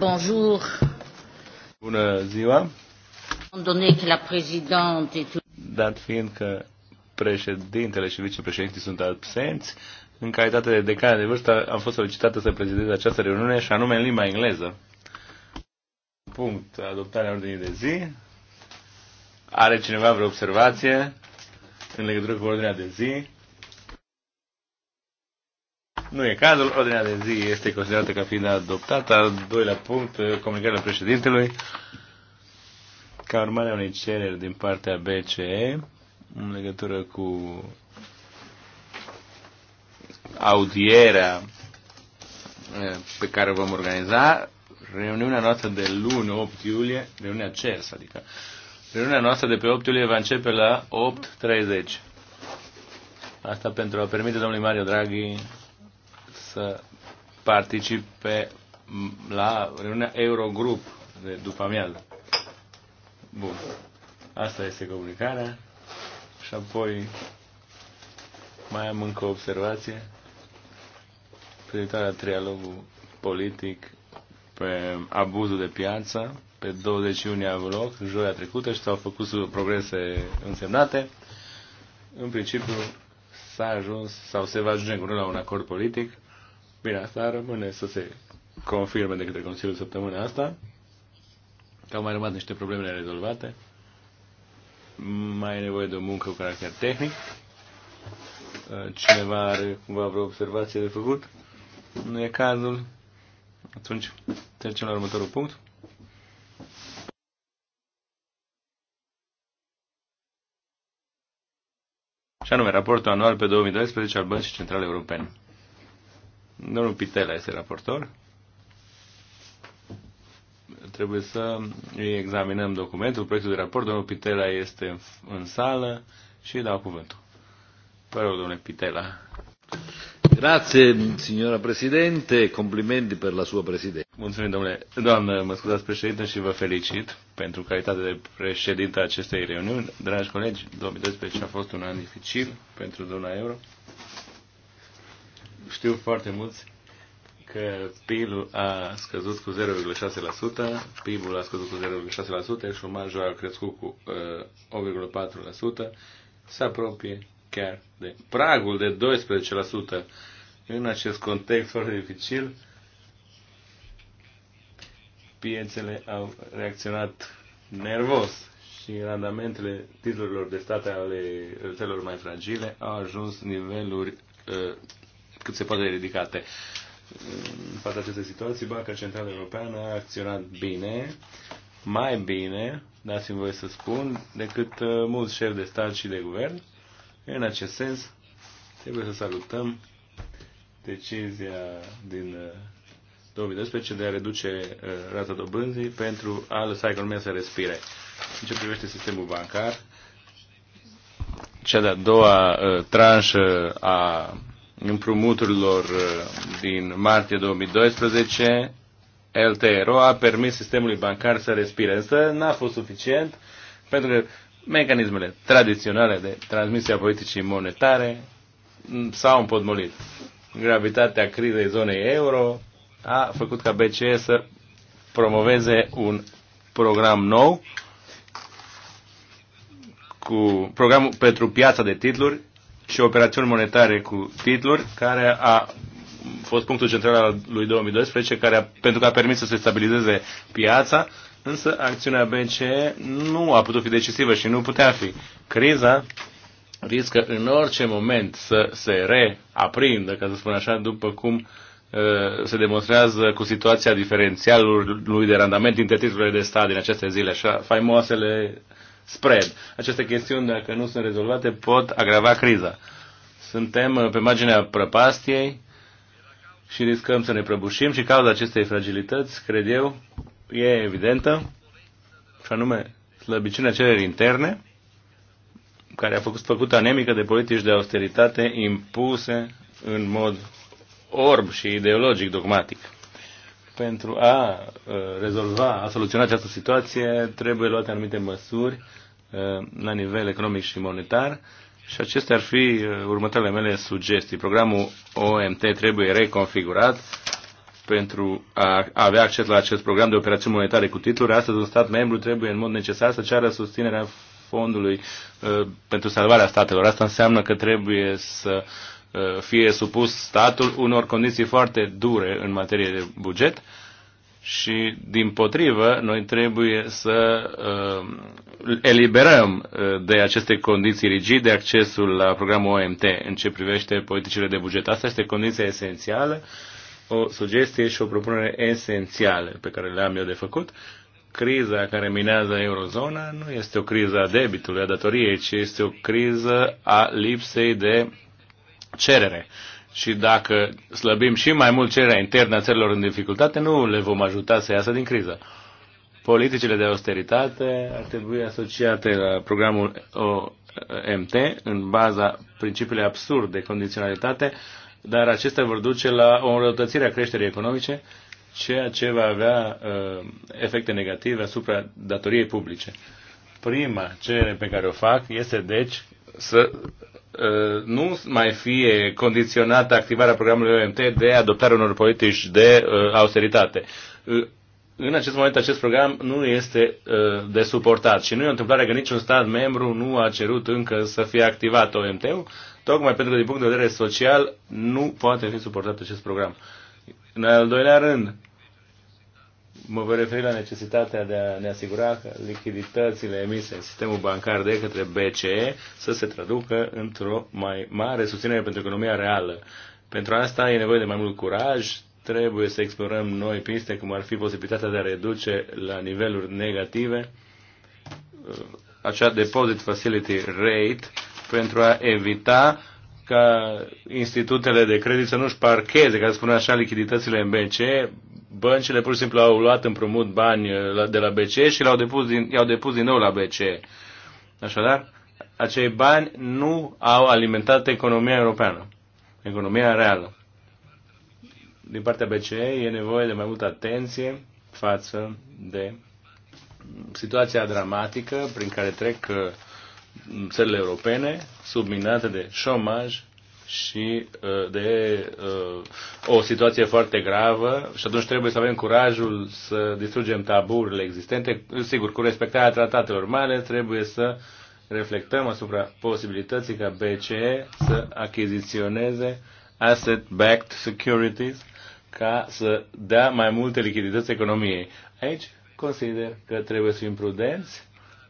Bonjour. Bună ziua. Dat fiind că președintele și vicepreședintii sunt absenți, în calitate de decan de vârstă am fost solicitată să prezidez această reuniune și anume în limba engleză. Punct. Adoptarea ordinii de zi. Are cineva vreo observație în legătură cu ordinea de zi? Nu e cazul. Ordinea de zi este considerată ca fiind adoptată. Al doilea punct, comunicarea președintelui. Ca urmare a unei cereri din partea BCE în legătură cu audierea pe care o vom organiza, reuniunea noastră de luni, 8 iulie, reuniunea CERS, adică reuniunea noastră de pe 8 iulie va începe la 8.30. Asta pentru a permite domnului Mario Draghi să participe la reuniunea Eurogrup de după amiază. Bun. Asta este comunicarea. Și apoi mai am încă o observație privitoare la trialogul politic pe abuzul de piață. Pe 20 iunie a avut loc, joia trecută, și s-au făcut progrese însemnate. În principiu s-a ajuns sau se va ajunge în la un acord politic Bine, asta rămâne să se confirme de către Consiliul săptămâna asta, că au mai rămas niște probleme rezolvate, mai e nevoie de o muncă cu caracter tehnic, cineva are cumva vreo observație de făcut, nu e cazul, atunci trecem la următorul punct. și anume raportul anual pe 2012 al Băncii Centrale Europene. Domnul Pitela este raportor. Trebuie să examinăm documentul, proiectul de raport. Domnul Pitela este în sală și dau cuvântul. Vă rog, domnule Pitela. Grazie, signora Presidente, complimenti per la sua Presidenza. Mulțumim, domnule. Doamnă, mă scuzați, președinte, și vă felicit pentru calitatea de președinte a acestei reuniuni. Dragi colegi, 2012 a fost un an dificil pentru zona euro știu foarte mulți că PIL a scăzut cu 0,6%, PIB-ul a scăzut cu 0,6%, șomajul a crescut cu uh, 8,4%, se apropie chiar de pragul de 12%. În acest context foarte dificil, piețele au reacționat nervos și randamentele titlurilor de state ale țelor mai fragile au ajuns niveluri uh, cât se poate ridicate. În fața acestei situații, Banca Centrală Europeană a acționat bine, mai bine, dați-mi voi să spun, decât uh, mulți șefi de stat și de guvern. În acest sens, trebuie să salutăm decizia din 2012 uh, de a reduce uh, rata dobânzii pentru a lăsa economia să respire. În ce privește sistemul bancar, cea de-a doua tranșă a împrumuturilor uh, din martie 2012, LTRO a permis sistemului bancar să respire, însă n-a fost suficient pentru că mecanismele tradiționale de transmisie a politicii monetare s-au împotmolit. Gravitatea crizei zonei euro a făcut ca BCE să promoveze un program nou cu programul pentru piața de titluri și operațiuni monetare cu titluri, care a fost punctul central al lui 2012, care a, pentru că a permis să se stabilizeze piața, însă acțiunea BCE nu a putut fi decisivă și nu putea fi. Criza riscă în orice moment să se reaprindă, ca să spun așa, după cum uh, se demonstrează cu situația diferențialului de randament dintre titlurile de stat din aceste zile, așa, faimoasele spread. Aceste chestiuni, dacă nu sunt rezolvate, pot agrava criza. Suntem uh, pe marginea prăpastiei și riscăm să ne prăbușim și cauza acestei fragilități, cred eu, e evidentă, și anume slăbiciunea cererii interne, care a fost făcută anemică de politici de austeritate impuse în mod orb și ideologic dogmatic pentru a uh, rezolva, a soluționa această situație, trebuie luate anumite măsuri uh, la nivel economic și monetar și acestea ar fi uh, următoarele mele sugestii. Programul OMT trebuie reconfigurat pentru a avea acces la acest program de operațiuni monetare cu titluri. Astăzi un stat membru trebuie în mod necesar să ceară susținerea fondului pentru salvarea statelor. Asta înseamnă că trebuie să Uh, fie supus statul unor condiții foarte dure în materie de buget și, din potrivă, noi trebuie să uh, eliberăm uh, de aceste condiții rigide accesul la programul OMT în ce privește politicile de buget. Asta este condiția esențială, o sugestie și o propunere esențială pe care le-am eu de făcut. Criza care minează eurozona nu este o criză a debitului, a datoriei, ci este o criză a lipsei de cerere. Și dacă slăbim și mai mult cererea internă a țărilor în dificultate, nu le vom ajuta să iasă din criză. Politicile de austeritate ar trebui asociate la programul OMT în baza principiului absurd de condiționalitate, dar acestea vor duce la o înrăutățire a creșterii economice, ceea ce va avea uh, efecte negative asupra datoriei publice. Prima cerere pe care o fac este, deci, să uh, nu mai fie condiționată activarea programului OMT de adoptarea unor politici de uh, austeritate. Uh, în acest moment acest program nu este de suportat și nu e o întâmplare că niciun stat membru nu a cerut încă să fie activat OMT-ul, tocmai pentru că din punct de vedere social nu poate fi suportat acest program. În al doilea rând, mă voi referi la necesitatea de a ne asigura că lichiditățile emise în sistemul bancar de către BCE să se traducă într-o mai mare susținere pentru economia reală. Pentru asta e nevoie de mai mult curaj, trebuie să explorăm noi piste, cum ar fi posibilitatea de a reduce la niveluri negative uh, acea deposit facility rate pentru a evita ca institutele de credit să nu-și parcheze, ca să spun așa, lichiditățile în BCE băncile pur și simplu au luat împrumut bani uh, de la BCE și le au depus din, i-au depus din nou la BCE. Așadar, acei bani nu au alimentat economia europeană, economia reală. Din partea BCE e nevoie de mai multă atenție față de situația dramatică prin care trec uh, țările europene, subminate de șomaj, și uh, de uh, o situație foarte gravă și atunci trebuie să avem curajul să distrugem taburile existente. Sigur, cu respectarea tratatelor mare trebuie să reflectăm asupra posibilității ca BCE să achiziționeze asset-backed securities ca să dea mai multe lichidități economiei. Aici consider că trebuie să fim prudenți.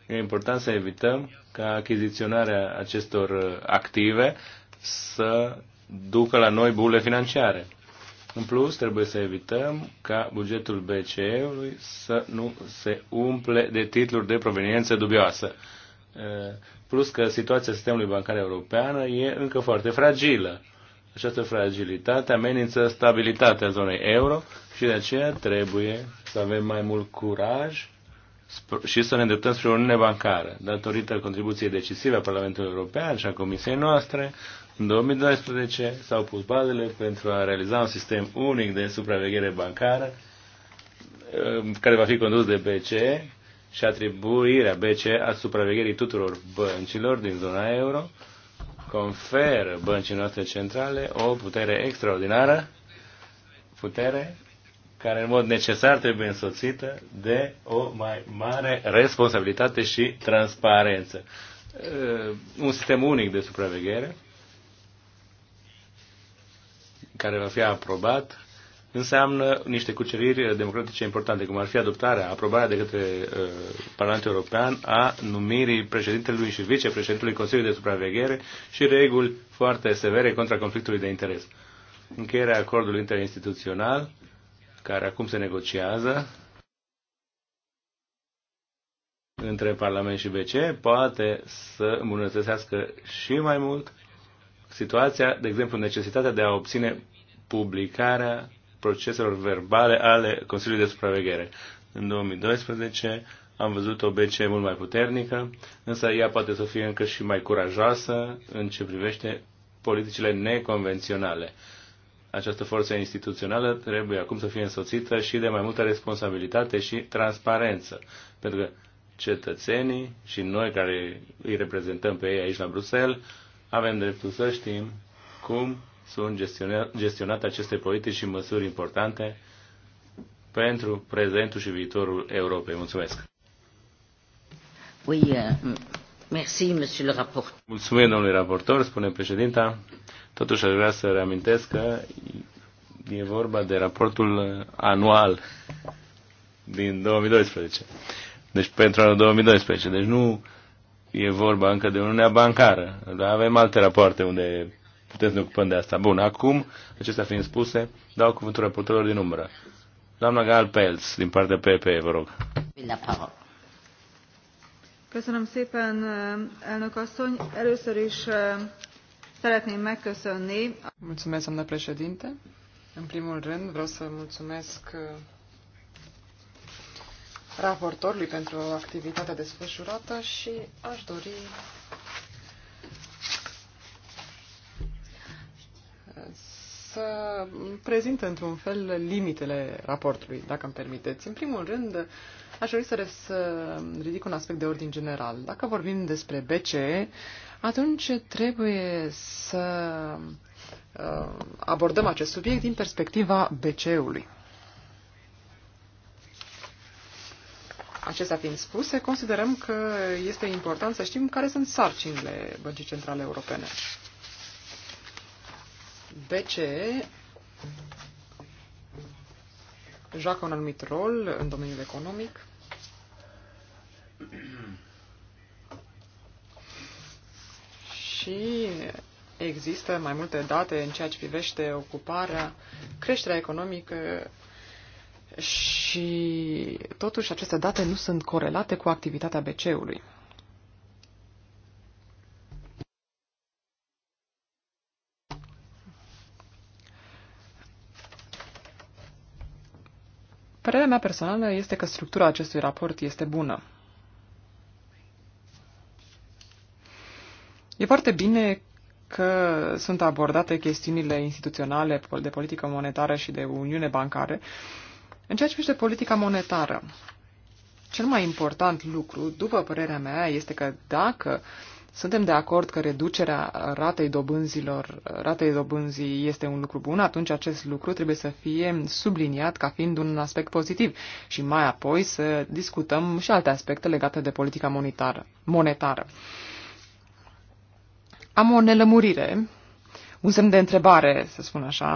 E important să evităm ca achiziționarea acestor uh, active să ducă la noi bule financiare. În plus, trebuie să evităm ca bugetul BCE-ului să nu se umple de titluri de proveniență dubioasă. Plus că situația sistemului bancar european e încă foarte fragilă. Această fragilitate amenință stabilitatea zonei euro și de aceea trebuie să avem mai mult curaj și să ne îndreptăm spre o uniune bancară. Datorită contribuției decisive a Parlamentului European și a Comisiei noastre, în 2012 s-au pus bazele pentru a realiza un sistem unic de supraveghere bancară um, care va fi condus de BCE și atribuirea BCE a supravegherii tuturor băncilor din zona euro conferă băncii noastre centrale o putere extraordinară, putere care în mod necesar trebuie însoțită de o mai mare responsabilitate și transparență. Uh, un sistem unic de supraveghere care va fi aprobat înseamnă niște cuceriri democratice importante, cum ar fi adoptarea, aprobarea de către uh, Parlamentul European a numirii președintelui și vicepreședintelui Consiliului de Supraveghere și reguli foarte severe contra conflictului de interes. Încheierea acordului interinstituțional, care acum se negociază între Parlament și BC, poate să îmbunătățească și mai mult situația, de exemplu, necesitatea de a obține publicarea proceselor verbale ale Consiliului de Supraveghere. În 2012 am văzut o BCE mult mai puternică, însă ea poate să fie încă și mai curajoasă în ce privește politicile neconvenționale. Această forță instituțională trebuie acum să fie însoțită și de mai multă responsabilitate și transparență, pentru că cetățenii și noi care îi reprezentăm pe ei aici la Bruxelles avem dreptul să știm cum sunt gestionate aceste politici și măsuri importante pentru prezentul și viitorul Europei. Mulțumesc! Oui, uh, merci, monsieur le rapporteur. Mulțumim, domnule raportor, spune președinta. Totuși aș vrea să reamintesc că e vorba de raportul anual din 2012. Deci pentru anul 2012. Deci nu e vorba încă de Uniunea Bancară, dar avem alte rapoarte unde putem să ne ocupăm de asta. Bun, acum, acestea fiind spuse, dau cuvântul raportorilor din umbră. Doamna Gal Pelz, din partea ppe vă rog. Köszönöm szépen, elnök asszony. Először is eh, szeretném megköszönni. Mulțumesc, doamna președinte. În primul rând, vreau să mulțumesc eh, raportorului pentru activitatea desfășurată și aș dori uh, să prezint într-un fel limitele raportului, dacă îmi permiteți. În primul rând, aș dori să, ridic un aspect de ordin general. Dacă vorbim despre BCE, atunci trebuie să uh, abordăm acest subiect din perspectiva BCE-ului. Acestea fiind spuse, considerăm că este important să știm care sunt sarcinile Băncii Centrale Europene. BCE joacă un anumit rol în domeniul economic. Și există mai multe date în ceea ce privește ocuparea, creșterea economică și totuși aceste date nu sunt corelate cu activitatea BC-ului. Părerea mea personală este că structura acestui raport este bună. E foarte bine că sunt abordate chestiunile instituționale de politică monetară și de uniune bancară. În ceea ce privește politica monetară, cel mai important lucru, după părerea mea, este că dacă suntem de acord că reducerea ratei dobânzilor, ratei dobânzii este un lucru bun, atunci acest lucru trebuie să fie subliniat ca fiind un aspect pozitiv și mai apoi să discutăm și alte aspecte legate de politica monetară. Am o nelămurire un semn de întrebare, să spun așa,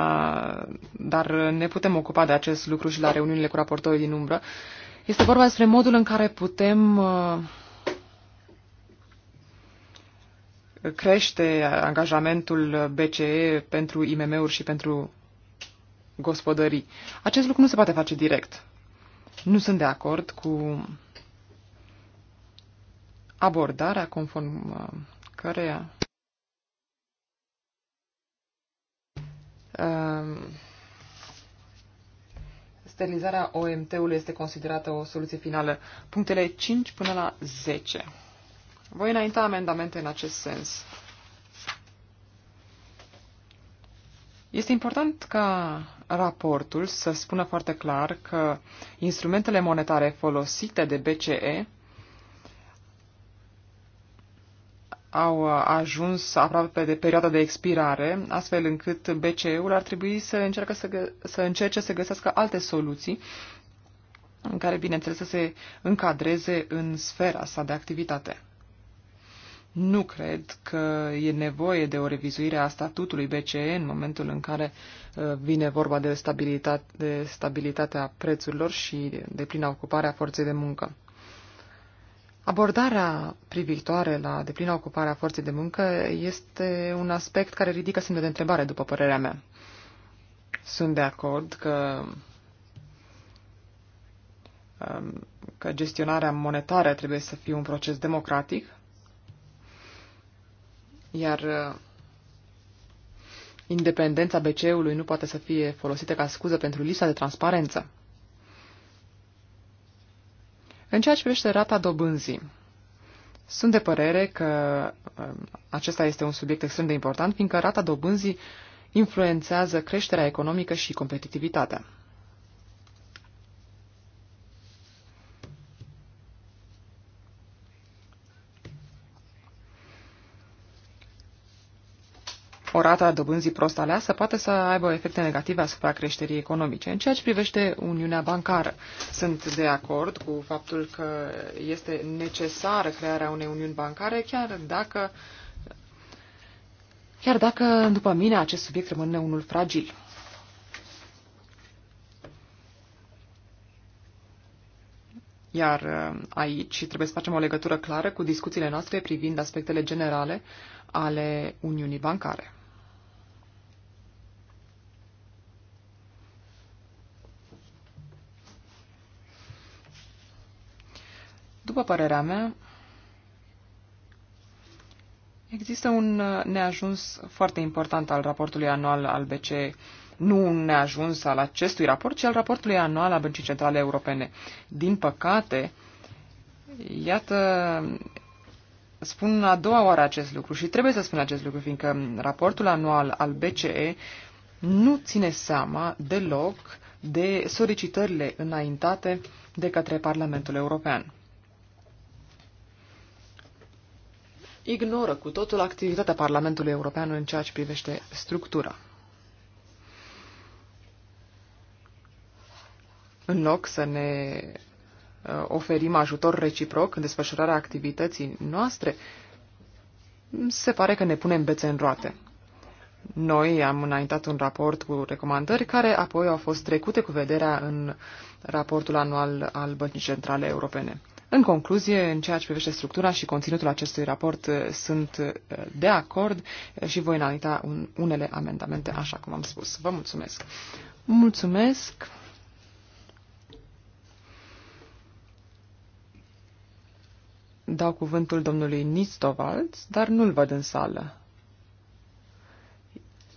dar ne putem ocupa de acest lucru și la reuniunile cu raportorii din umbră. Este vorba despre modul în care putem uh, crește angajamentul BCE pentru IMM-uri și pentru gospodării. Acest lucru nu se poate face direct. Nu sunt de acord cu abordarea conform uh, căreia Um, sterilizarea OMT-ului este considerată o soluție finală. Punctele 5 până la 10. Voi înainta amendamente în acest sens. Este important ca raportul să spună foarte clar că instrumentele monetare folosite de BCE au ajuns aproape de perioada de expirare, astfel încât BCE-ul ar trebui să, încearcă să, să încerce să găsească alte soluții în care, bineînțeles, să se încadreze în sfera sa de activitate. Nu cred că e nevoie de o revizuire a statutului BCE în momentul în care uh, vine vorba de, stabilitate, de stabilitatea prețurilor și de plină ocupare a forței de muncă. Abordarea privitoare la deplină ocupare a forței de muncă este un aspect care ridică semne de întrebare, după părerea mea. Sunt de acord că, um, că gestionarea monetară trebuie să fie un proces democratic, iar uh, independența BCE-ului nu poate să fie folosită ca scuză pentru lipsa de transparență. În ceea ce privește rata dobânzii, sunt de părere că um, acesta este un subiect extrem de important, fiindcă rata dobânzii influențează creșterea economică și competitivitatea. o rată a dobânzii prost aleasă poate să aibă efecte negative asupra creșterii economice. În ceea ce privește Uniunea Bancară, sunt de acord cu faptul că este necesară crearea unei Uniuni Bancare, chiar dacă, chiar dacă după mine, acest subiect rămâne unul fragil. Iar uh, aici trebuie să facem o legătură clară cu discuțiile noastre privind aspectele generale ale Uniunii Bancare. După părerea mea, există un neajuns foarte important al raportului anual al BCE nu un neajuns al acestui raport, ci al raportului anual al Băncii Centrale Europene. Din păcate, iată, spun a doua oară acest lucru și trebuie să spun acest lucru, fiindcă raportul anual al BCE nu ține seama deloc de solicitările înaintate de către Parlamentul European. ignoră cu totul activitatea Parlamentului European în ceea ce privește structura. În loc să ne uh, oferim ajutor reciproc în desfășurarea activității noastre, se pare că ne punem bețe în roate. Noi am înaintat un raport cu recomandări care apoi au fost trecute cu vederea în raportul anual al Băncii Centrale Europene. În concluzie, în ceea ce privește structura și conținutul acestui raport, eh, sunt eh, de acord eh, și voi înainta unele amendamente, așa cum am spus. Vă mulțumesc! Mulțumesc! Dau cuvântul domnului Nistovalds, dar nu-l văd în sală.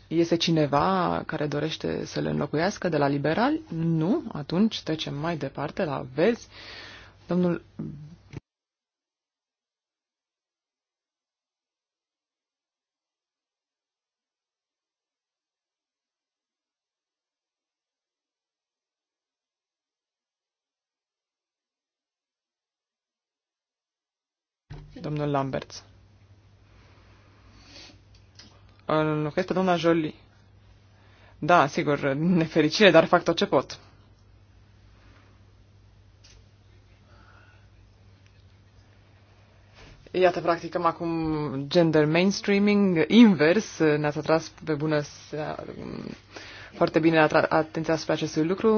Este cineva care dorește să le înlocuiască de la liberali? Nu? Atunci trecem mai departe la vezi. Domnul domnul Lamberts. Îl pe doamna Jolie. Da, sigur, nefericire, dar fac tot ce pot. Iată, practicăm acum gender mainstreaming invers. Ne-ați atras pe bună foarte bine atenția asupra acestui lucru.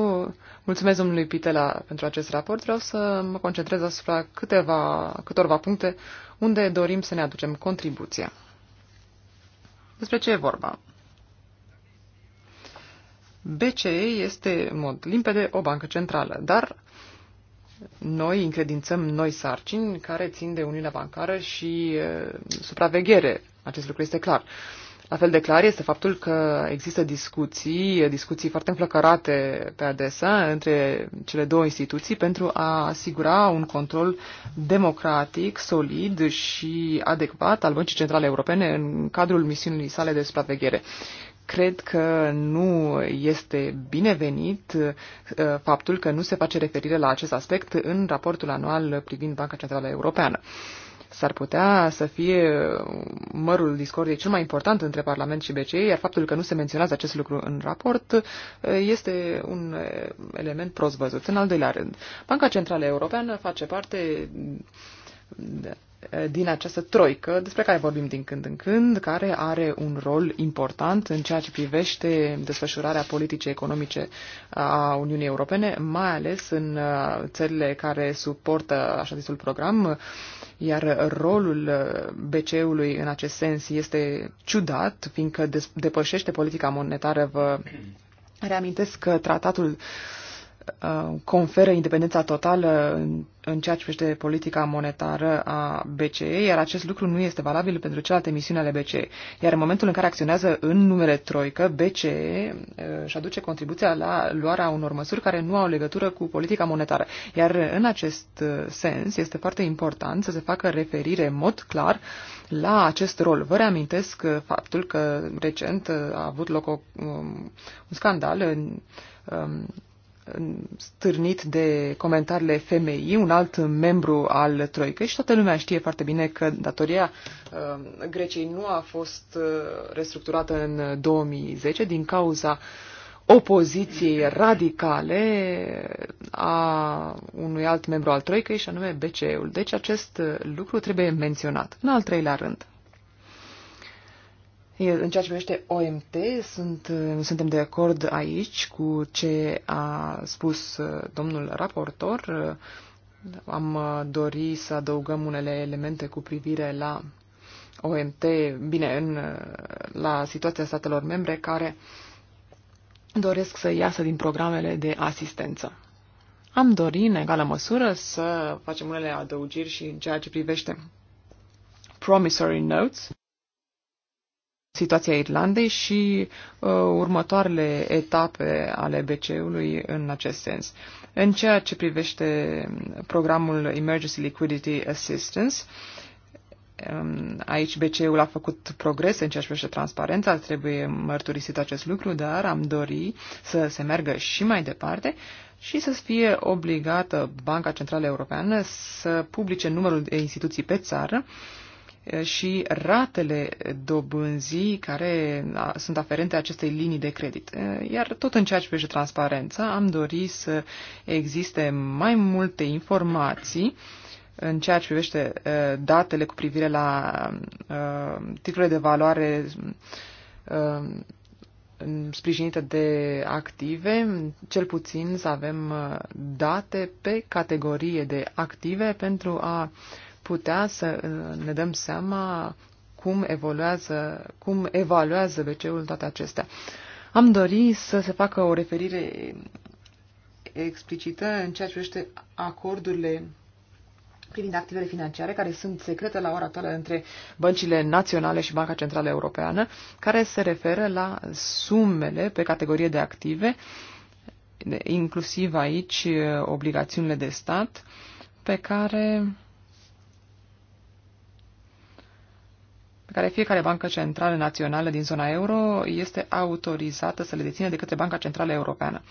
Mulțumesc domnului Pitela pentru acest raport. Vreau să mă concentrez asupra câteva, câtorva puncte unde dorim să ne aducem contribuția. Despre ce e vorba? BCE este, în mod limpede, o bancă centrală, dar noi încredințăm noi sarcini care țin de Uniunea Bancară și supraveghere. Acest lucru este clar. La fel de clar este faptul că există discuții, discuții foarte înflăcărate pe adesea între cele două instituții pentru a asigura un control democratic, solid și adecvat al Băncii Centrale Europene în cadrul misiunii sale de supraveghere cred că nu este binevenit uh, faptul că nu se face referire la acest aspect în raportul anual privind Banca Centrală Europeană. S-ar putea să fie mărul discordiei cel mai important între Parlament și BCE, iar faptul că nu se menționează acest lucru în raport uh, este un element prost văzut. În al doilea rând, Banca Centrală Europeană face parte din această troică, despre care vorbim din când în când, care are un rol important în ceea ce privește desfășurarea politicii economice a Uniunii Europene, mai ales în uh, țările care suportă așa zisul program, iar rolul uh, BCE-ului în acest sens este ciudat, fiindcă depășește politica monetară. Vă reamintesc că tratatul Uh, conferă independența totală în, în ceea ce privește politica monetară a BCE, iar acest lucru nu este valabil pentru celelalte misiuni ale BCE. Iar în momentul în care acționează în numele Troică, BCE uh, își aduce contribuția la luarea unor măsuri care nu au legătură cu politica monetară. Iar în acest uh, sens este foarte important să se facă referire în mod clar la acest rol. Vă reamintesc faptul că recent a avut loc o, um, un scandal în, um, stârnit de comentariile FMI, un alt membru al Troicăi și toată lumea știe foarte bine că datoria uh, Greciei nu a fost uh, restructurată în 2010 din cauza opoziției radicale a unui alt membru al Troicăi și anume BCE-ul. Deci acest uh, lucru trebuie menționat. În al treilea rând, în ceea ce privește OMT, sunt, suntem de acord aici cu ce a spus uh, domnul raportor. Uh, am uh, dori să adăugăm unele elemente cu privire la OMT, bine, în, la situația statelor membre care doresc să iasă din programele de asistență. Am dorit, în egală măsură, să facem unele adăugiri și în ceea ce privește promissory notes, situația Irlandei și uh, următoarele etape ale BCE-ului în acest sens. În ceea ce privește programul Emergency Liquidity Assistance, um, Aici BCE-ul a făcut progrese în ceea ce privește transparența, trebuie mărturisit acest lucru, dar am dori să se meargă și mai departe și să fie obligată Banca Centrală Europeană să publice numărul de instituții pe țară uh, și ratele dobânzii care sunt aferente acestei linii de credit. Iar tot în ceea ce privește transparența, am dorit să existe mai multe informații în ceea ce privește datele cu privire la titlurile de valoare sprijinită de active, cel puțin să avem date pe categorie de active pentru a uh, putea să uh, ne dăm seama cum evoluează, cum evaluează BCE-ul toate acestea. Am dorit să se facă o referire explicită în ceea ce privește acordurile privind activele financiare care sunt secrete la ora actuală între băncile naționale și Banca Centrală Europeană, care se referă la sumele pe categorie de active, inclusiv aici eh, obligațiunile de stat, pe care care fiecare bancă centrală națională din zona euro este autorizată să le dețină de către Banca Centrală Europeană.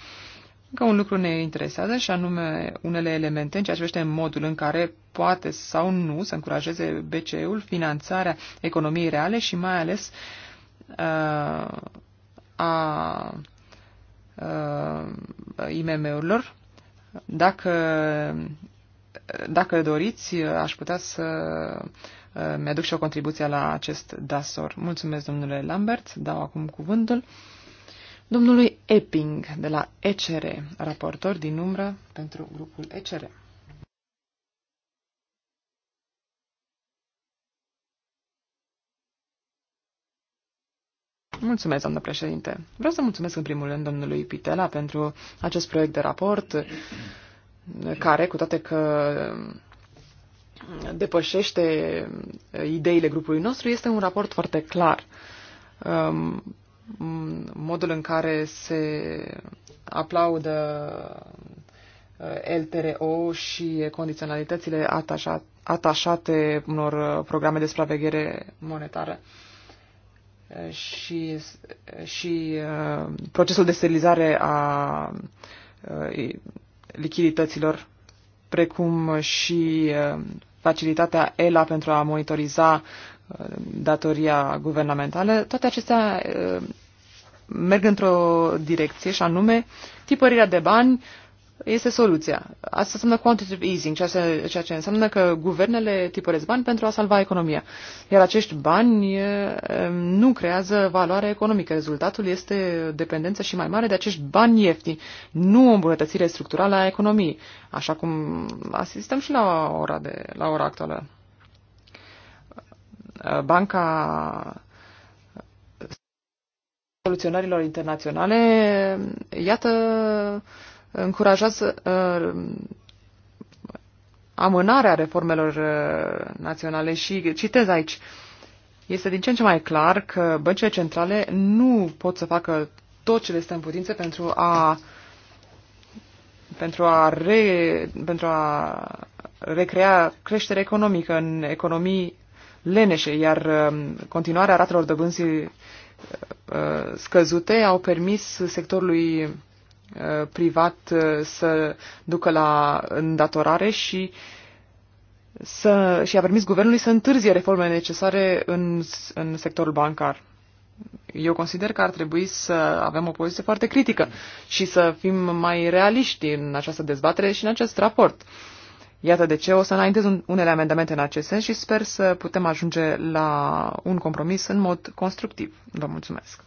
Încă un lucru ne interesează și anume unele elemente în ceea ce privește modul în care poate sau nu să încurajeze BCE-ul finanțarea economiei reale și mai ales uh, a uh, IMM-urilor. Dacă, dacă doriți, aș putea să Uh, mi-aduc și o contribuție la acest dasor. Mulțumesc, domnule Lambert, dau acum cuvântul domnului Epping de la ECR, raportor din umbră pentru grupul ECR. Mulțumesc, doamnă președinte. Vreau să mulțumesc în primul rând domnului Pitela pentru acest proiect de raport, care, cu toate că depășește uh, ideile grupului nostru este un raport foarte clar. Um, modul în care se aplaudă uh, LTRO și condiționalitățile atașate, unor uh, programe de supraveghere monetară și, și procesul de sterilizare a lichidităților precum și uh, facilitatea ELA pentru a monitoriza uh, datoria guvernamentală, toate acestea uh, merg într-o direcție și anume tipărirea de bani este soluția. Asta înseamnă quantitative easing, ceea ce, înseamnă că guvernele tipăresc bani pentru a salva economia. Iar acești bani nu creează valoare economică. Rezultatul este dependență și mai mare de acești bani ieftini, nu o îmbunătățire structurală a economiei, așa cum asistăm și la ora, de, la ora actuală. Banca soluționarilor internaționale, iată, încurajează uh, amânarea reformelor uh, naționale și citez aici, este din ce în ce mai clar că băncile centrale nu pot să facă tot ce le stă în putință pentru a pentru a, re, pentru a recrea creștere economică în economii leneșe, iar um, continuarea ratelor dobânzii uh, scăzute au permis sectorului Uh, privat uh, să ducă la îndatorare și să, și a permis guvernului să întârzie reformele necesare în, în sectorul bancar. Eu consider că ar trebui să avem o poziție foarte critică și să fim mai realiști în această dezbatere și în acest raport. Iată de ce o să înaintez unele amendamente în acest sens și sper să putem ajunge la un compromis în mod constructiv. Vă mulțumesc!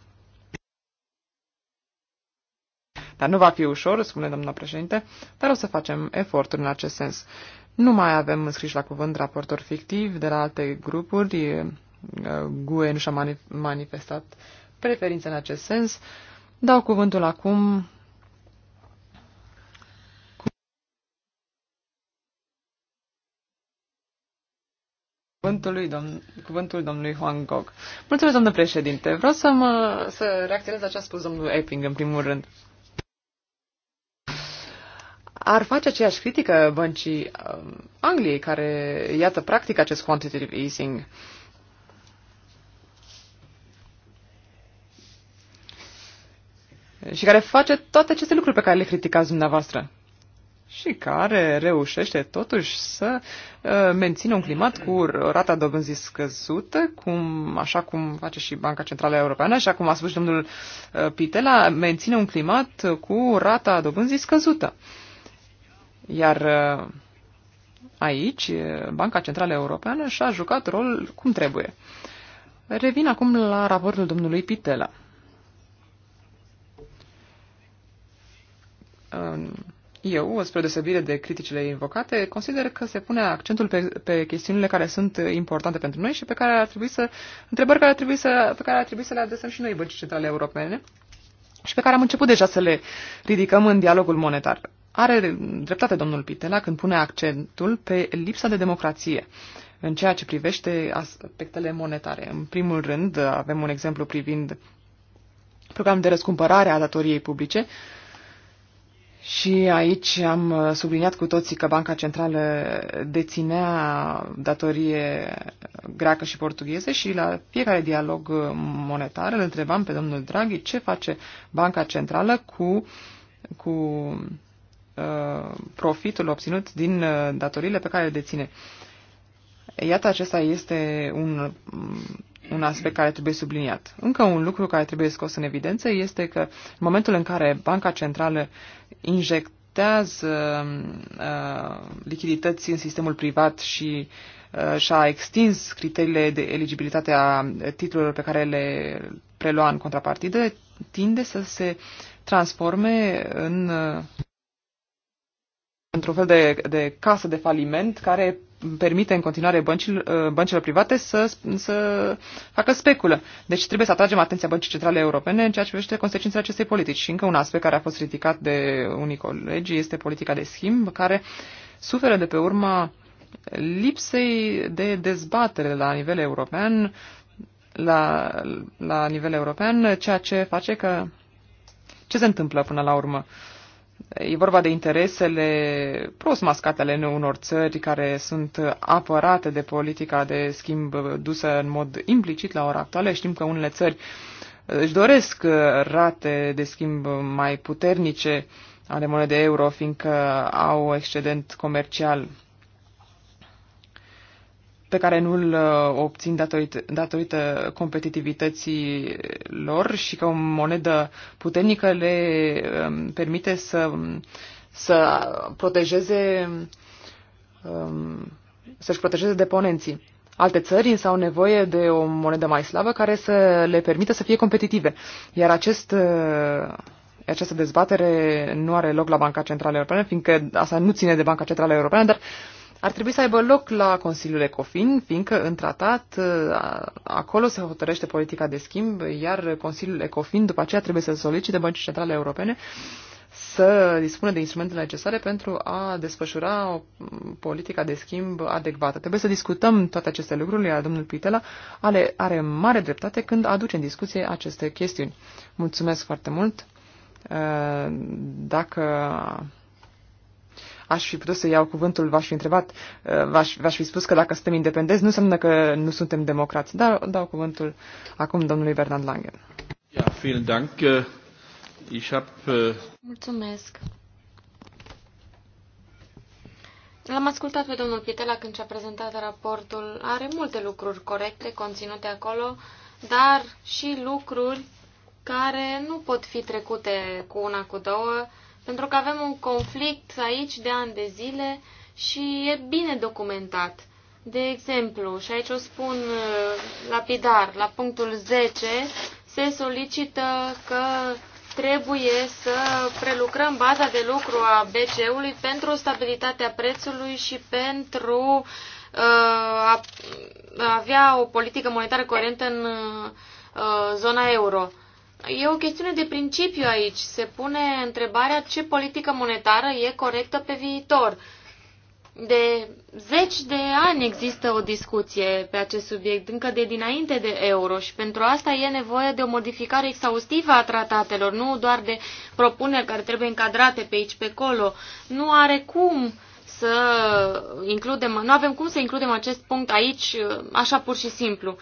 Dar nu va fi ușor, spune doamna președinte, dar o să facem eforturi în acest sens. Nu mai avem înscriși la cuvânt raportori fictivi de la alte grupuri. GUE nu și-a manifestat preferințe în acest sens. Dau cuvântul acum lui domn, cuvântul domnului Juan Gog. Mulțumesc, domnul președinte. Vreau să, mă, să reacționez la ce a spus domnul Epping, în primul rând ar face aceeași critică băncii uh, Angliei, care, iată, practică acest quantitative easing. Și care face toate aceste lucruri pe care le criticați dumneavoastră. Și care reușește totuși să uh, mențină un climat cu rata dobânzii scăzută, cum, așa cum face și Banca Centrală Europeană, așa cum a spus domnul uh, Pitela, menține un climat cu rata dobânzii scăzută. Uh, iar uh, aici, uh, Banca Centrală Europeană și-a jucat rol cum trebuie. Revin acum la raportul domnului Pitela. Um, eu, spre deosebire de criticile invocate, consider că se pune accentul pe, pe chestiunile care sunt importante pentru noi și pe care ar trebui să, întrebări care ar trebui să, pe care ar trebui să le adresăm și noi băncii centrale europene și pe care am început deja să le ridicăm în dialogul monetar. Are dreptate domnul Pitela când pune accentul pe lipsa de democrație în ceea ce privește aspectele monetare. În primul rând, avem un exemplu privind programul de răscumpărare a datoriei publice, și aici am subliniat cu toții că Banca Centrală deținea datorie greacă și portugheze și la fiecare dialog monetar îl întrebam pe domnul Draghi ce face Banca Centrală cu, cu Uh, profitul obținut din uh, datoriile pe care le deține. Iată, acesta este un, mm, un aspect care trebuie subliniat. Încă un lucru care trebuie scos în evidență este că în momentul în care Banca Centrală injectează uh, lichidități în sistemul privat și uh, și-a extins criteriile de eligibilitate a titlurilor pe care le prelua în contrapartidă, tinde să se transforme în... Uh, într-un fel de, de casă de faliment care permite în continuare băncilor, uh, băncilor private să, să facă speculă. Deci trebuie să atragem atenția Băncii Centrale Europene în ceea ce privește consecințele acestei politici. Și încă un aspect care a fost ridicat de unii colegi este politica de schimb, care suferă de pe urma lipsei de dezbatere la nivel european, la, la nivel european, ceea ce face că ce se întâmplă până la urmă? Uh, E vorba de interesele prost mascate ale unor țări care sunt apărate de politica de schimb dusă în mod implicit la ora actuală. Știm că unele țări își doresc rate de schimb mai puternice ale monedei euro, fiindcă au excedent comercial pe care nu îl uh, obțin datorită, datorită competitivității lor și că o monedă puternică le um, permite să, să protejeze um, să-și protejeze deponenții. Alte țări însă au nevoie de o monedă mai slabă care să le permită să fie competitive. Iar acest, uh, această dezbatere nu are loc la Banca Centrală Europeană, fiindcă asta nu ține de Banca Centrală Europeană, dar ar trebui să aibă loc la Consiliul Ecofin, fiindcă în tratat uh, acolo se hotărăște politica de schimb, iar Consiliul Ecofin după aceea trebuie să solicite băncii centrale europene să dispună de instrumentele necesare pentru a desfășura o politica de schimb adecvată. Trebuie să discutăm toate aceste lucruri, iar domnul Pitela are, are mare dreptate când aduce în discuție aceste chestiuni. Mulțumesc foarte mult! Uh, dacă aș fi putut să iau cuvântul, v-aș fi întrebat, uh, v-aș, v-aș fi spus că dacă suntem independenți nu înseamnă că nu suntem democrați. Dar dau cuvântul acum domnului Bernard Langen. Ja, vielen Dank. Ich hab, uh... Mulțumesc. L-am ascultat pe domnul Pitela când și-a prezentat raportul. Are multe lucruri corecte conținute acolo, dar și lucruri care nu pot fi trecute cu una, cu două, pentru că avem un conflict aici de ani de zile și e bine documentat. De exemplu, și aici o spun uh, lapidar, la punctul 10 se solicită că trebuie să prelucrăm baza de lucru a BCE-ului pentru stabilitatea prețului și pentru uh, a avea o politică monetară coerentă în uh, zona euro. E o chestiune de principiu aici. Se pune întrebarea ce politică monetară e corectă pe viitor. De zeci de ani există o discuție pe acest subiect, încă de dinainte de euro și pentru asta e nevoie de o modificare exhaustivă a tratatelor, nu doar de propuneri care trebuie încadrate pe aici, pe acolo. Nu are cum să includem, nu avem cum să includem acest punct aici așa pur și simplu.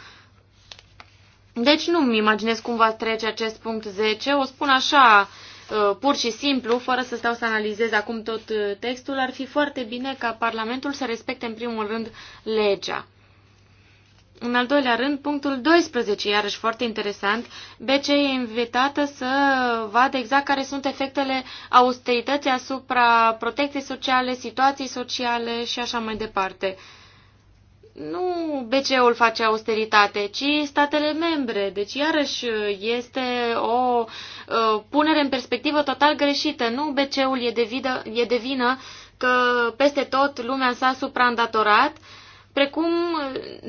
Deci nu-mi imaginez cum va trece acest punct 10. O spun așa, uh, pur și simplu, fără să stau să analizez acum tot uh, textul, ar fi foarte bine ca Parlamentul să respecte în primul rând legea. În al doilea rând, punctul 12, iarăși foarte interesant, BC e invitată să vadă exact care sunt efectele austerității asupra protecției sociale, situației sociale și așa mai departe nu BCE-ul face austeritate, ci statele membre. Deci, iarăși, este o punere în perspectivă total greșită. Nu BCE-ul e de, vidă, e de vină că peste tot lumea s-a supraîndatorat, precum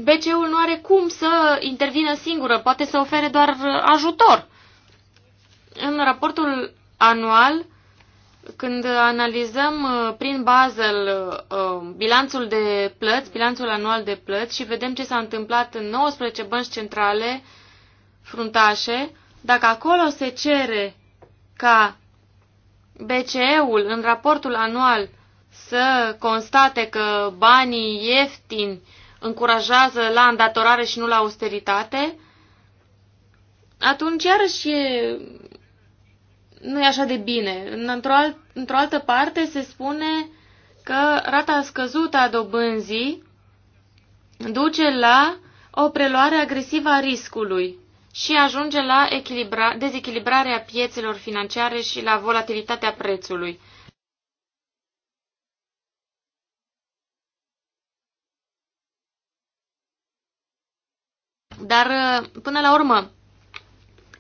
BCE-ul nu are cum să intervină singură, poate să ofere doar ajutor. În raportul anual, uh, când analizăm uh, prin Basel uh, bilanțul de plăți, bilanțul anual de plăți și vedem ce s-a întâmplat în 19 bănci centrale fruntașe, dacă acolo se cere ca BCE-ul în raportul anual să constate că banii ieftini încurajează la îndatorare și nu la austeritate, atunci iarăși e nu e așa de bine. Într-o, alt, într altă parte se spune că rata scăzută a dobânzii duce la o preluare agresivă a riscului și ajunge la echilibra, dezechilibrarea piețelor financiare și la volatilitatea prețului. Dar, până la urmă,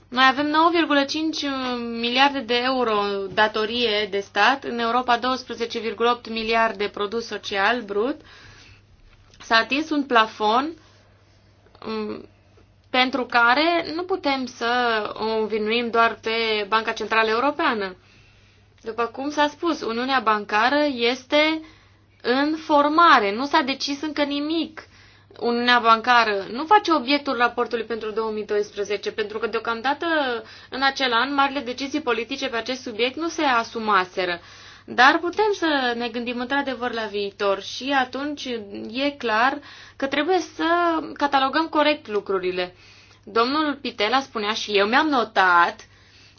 noi avem 9,5 uh, miliarde de euro datorie de stat, în Europa 12,8 miliarde produs social brut. S-a atins un plafon um, pentru care nu putem să o învinuim doar pe Banca Centrală Europeană. După cum s-a spus, Uniunea Bancară este în formare, nu s-a decis încă nimic. Uniunea Bancară nu face obiectul raportului pentru 2012, pentru că deocamdată în acel an marile decizii politice pe acest subiect nu se asumaseră. Dar putem să ne gândim într-adevăr la viitor și atunci e clar că trebuie să catalogăm corect lucrurile. Domnul Pitela spunea și eu mi-am notat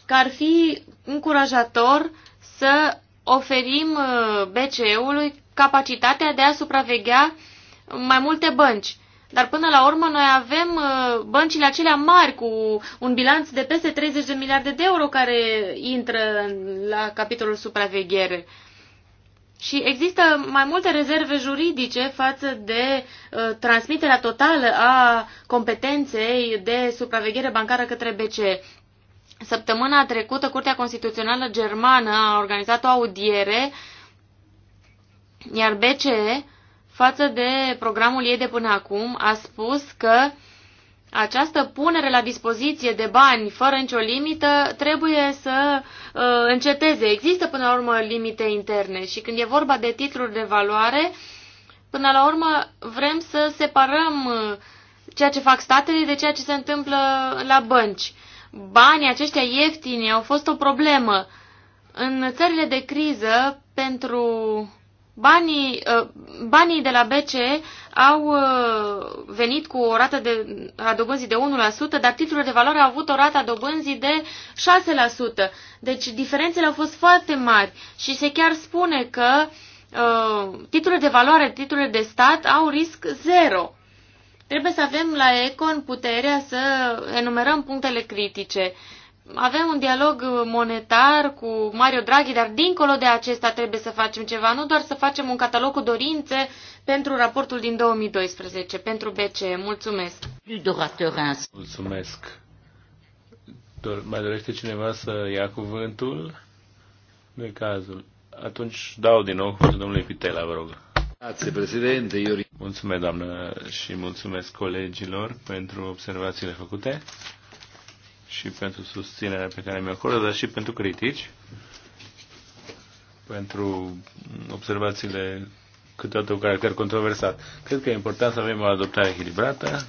că ar fi încurajator să oferim uh, BCE-ului capacitatea de a supraveghea mai multe bănci. Dar până la urmă noi avem uh, băncile acelea mari cu un bilanț de peste 30 de miliarde de euro care intră la capitolul supraveghere. Și există mai multe rezerve juridice față de uh, transmiterea totală a competenței de supraveghere bancară către BCE. Săptămâna trecută, Curtea Constituțională Germană a organizat o audiere, iar BCE față de programul ei de până acum, a spus că această punere la dispoziție de bani fără nicio limită trebuie să uh, înceteze. Există până la urmă limite interne și când e vorba de titluri de valoare, până la urmă vrem să separăm uh, ceea ce fac statele de ceea ce se întâmplă la bănci. Banii aceștia ieftini au fost o problemă. În țările de criză, pentru Banii, uh, banii de la BCE au uh, venit cu o rată de, a dobânzii de 1%, dar titlurile de valoare au avut o rată a dobânzii de 6%. Deci diferențele au fost foarte mari și se chiar spune că uh, titlurile de valoare, titlurile de stat au risc zero. Trebuie să avem la Econ puterea să enumerăm punctele critice. Uh, avem un dialog monetar cu Mario Draghi, dar dincolo de acesta trebuie să facem ceva, nu doar să facem un catalog cu dorințe pentru raportul din 2012, pentru BCE. Mulțumesc! Mulțumesc! Mai dorește cineva să ia cuvântul? Nu e cazul. Atunci dau din nou cuvântul domnului Pitela, vă rog. Grazie, președinte. Mulțumesc, doamnă, și mulțumesc colegilor pentru observațiile făcute și pentru susținerea pe care mi-o acordă, dar și pentru critici, pentru observațiile câteodată cu caracter controversat. Cred că e important să avem o adoptare echilibrată.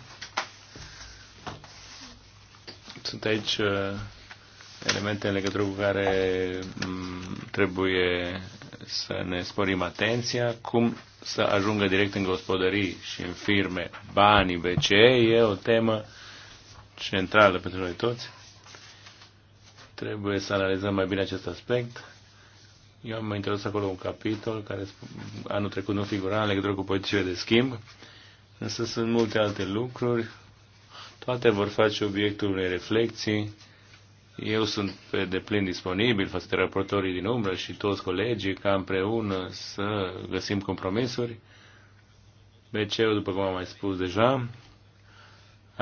Sunt aici uh, elemente în legătură cu care mm, trebuie să ne sporim atenția, cum să ajungă direct în gospodării și în firme banii BCE, e o temă uh, centrală pentru noi toți. Trebuie să analizăm mai bine acest aspect. Eu am introdus acolo un capitol care anul trecut nu figura în legătură cu pozițiile de schimb, însă sunt multe alte lucruri. Toate vor face obiectul unei reflexii. Eu sunt pe deplin disponibil față de raportorii din umbră și toți colegii ca împreună să găsim compromisuri. BC-ul, după cum am mai spus deja,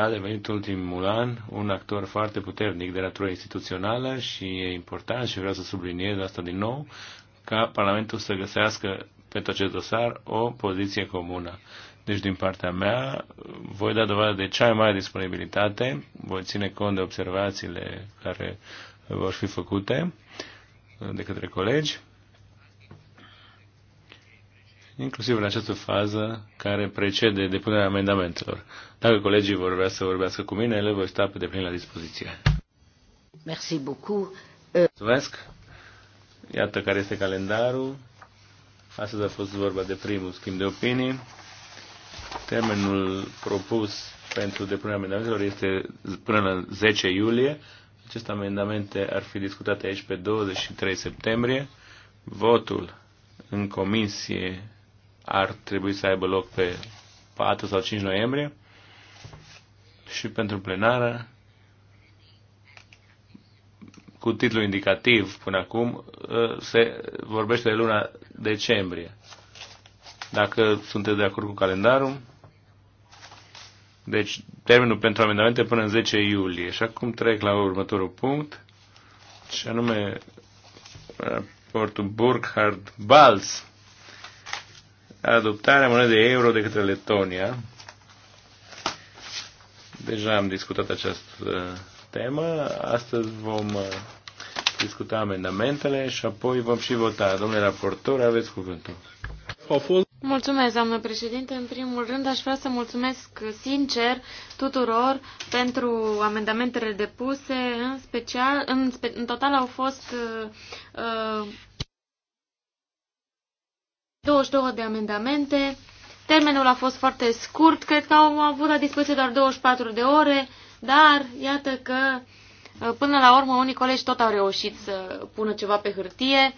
a devenit ultimul an un actor foarte puternic de natură instituțională și e important și vreau să subliniez asta din nou, ca Parlamentul să găsească pentru acest dosar o poziție comună. Deci, din partea mea, voi da dovadă de cea mai mare disponibilitate, voi ține cont de observațiile care vor fi făcute de către colegi inclusiv în această fază care precede depunerea amendamentelor. Dacă colegii vor vrea să vorbească cu mine, le voi sta pe deplin la dispoziție. Merci beaucoup. Euh, Mulțumesc. Iată care este calendarul. Astăzi a fost vorba de primul schimb de opinii. Termenul propus pentru depunerea amendamentelor este până la 10 iulie. Aceste amendamente ar fi discutate aici pe 23 septembrie. Votul în comisie ar trebui să aibă loc pe 4 sau 5 noiembrie și pentru plenară cu titlu indicativ până acum, ă, se vorbește de luna decembrie. Dacă sunteți de acord cu calendarul, deci termenul pentru amendamente până în 10 iulie. Și acum trec la următorul punct, și anume raportul Burkhard Balz adoptarea monedei euro de către Letonia. Deja am discutat această temă. Astăzi vom uh, discuta amendamentele și apoi vom și vota. Domnule raportor, aveți cuvântul. Mulțumesc, doamnă președinte. În primul rând, aș vrea să mulțumesc sincer tuturor pentru amendamentele depuse. În, special, în, în total au fost uh, uh 22 de amendamente. Termenul a fost foarte scurt, cred că au avut la dispoziție doar 24 de ore, dar iată că uh, până la urmă unii colegi tot au reușit să pună ceva pe hârtie.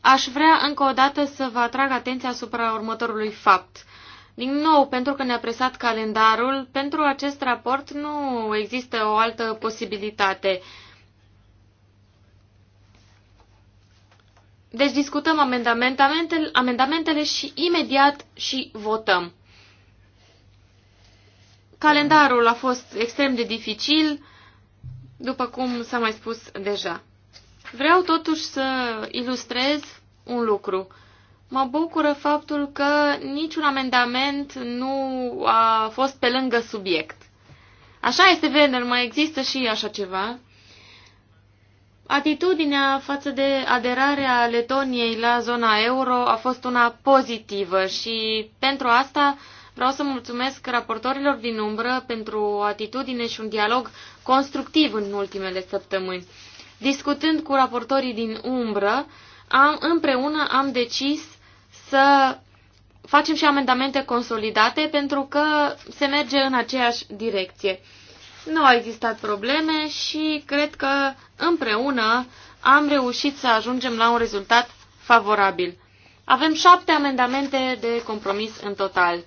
Aș vrea încă o dată să vă atrag atenția asupra următorului fapt. Din nou, pentru că ne-a presat calendarul, pentru acest raport nu există o altă posibilitate. Deci discutăm amendamentele, amendamentele și imediat și votăm. Calendarul a fost extrem de dificil, după cum s-a mai spus deja. Vreau totuși să ilustrez un lucru. Mă bucură faptul că niciun amendament nu a fost pe lângă subiect. Așa este, Werner, mai există și așa ceva. Atitudinea față de aderarea Letoniei la zona euro a fost una pozitivă și pentru asta vreau să mulțumesc raportorilor din umbră pentru o atitudine și un dialog constructiv în ultimele săptămâni. Discutând cu raportorii din umbră, am, împreună am decis să facem și amendamente consolidate pentru că se merge în aceeași direcție nu au existat probleme și cred că împreună am reușit să ajungem la un rezultat favorabil. Avem șapte amendamente de compromis în total.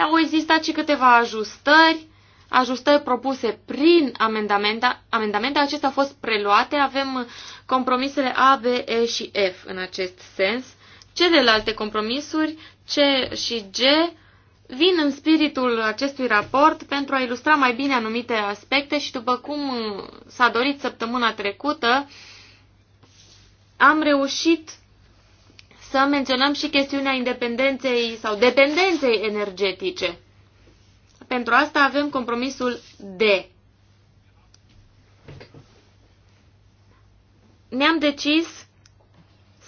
Au existat și câteva ajustări, ajustări propuse prin amendamente. Amendamente acestea au fost preluate. Avem compromisele A, B, E și F în acest sens. Celelalte compromisuri, C și G, Vin în spiritul acestui raport pentru a ilustra mai bine anumite aspecte și după cum s-a dorit săptămâna trecută, am reușit să menționăm și chestiunea independenței sau dependenței energetice. Pentru asta avem compromisul D. Ne-am decis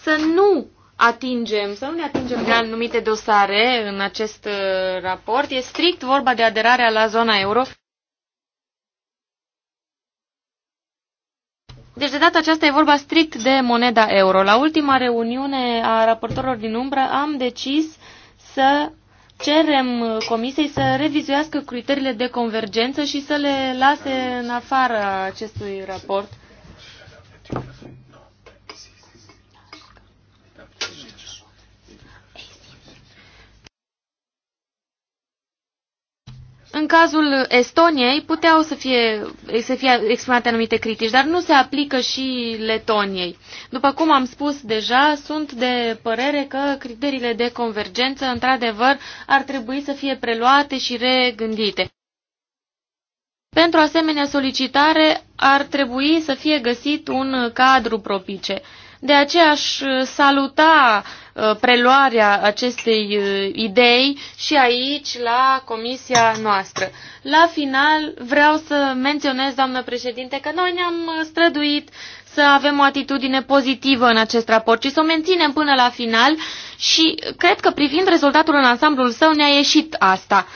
să nu atingem sau nu ne atingem de anumite dosare în acest uh, raport. E strict vorba de aderarea la zona euro. Deci de data aceasta e vorba strict de moneda euro. La ultima reuniune a raportorilor din umbră am decis să cerem comisiei să revizuiască criteriile de convergență și să le lase în afară acestui raport. În cazul Estoniei puteau să fie, să fie exprimate anumite critici, dar nu se aplică și Letoniei. După cum am spus deja, sunt de părere că criteriile de convergență, într-adevăr, ar trebui să fie preluate și regândite. Pentru asemenea solicitare ar trebui să fie găsit un cadru propice. De aceea aș saluta Uh, preluarea acestei uh, idei și aici, la comisia noastră. La final, vreau să menționez, doamnă președinte, că noi ne-am străduit să avem o atitudine pozitivă în acest raport și să o menținem până la final și cred că privind rezultatul în ansamblul său ne-a ieșit asta.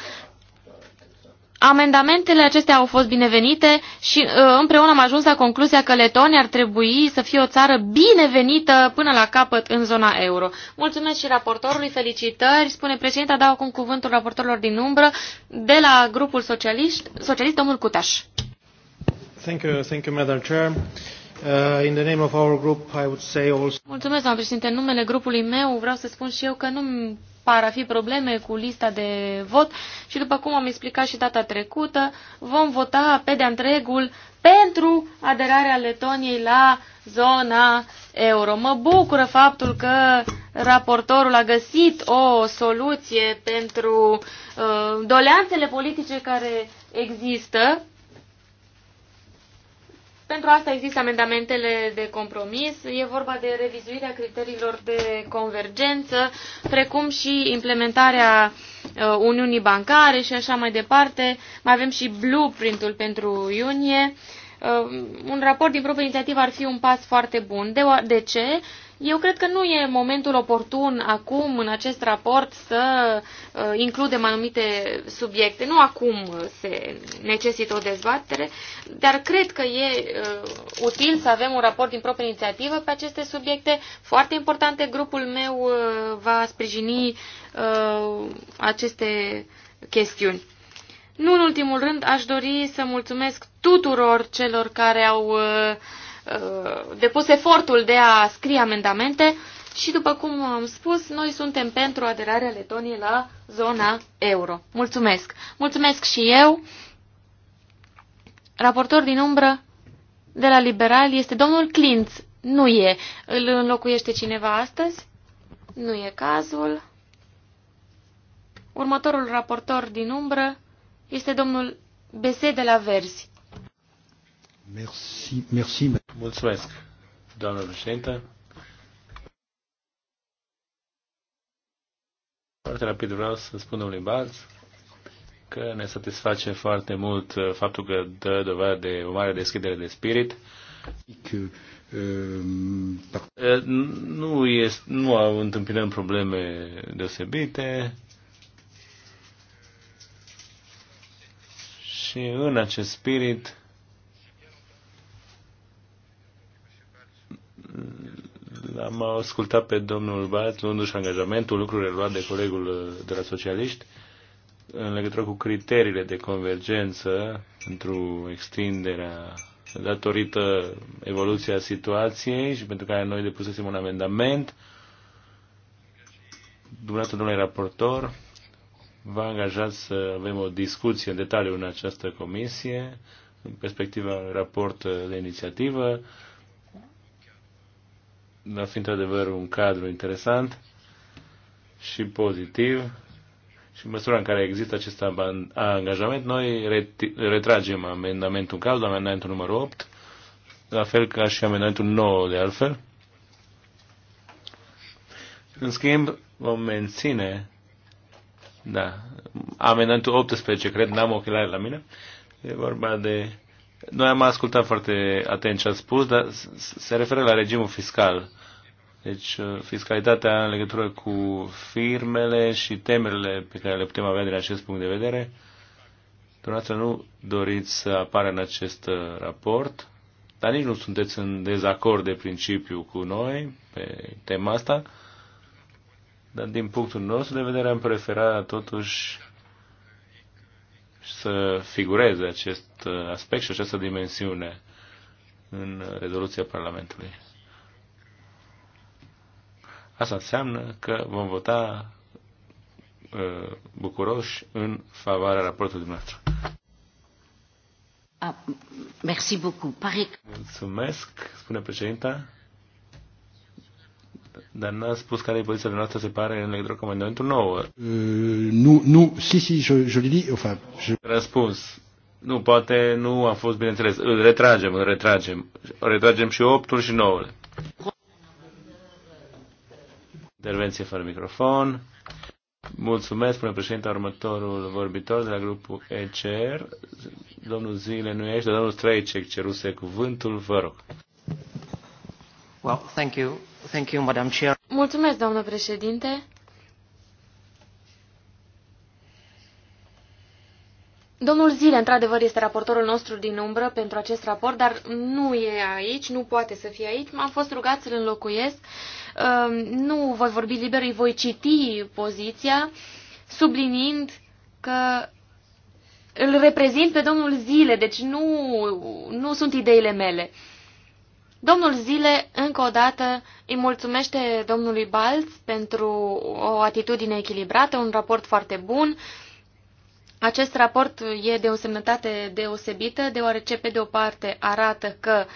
Amendamentele acestea au fost binevenite și uh, împreună am ajuns la concluzia că Letonia ar trebui să fie o țară binevenită până la capăt în zona euro. Mulțumesc și raportorului, felicitări, spune președinta, dau acum cuvântul raportorilor din umbră de la grupul socialist, socialist domnul Cutaș. Thank you, thank you, Madam Chair. Uh, in the name of our group, I would say also... Mulțumesc, doamnă președinte. În numele grupului meu vreau să spun și eu că nu par a fi probleme cu lista de vot și după cum am explicat și data trecută, vom vota pe de întregul pentru aderarea Letoniei la zona euro. Mă bucură faptul că raportorul a găsit o soluție pentru uh, doleanțele politice care există pentru asta există amendamentele de compromis. E vorba de revizuirea criteriilor de convergență, precum și implementarea uh, Uniunii Bancare și așa mai departe. Mai avem și blueprint-ul pentru iunie. Uh, un raport din propria inițiativă ar fi un pas foarte bun. De, de ce? Eu cred că nu e momentul oportun acum, în acest raport, să uh, includem anumite subiecte. Nu acum se necesită o dezbatere, dar cred că e uh, util să avem un raport din proprie inițiativă pe aceste subiecte foarte importante. Grupul meu uh, va sprijini aceste chestiuni. Nu în ultimul rând, aș dori să mulțumesc tuturor celor care au uh, Uh, depus efortul de a scrie amendamente și, după cum am spus, noi suntem pentru aderarea Letoniei la zona euro. Mulțumesc! Mulțumesc și eu! Raportor din umbră de la Liberal este domnul Clinț. Nu e. Îl înlocuiește cineva astăzi? Nu e cazul. Următorul raportor din umbră este domnul Bese de la Verzi. Merci, merci. Mulțumesc, doamnă președintă. Foarte rapid vreau să spun domnului Balz că ne satisface foarte mult uh, faptul că dă dovadă de o mare deschidere de spirit. Că, uh, uh nu, este, nu întâmpinăm probleme deosebite și în acest spirit am ascultat pe domnul Baț, luându-și angajamentul, lucrurile luate de colegul uh, de la socialiști, în legătură cu criteriile de convergență pentru extinderea datorită evoluția situației și pentru care noi depusesem un amendament. Dumneavoastră, domnule raportor, vă angajați să avem o discuție în detaliu în această comisie, în perspectiva raport de inițiativă va fi într-adevăr un cadru interesant și pozitiv și în măsura în care există acest angajament, noi retragem amendamentul în cadru amendamentul numărul 8, la fel ca și amendamentul 9 de altfel. În schimb, vom menține, da, amendamentul 18, cred, n-am ochelari la mine, e vorba de noi am ascultat foarte atent ce a spus, dar se referă la regimul fiscal. Deci uh, fiscalitatea în legătură cu firmele și temerile pe care le putem avea din acest punct de vedere. Dumneavoastră nu doriți să apară în acest uh, raport, dar nici nu sunteți în dezacord de principiu cu noi pe tema asta, dar din punctul nostru de vedere am preferat totuși să figureze acest uh, aspect și această dimensiune în rezoluția Parlamentului. Asta înseamnă că vom vota uh, bucuroși în favoarea raportului dumneavoastră. Ah, merci beaucoup. Mulțumesc, spune președinta dar n-a spus care e poziția noastră, se pare, în legătură cu amendamentul 9. Uh, nu, nu, si, si, je, je dit, enfin, je... Răspuns. Nu, poate nu a fost bineînțeles. Îl retragem, îl retragem. Retragem și 8 și 9. Intervenție fără microfon. Mulțumesc, până președinte, următorul vorbitor de la grupul ECR. Domnul Zile nu ești, dar domnul Trăicec ceruse cuvântul, vă rog. Well, thank you. Thank you, Madam Chair. Mulțumesc, doamnă președinte. Domnul Zile, într-adevăr, este raportorul nostru din umbră pentru acest raport, dar nu e aici, nu poate să fie aici. M-am fost rugat să-l înlocuiesc. Um, nu voi vorbi liber, îi voi citi poziția, sublinind că îl reprezint pe domnul Zile, deci nu, nu sunt ideile mele. Domnul Zile, încă o dată, îi mulțumește domnului Balț pentru o atitudine echilibrată, un raport foarte bun. Acest raport e de o semnătate deosebită, deoarece, pe de o parte, arată că uh,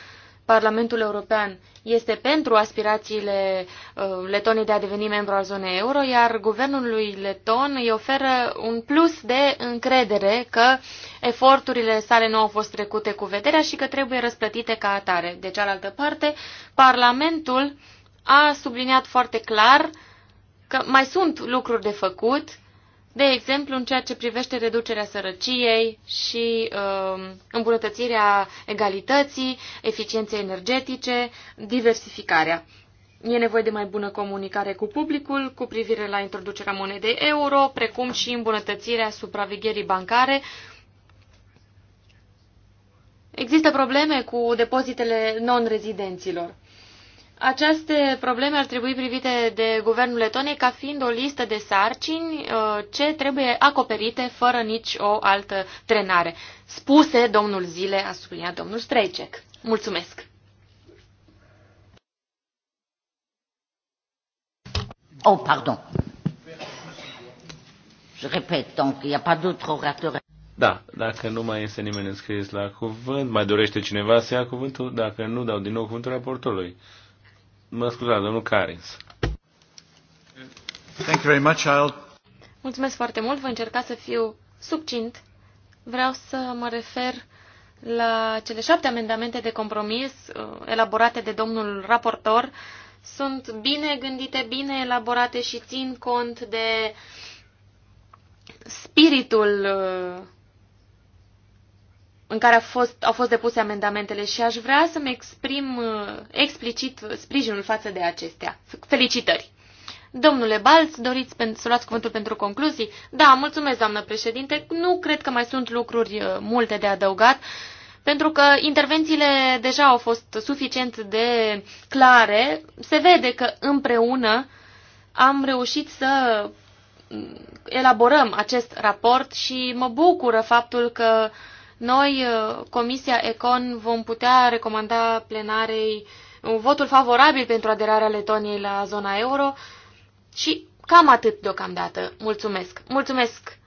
Parlamentul European este pentru aspirațiile uh, Letonii de a deveni membru al zonei euro, iar guvernul lui Leton îi oferă un plus de încredere că eforturile sale nu au fost trecute cu vederea și că trebuie răsplătite ca atare. De cealaltă parte, Parlamentul a subliniat foarte clar că mai sunt lucruri de făcut, de exemplu în ceea ce privește reducerea sărăciei și uh, îmbunătățirea egalității, eficienței energetice, diversificarea. E nevoie de mai bună comunicare cu publicul cu privire la introducerea monedei euro, precum și îmbunătățirea supravegherii bancare. Există probleme cu depozitele non-rezidenților. Aceste probleme ar trebui privite de guvernul Letoniei ca fiind o listă de sarcini uh, ce trebuie acoperite fără nici o altă trenare. Spuse domnul Zile, a subliniat domnul Strejcek. Mulțumesc! Oh, pardon. Je répète, donc, il n'y a pas d'autre orateur. Da, dacă nu mai este nimeni înscris la cuvânt, mai dorește cineva să ia cuvântul? Dacă nu, dau din nou cuvântul raportorului. Mă scuzați, domnul Carins. Thank you very much. I'll... Mulțumesc foarte mult. Voi încerca să fiu succint. Vreau să mă refer la cele șapte amendamente de compromis uh, elaborate de domnul raportor. Sunt bine gândite, bine elaborate și țin cont de spiritul uh, în care au fost, au fost depuse amendamentele și aș vrea să-mi exprim uh, explicit sprijinul față de acestea. Felicitări! Domnule Balț, doriți să luați cuvântul pentru concluzii? Da, mulțumesc, doamnă președinte. Nu cred că mai sunt lucruri uh, multe de adăugat, pentru că intervențiile deja au fost suficient de clare. Se vede că împreună am reușit să mm, elaborăm acest raport și mă bucură faptul că uh, noi, uh, Comisia Econ, vom putea recomanda plenarei un uh, votul favorabil pentru aderarea Letoniei la zona euro și cam atât deocamdată. Mulțumesc! Mulțumesc!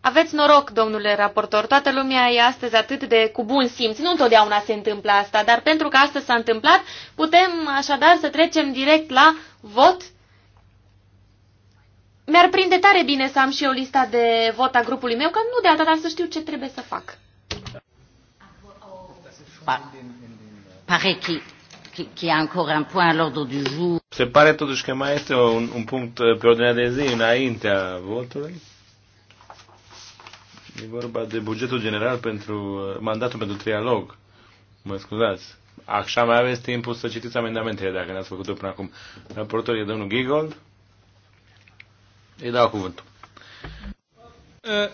Aveți noroc, domnule raportor, toată lumea e astăzi atât de cu bun simț. Nu întotdeauna se întâmplă asta, dar pentru că astăzi s-a întâmplat, putem așadar să trecem direct la vot. Mi-ar prinde tare bine să am și eu lista de vot a grupului meu, că nu de atât, dar să știu ce trebuie să fac. Se pare totuși că mai este un, un punct uh, pe ordinea de zi înaintea votului. E vorba de bugetul general pentru uh, mandatul pentru trialog. Mă scuzați. Așa mai aveți timpul să citiți amendamentele dacă n-ați făcut-o până acum. Raportorul e domnul Gigold. Îi dau cuvântul. Uh,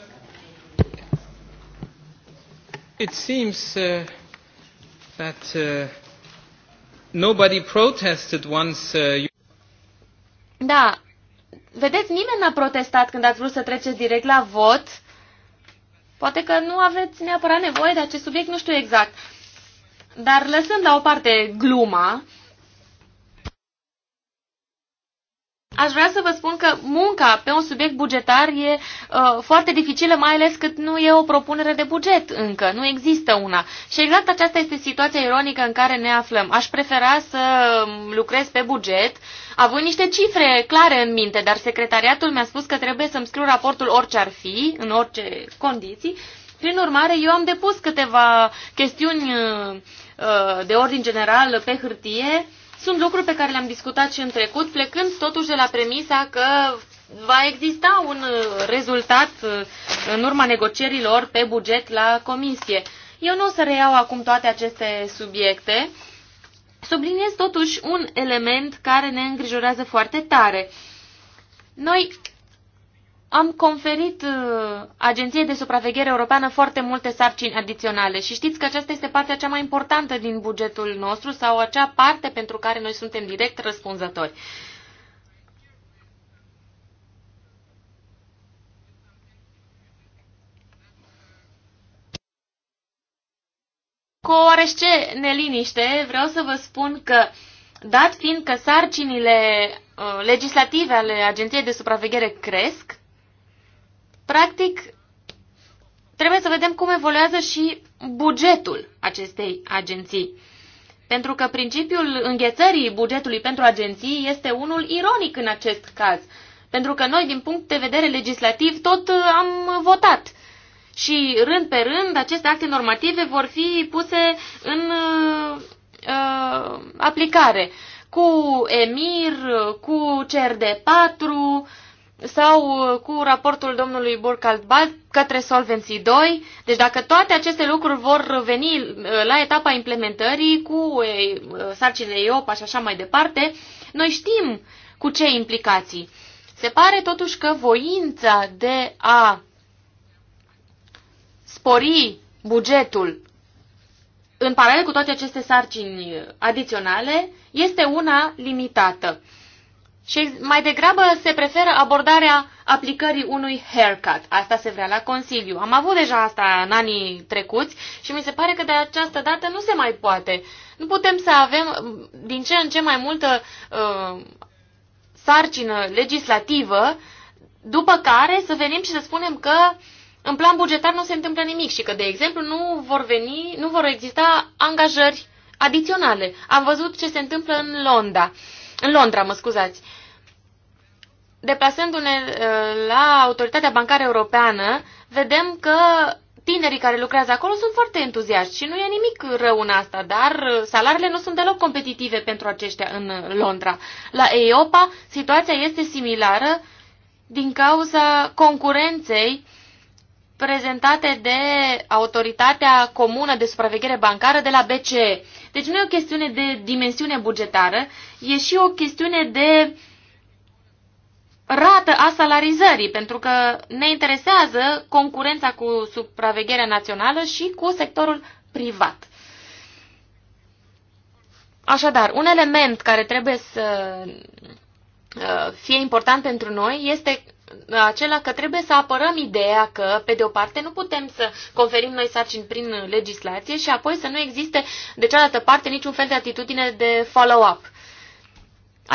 it seems uh, that uh, nobody protested once uh, you... Da. Vedeți, nimeni n-a protestat când ați vrut să treceți direct la vot. Poate că nu aveți neapărat nevoie de acest subiect, nu știu exact. Dar lăsând la o parte gluma, uh, aș vrea să vă spun că munca pe un subiect bugetar e uh, foarte dificilă, mai ales cât nu e o propunere de buget încă, nu există una. Și exact aceasta este situația ironică în care ne aflăm. Aș prefera să um, lucrez pe buget, având niște cifre clare în minte, dar secretariatul mi-a spus că trebuie să-mi scriu raportul orice ar fi, în orice condiții. Prin urmare, eu am depus câteva chestiuni uh, uh de ordin general pe hârtie, sunt lucruri pe care le-am discutat și în trecut, plecând totuși de la premisa că va exista un uh, rezultat uh, în urma negocierilor pe buget la comisie. Eu nu o să reiau acum toate aceste subiecte. Subliniez totuși un element care ne îngrijorează foarte tare. Noi am conferit uh, Agenției de Supraveghere Europeană foarte multe sarcini adiționale și știți că aceasta este partea cea mai importantă din bugetul nostru sau acea parte pentru care noi suntem direct răspunzători. Cu oarește neliniște, vreau să vă spun că, dat fiind că sarcinile uh, legislative ale Agenției de Supraveghere cresc, Practic, trebuie să vedem cum evoluează și bugetul acestei agenții. Pentru că principiul înghețării bugetului pentru agenții este unul ironic în acest caz. Pentru că noi, din punct de vedere legislativ, tot uh, am votat. Și rând pe rând, aceste acte normative vor fi puse în uh, uh aplicare. Cu EMIR, cu CRD4, sau uh, cu raportul domnului Burkhard Bad către Solvency 2. Deci dacă toate aceste lucruri vor veni uh, la etapa implementării cu uh, sarcinile EOPA și așa mai departe, noi știm cu ce implicații. Se pare totuși că voința de a spori bugetul în paralel cu toate aceste sarcini adiționale este una limitată și mai degrabă se preferă abordarea aplicării unui haircut. Asta se vrea la Consiliu. Am avut deja asta în anii trecuți și mi se pare că de această dată nu se mai poate. Nu putem să avem mm, din ce în ce mai multă uh, sarcină legislativă, după care să venim și să spunem că în plan bugetar nu se întâmplă nimic și că, de exemplu, nu vor, veni, nu vor exista angajări adiționale. Am văzut ce se întâmplă în Londra. În Londra, mă scuzați deplasându-ne uh, la Autoritatea Bancară Europeană, vedem că tinerii care lucrează acolo sunt foarte entuziaști și nu e nimic rău în asta, dar salariile nu sunt deloc competitive pentru aceștia în Londra. La EIOPA situația este similară din cauza concurenței prezentate de Autoritatea Comună de Supraveghere Bancară de la BCE. Deci nu e o chestiune de dimensiune bugetară, e și o chestiune de uh, rată a salarizării, pentru că ne interesează concurența cu supravegherea națională și cu sectorul privat. Așadar, un element care trebuie să uh, fie important pentru noi este acela că trebuie să apărăm ideea că, pe de o parte, nu putem să conferim noi sarcini prin legislație și apoi să nu existe, de cealaltă parte, niciun fel de atitudine de follow-up.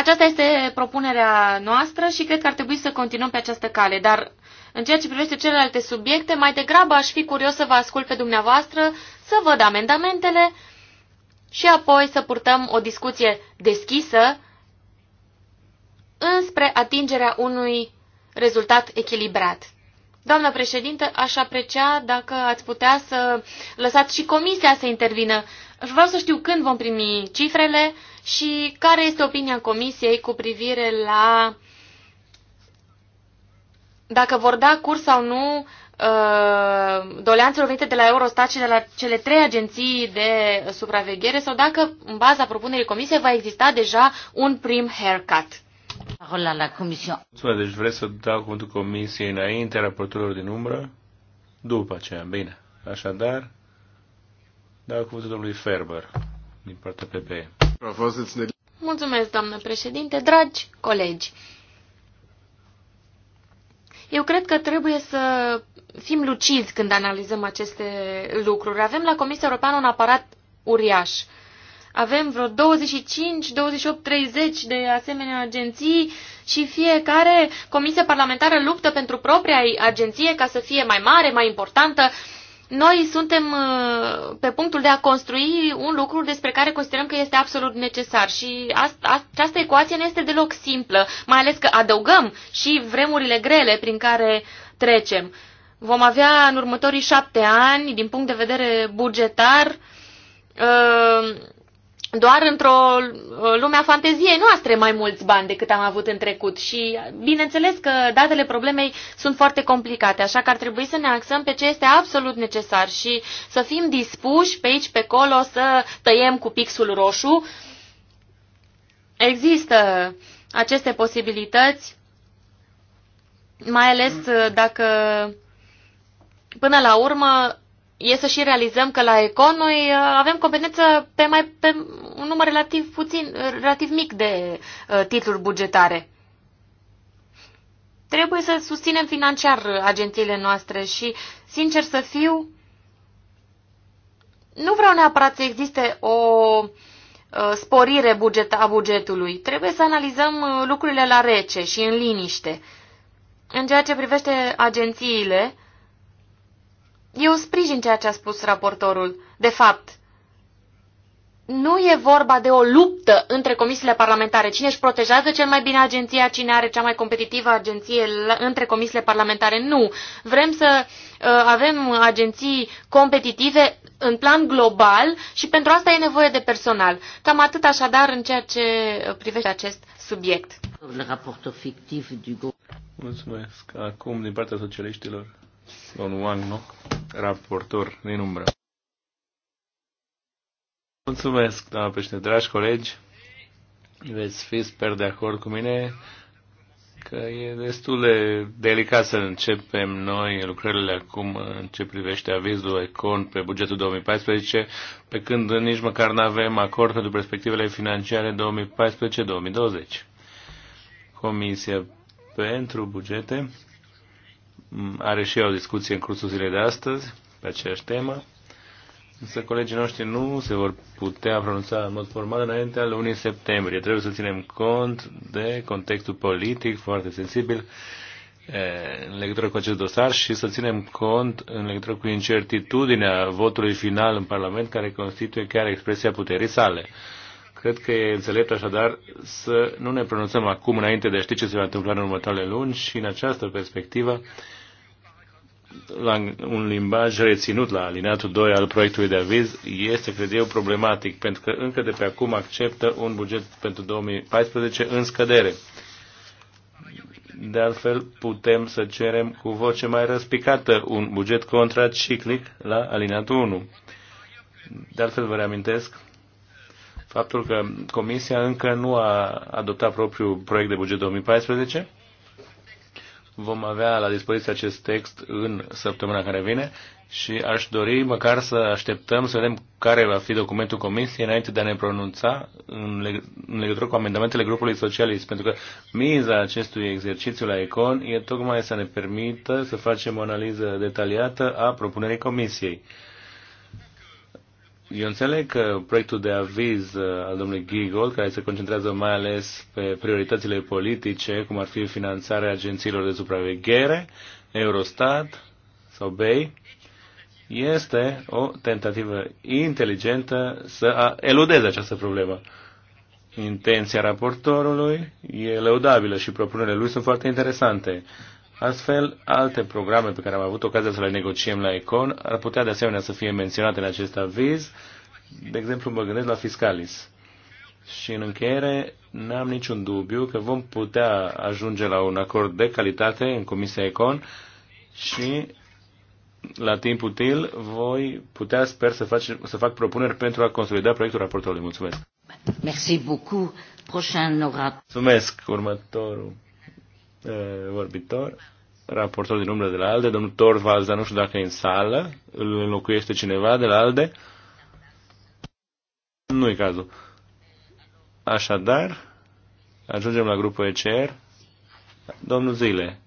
Aceasta este propunerea noastră și cred că ar trebui să continuăm pe această cale, dar în ceea ce privește celelalte subiecte, mai degrabă aș fi curios să vă ascult pe dumneavoastră, să văd amendamentele și apoi să purtăm o discuție deschisă înspre atingerea unui rezultat echilibrat. Doamna președintă, aș aprecia dacă ați putea să lăsați și comisia să intervină. Vreau să știu când vom primi cifrele, și care este opinia Comisiei cu privire la dacă vor da curs sau nu uh, doleanțelor venite de la Eurostat și de la cele trei agenții de supraveghere sau dacă, în baza propunerii comisiei, va exista deja un prim haircut. Parola la comisie. Deci vreți să dau cuvântul comisiei înainte raporturilor din umbră? După aceea, bine. Așadar, dau cuvântul domnului Ferber din partea PPE. Mulțumesc, doamnă președinte, dragi colegi. Eu cred că trebuie să fim lucizi când analizăm aceste lucruri. Avem la Comisia Europeană un aparat uriaș. Avem vreo 25, 28, 30 de asemenea agenții și fiecare comisie parlamentară luptă pentru propria agenție ca să fie mai mare, mai importantă, noi suntem uh, pe punctul de a construi un lucru despre care considerăm că este absolut necesar și această ecuație nu este deloc simplă, mai ales că adăugăm și vremurile grele prin care trecem. Vom avea în următorii șapte ani, din punct de vedere bugetar, uh, doar într-o uh, lume a fanteziei noastre mai mulți bani decât am avut în trecut și uh, bineînțeles că datele problemei sunt foarte complicate, așa că ar trebui să ne axăm pe ce este absolut necesar și să fim dispuși pe aici, pe acolo, să tăiem cu pixul roșu. Există aceste posibilități, mai ales uh, dacă până la urmă e să și realizăm că la Econ noi uh, avem competență pe, mai, pe un număr relativ, puțin, uh, relativ mic de uh, titluri bugetare. Trebuie să susținem financiar agențiile noastre și, sincer să fiu, nu vreau neapărat să existe o sporire buget a bugetului. Trebuie să analizăm lucrurile la rece și în liniște. În ceea ce privește agențiile, eu sprijin ceea ce a spus raportorul. De fapt, nu e vorba de o luptă între comisiile parlamentare. Cine își protejează cel mai bine agenția, cine are cea mai competitivă agenție între comisiile parlamentare. Nu. Vrem să uh, avem agenții competitive în plan global și pentru asta e nevoie de personal. Cam atât așadar în ceea ce privește acest subiect. Mulțumesc. Acum, din partea socialiștilor domnul Wangnock, raportor din umbră. Mulțumesc, doamna președinte, dragi colegi. Veți fi, sper, de acord cu mine că e destul de delicat să începem noi lucrările acum în ce privește avizul Econ pe bugetul 2014, pe când nici măcar nu avem acord pentru perspectivele financiare 2014-2020. Comisia pentru bugete Mm, are și ea o discuție în cursul zilei de astăzi pe aceeași temă. Însă colegii noștri nu se vor putea pronunța în mod formal înainte al lunii septembrie. Trebuie să ținem cont de contextul politic foarte sensibil în legătură cu acest dosar și să ținem cont în legătură cu incertitudinea votului final în Parlament care constituie chiar expresia puterii sale. Cred că e înțelept așadar să nu ne pronunțăm acum înainte de a ști ce se va întâmpla în următoarele luni și în această perspectivă la un limbaj reținut la alineatul 2 al proiectului de aviz este, cred eu, problematic, pentru că încă de pe acum acceptă un buget pentru 2014 în scădere. De altfel, putem să cerem cu voce mai răspicată un buget contraciclic la alineatul 1. De altfel, vă reamintesc faptul că Comisia încă nu a adoptat propriul proiect de buget 2014 vom avea la dispoziție acest text în săptămâna care vine și aș dori măcar să așteptăm să vedem care va fi documentul comisiei înainte de a ne pronunța în, leg- în legătură cu amendamentele grupului socialist, pentru că miza acestui exercițiu la ECON e tocmai să ne permită să facem o analiză detaliată a propunerii comisiei. Eu înțeleg că proiectul de aviz uh, al domnului Gigol, care se concentrează mai ales pe prioritățile politice, cum ar fi finanțarea agențiilor de supraveghere, Eurostat sau BEI, este o tentativă inteligentă să eludeze această problemă. Intenția raportorului e lăudabilă și propunerile lui sunt foarte interesante. Astfel, alte programe pe care am avut ocazia să le negociem la Econ ar putea de asemenea să fie menționate în acest aviz. De exemplu, mă gândesc la Fiscalis. Și în încheiere, n-am niciun dubiu că vom putea ajunge la un acord de calitate în Comisia Econ și la timp util voi putea, sper, să, fac să fac propuneri pentru a consolida proiectul raportului. Mulțumesc! Merci beaucoup. Prochain Mulțumesc! Următorul Eh, vorbitor, raportor din umbră de la ALDE, domnul Torvalds, dar nu știu dacă e în sală, îl înlocuiește cineva de la ALDE. Nu e cazul. Așadar, ajungem la grupul ECR. Domnul Zile,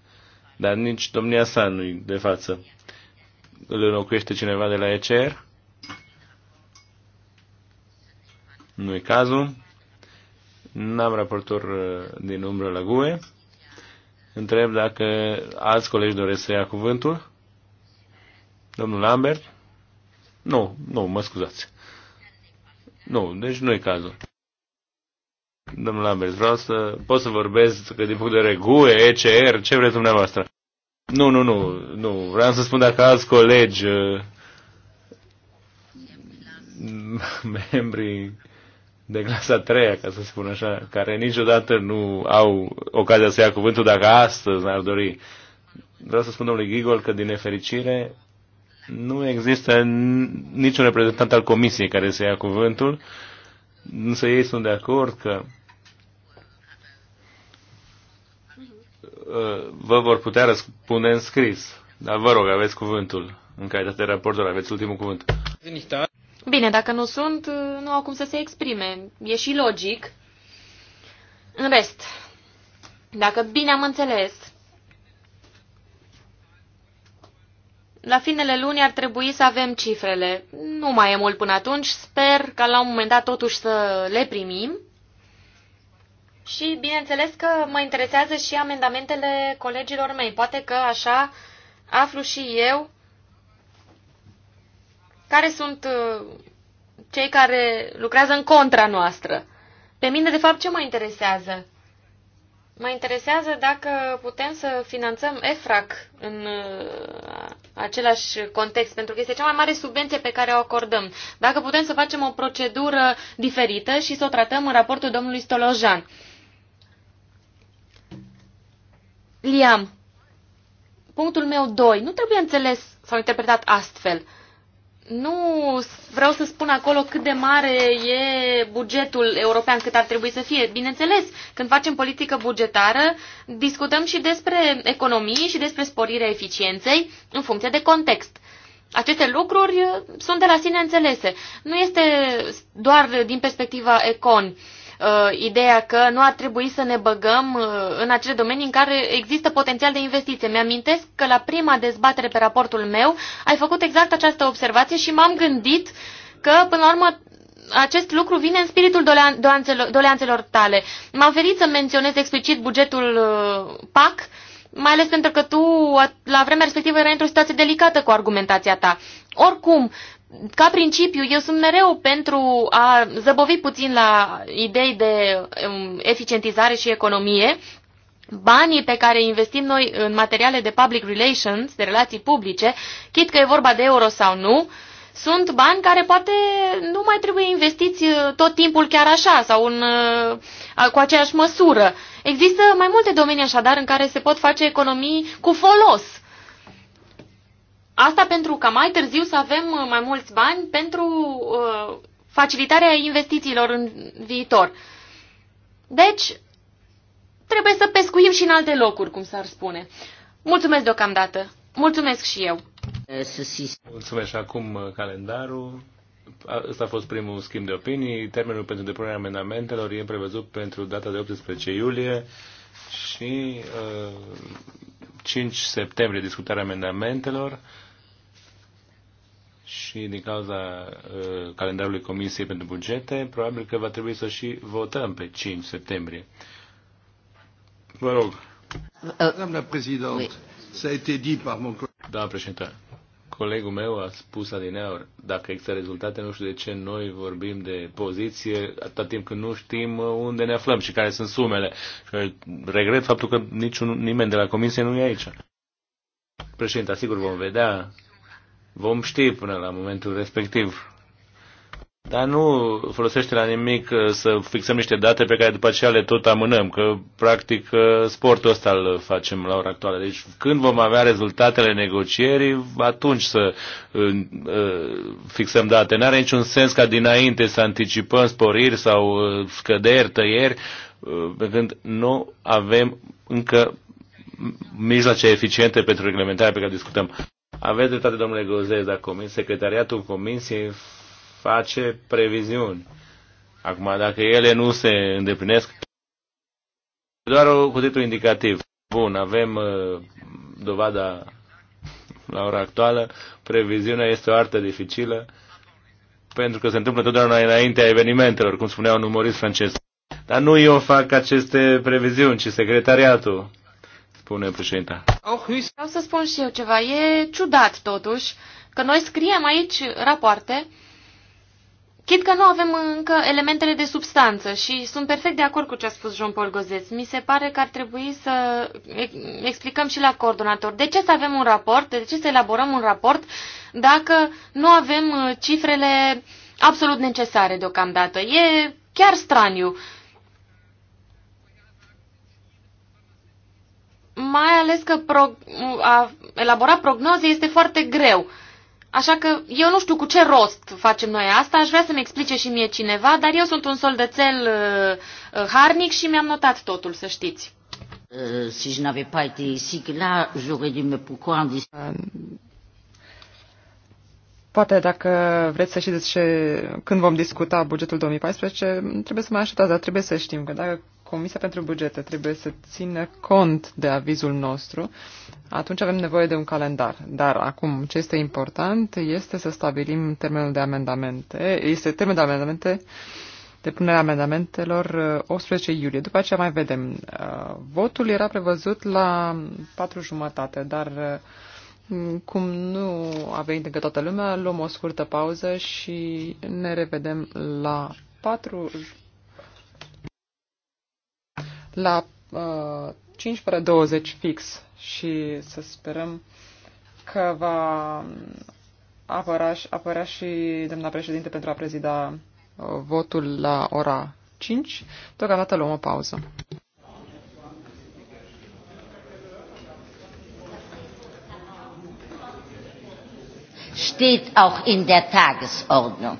dar nici domnia sa nu de față. Îl înlocuiește cineva de la ECR? Nu e cazul. N-am raportor eh, din umbră la GUE întreb dacă alți colegi doresc să ia cuvântul. Domnul Lambert? Nu, nu, mă scuzați. Nu, deci nu e cazul. Domnul Lambert, vreau să pot să vorbesc că din punct de vedere GUE, ECR, ce vreți dumneavoastră? Nu, nu, nu, nu. Vreau să spun dacă alți colegi uh, membrii de clasa a treia, ca să spun așa, care niciodată nu au ocazia să ia cuvântul dacă astăzi n-ar dori. Vreau să spun domnului Grigol că, din nefericire, nu există niciun reprezentant al comisiei care să ia cuvântul, însă ei sunt de acord că uh, vă vor putea răspunde în scris. Dar vă rog, aveți cuvântul. În calitate de raportor, aveți ultimul cuvânt. Bine, dacă nu sunt, nu au cum să se exprime. E și logic. În rest, dacă bine am înțeles, la finele lunii ar trebui să avem cifrele. Nu mai e mult până atunci. Sper ca la un moment dat totuși să le primim. Și bineînțeles că mă interesează și amendamentele colegilor mei. Poate că așa aflu și eu care sunt uh, cei care lucrează în contra noastră. Pe mine, de fapt, ce mă interesează? Mă interesează dacă putem să finanțăm EFRAC în uh, același context, pentru că este cea mai mare subvenție pe care o acordăm. Dacă putem să facem o procedură diferită și să o tratăm în raportul domnului Stolojan. Liam, punctul meu 2 nu trebuie înțeles sau interpretat astfel – nu vreau să spun acolo cât de mare e bugetul european, cât ar trebui să fie. Bineînțeles, când facem politică bugetară, discutăm și despre economii și despre sporirea eficienței în funcție de context. Aceste lucruri sunt de la sine înțelese. Nu este doar din perspectiva econ. Uh, uh, ideea că nu ar trebui să ne băgăm uh, în acele domenii în care există potențial de investiție. Mi-amintesc că la prima dezbatere pe raportul meu ai făcut exact această observație și m-am gândit că, până la urmă, acest lucru vine în spiritul doleanțelor, tale. M-am ferit să menționez explicit bugetul uh, PAC, mai ales pentru că tu la vremea respectivă erai într-o situație delicată cu argumentația ta. Oricum, ca principiu, eu sunt mereu pentru a zăbovi puțin la idei de um, eficientizare și economie. Banii pe care investim noi în materiale de public relations, de relații publice, chit că e vorba de euro sau nu, sunt bani care poate nu mai trebuie investiți uh, tot timpul chiar așa sau în, uh, cu aceeași măsură. Există mai multe domenii așadar în care se pot face economii cu folos Asta pentru ca mai târziu să avem uh, mai mulți bani pentru uh, facilitarea investițiilor în viitor. Deci, trebuie să pescuim și în alte locuri, cum s-ar spune. Mulțumesc deocamdată. Mulțumesc și eu. Mulțumesc. Acum uh, calendarul. Asta a fost primul schimb de opinii. Termenul pentru depunerea amendamentelor e prevăzut pentru data de 18 iulie și uh, 5 septembrie discutarea amendamentelor și din cauza uh, calendarului Comisiei pentru Bugete, probabil că va trebui să și votăm pe 5 septembrie. Vă rog. Uh, Doamna președinte, s-a dit mon Doamna președinte, colegul meu a spus adineaur, dacă există rezultate, nu știu de ce noi vorbim de poziție atât timp când nu știm uh, unde ne aflăm și care sunt sumele. Și regret faptul că niciun, nimeni de la Comisie nu e aici. Președinte, sigur vom vedea vom ști până la momentul respectiv. Dar nu folosește la nimic uh, să fixăm niște date pe care după aceea le tot amânăm, că practic uh, sportul ăsta îl facem la ora actuală. Deci când vom avea rezultatele negocierii, atunci să uh, uh fixăm date. N-are niciun sens ca dinainte să anticipăm sporiri sau scăderi, tăieri, uh, când nu avem încă mijloace eficiente pentru reglementarea pe care discutăm. Aveți dreptate, domnule Gozez, dar comis, secretariatul comisiei face previziuni. Acum, dacă ele nu se îndeplinesc, doar o, cu titlu indicativ. Bun, avem uh, dovada la ora actuală. Previziunea este o artă dificilă pentru că se întâmplă totdeauna înaintea evenimentelor, cum spunea un umorist francez. Dar nu eu fac aceste previziuni, ci secretariatul spune președinta. Vreau să spun și eu ceva. E ciudat, totuși, că noi scriem aici rapoarte, chit că nu avem încă elementele de substanță și sunt perfect de acord cu ce a spus Jean-Paul Gozeț. Mi se pare că ar trebui să explicăm și la coordonator. De ce să avem un raport, de ce să elaborăm un raport dacă nu avem uh, cifrele absolut necesare deocamdată? E chiar straniu. mai ales că pro, a elabora prognoze este foarte greu. Așa că eu nu știu cu ce rost facem noi asta, aș vrea să-mi explice și mie cineva, dar eu sunt un soldățel uh, uh, harnic și mi-am notat totul, să știți. Uh, si je n'avais pas été ici que là, j'aurais dû me pourquoi en um, Poate dacă vreți să știți ce, când vom discuta bugetul 2014, trebuie să mai așteptați, dar trebuie să știm că dacă Comisia pentru Bugete trebuie să țină cont de avizul nostru, atunci avem nevoie de un calendar. Dar acum, ce este important este să stabilim termenul de amendamente. Este termenul de amendamente de punerea amendamentelor 18 uh, iulie. După aceea mai vedem. Uh, votul era prevăzut la patru jumătate, dar uh, cum nu a venit încă toată lumea, luăm o scurtă pauză și ne revedem la 4 la uh, 5 fără 20 fix și să sperăm că va apăra, apărea și doamna președinte pentru a prezida uh, votul la ora 5. Deocamdată luăm o pauză. Steht auch in der Tagesordnung.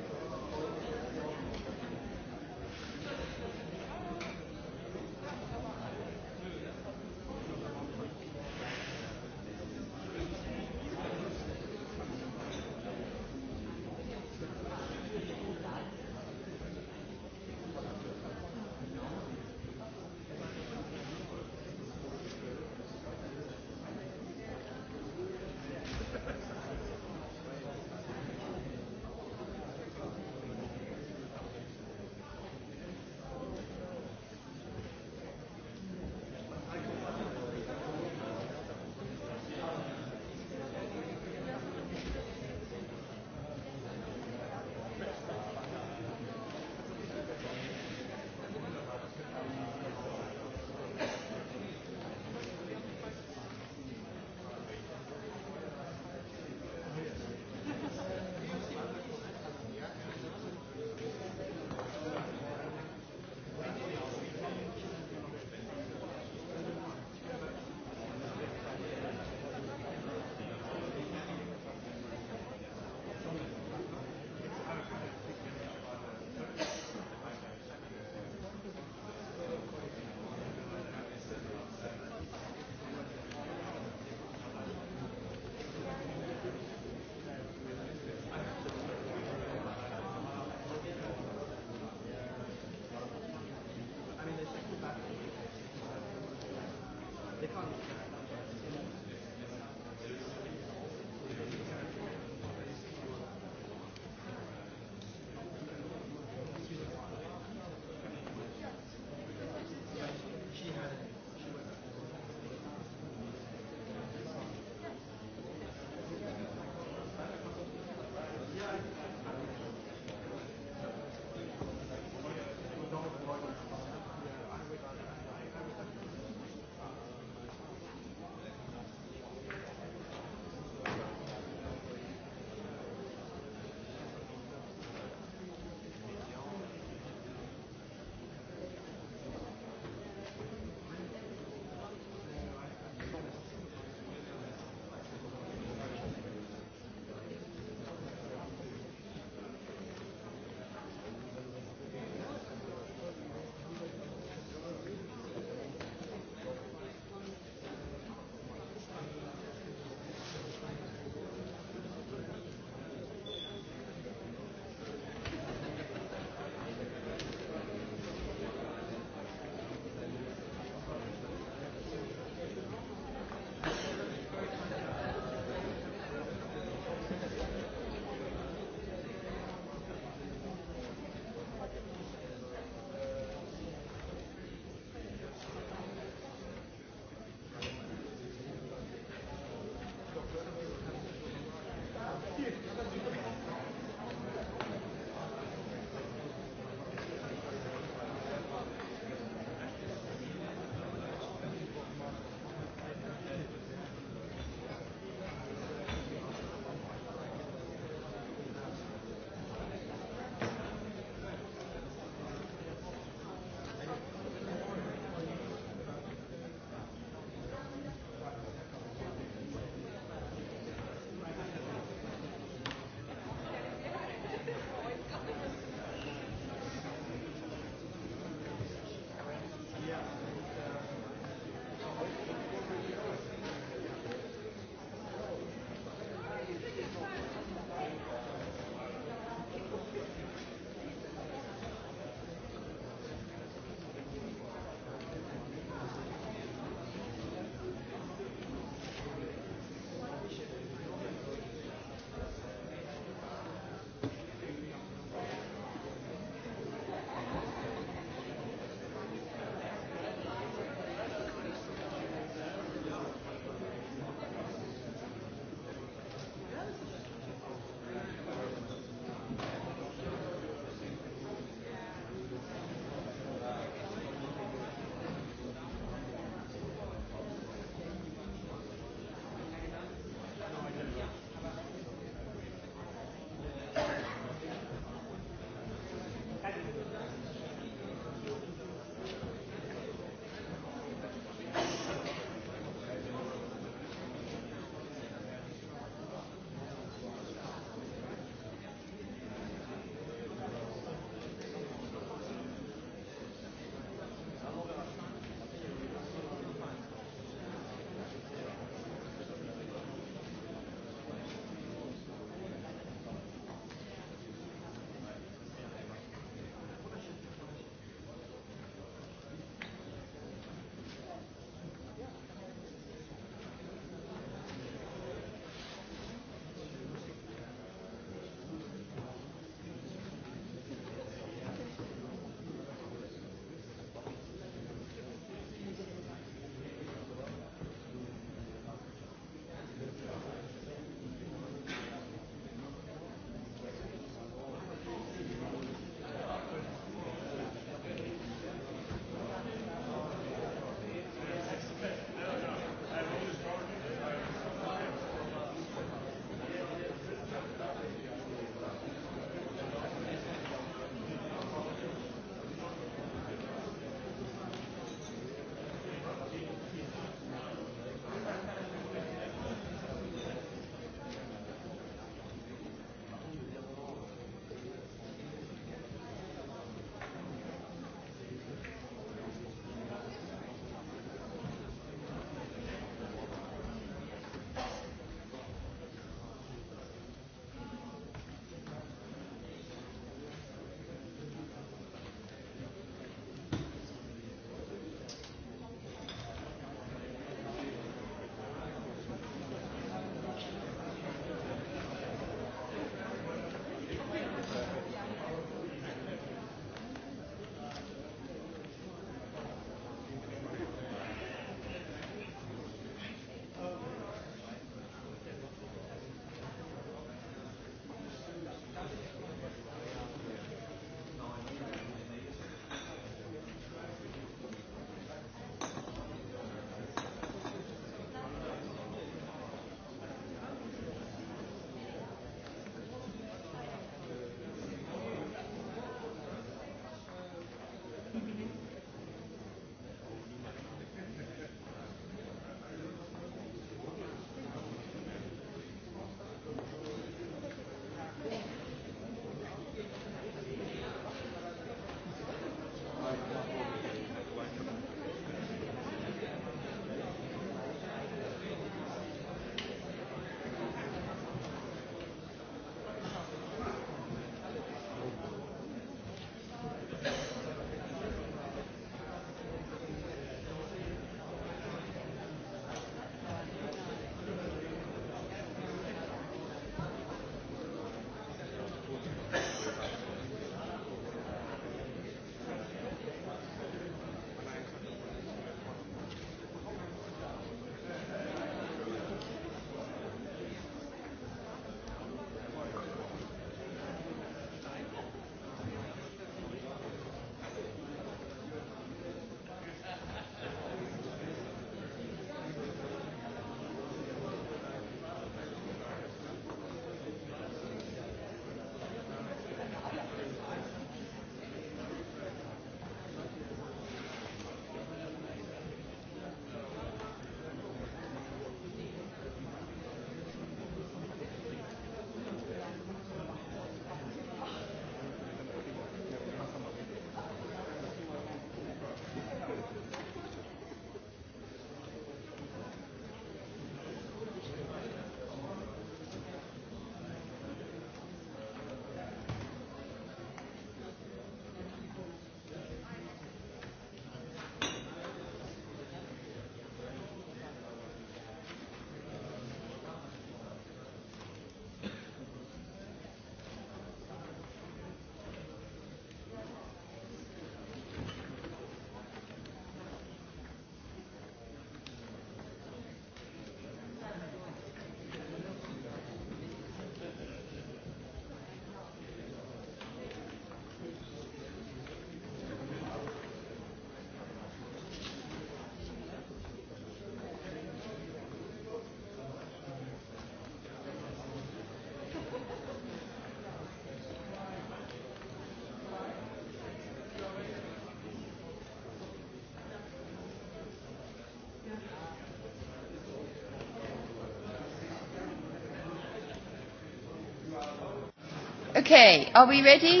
Okay, are we ready?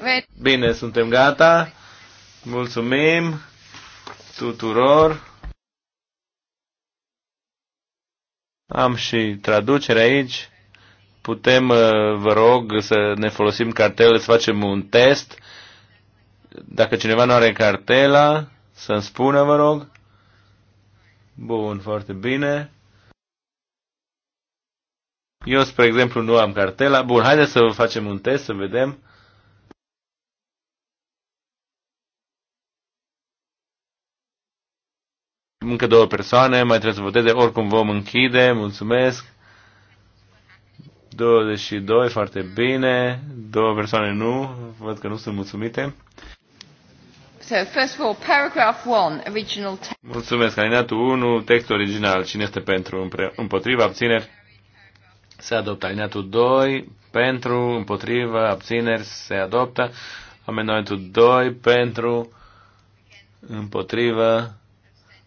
ready? Bine, suntem gata. Mulțumim tuturor. Am și traducere aici. Putem, uh, vă rog, să ne folosim cartele. să facem un test. Dacă cineva nu are cartela, să-mi spună, vă rog. Bun, foarte bine. Eu, spre exemplu, nu am cartela. Bun, haideți să facem un test, să vedem. Încă două persoane, mai trebuie să voteze. Oricum vom închide. Mulțumesc. 22, foarte bine. Două persoane nu. Văd că nu sunt mulțumite. So, first of all, paragraph one, original text. Mulțumesc. Alineatul 1, text original. Cine este pentru? Împotriva abțineri? se adoptă. Alineatul 2 pentru, împotrivă, abțineri se adoptă. Amendamentul 2 pentru, împotrivă,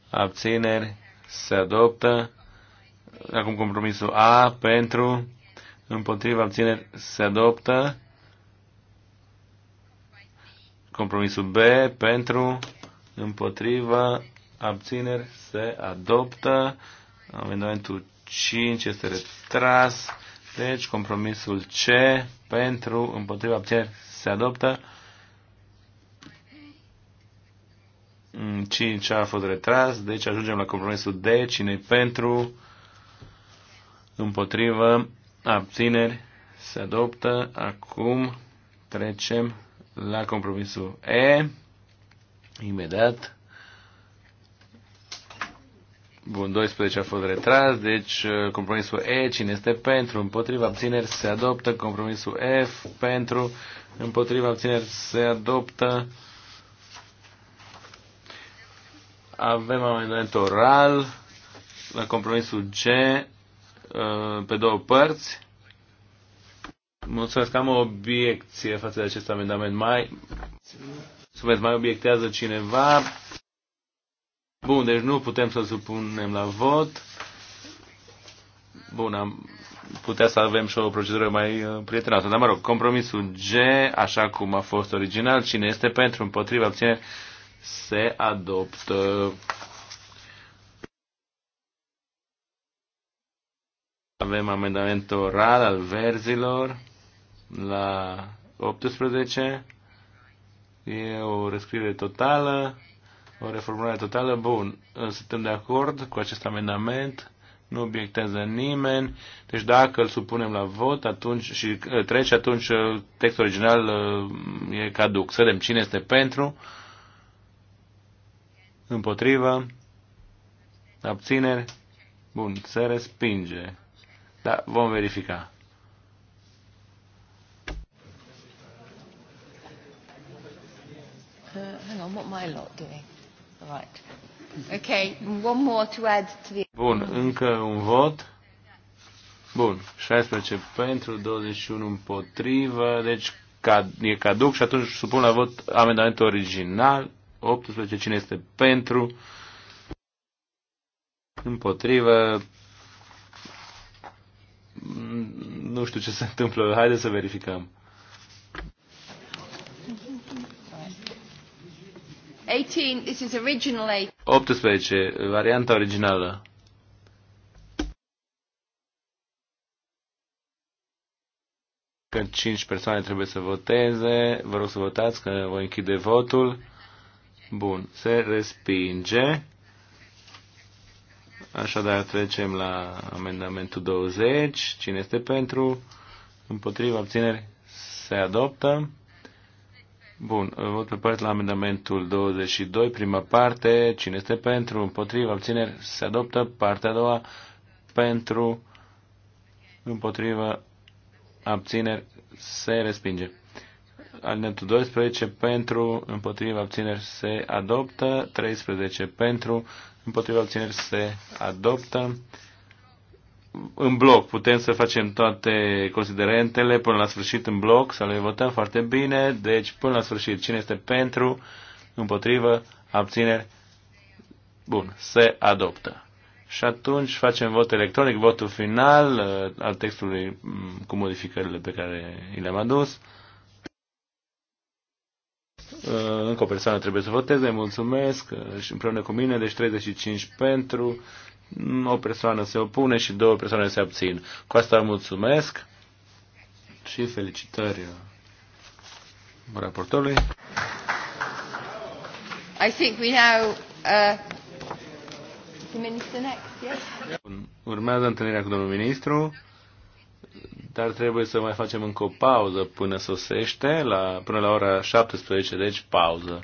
abțineri se adoptă. Acum compromisul A pentru, împotrivă, abțineri se adoptă. Compromisul B pentru, împotrivă, abțineri se adoptă. Amendamentul 5 este retras. Deci compromisul C pentru împotriva abțineri se adoptă. 5 a fost retras, deci ajungem la compromisul D, cine pentru, împotriva abțineri, se adoptă. Acum trecem la compromisul E, imediat. Bun, 12 a fost retras, deci uh, compromisul E, cine este pentru, împotriva abțineri se adoptă, compromisul F, pentru, împotriva abțineri se adoptă. Avem amendament oral la compromisul G uh, pe două părți. Mulțumesc, am o obiecție față de acest amendament. Mai, mai obiectează cineva. Bun, deci nu putem să supunem la vot. Bun, am putea să avem și o procedură mai uh, prietenoasă. Dar mă rog, compromisul G, așa cum a fost original, cine este pentru, împotriva, abține, se adoptă. Avem amendament oral al verzilor la 18. E o rescriere totală o reformulare totală. Bun, suntem de acord cu acest amendament, nu obiectează nimeni, deci dacă îl supunem la vot atunci și uh, trece, atunci uh, textul original uh, e caduc. Să vedem cine este pentru, împotrivă, abțineri, bun, se respinge. Da, vom verifica. Uh, hang on, what my lot doing? Right. Okay, one more to add to the... Bun, încă un vot. Bun, 16 pentru, 21 împotrivă, deci e caduc și atunci supun la vot amendamentul original, 18, cine este pentru, împotrivă, mm, nu știu ce se întâmplă, haideți să verificăm. 18, this is 18, varianta originală. Că 5 persoane trebuie să voteze. Vă rog să votați că voi închide votul. Bun, se respinge. Așadar trecem la amendamentul 20. Cine este pentru? Împotriva abțineri se adoptă. Bun, vot pe la amendamentul 22, prima parte, cine este pentru, împotriva, abțineri, se adoptă, partea a doua, pentru, împotriva, abțineri, se respinge. Alinatul 12, pentru, împotriva, abțineri, se adoptă, 13, pentru, împotriva, abțineri, se adoptă, în bloc, putem să facem toate considerentele până la sfârșit în bloc, să le votăm foarte bine, deci până la sfârșit cine este pentru, împotrivă, abțineri, bun, se adoptă. Și atunci facem vot electronic, votul final uh, al textului mm, cu modificările pe care i le-am adus. Uh, încă o persoană trebuie să voteze, mulțumesc, uh, și împreună cu mine, deci 35 pentru, o persoană se opune și două persoane se abțin. Cu asta mulțumesc și felicitări raportorului. I think we now uh, the minister next, yes? Urmează întâlnirea cu domnul ministru, dar trebuie să mai facem încă o pauză până sosește, la, până la ora 17, deci pauză.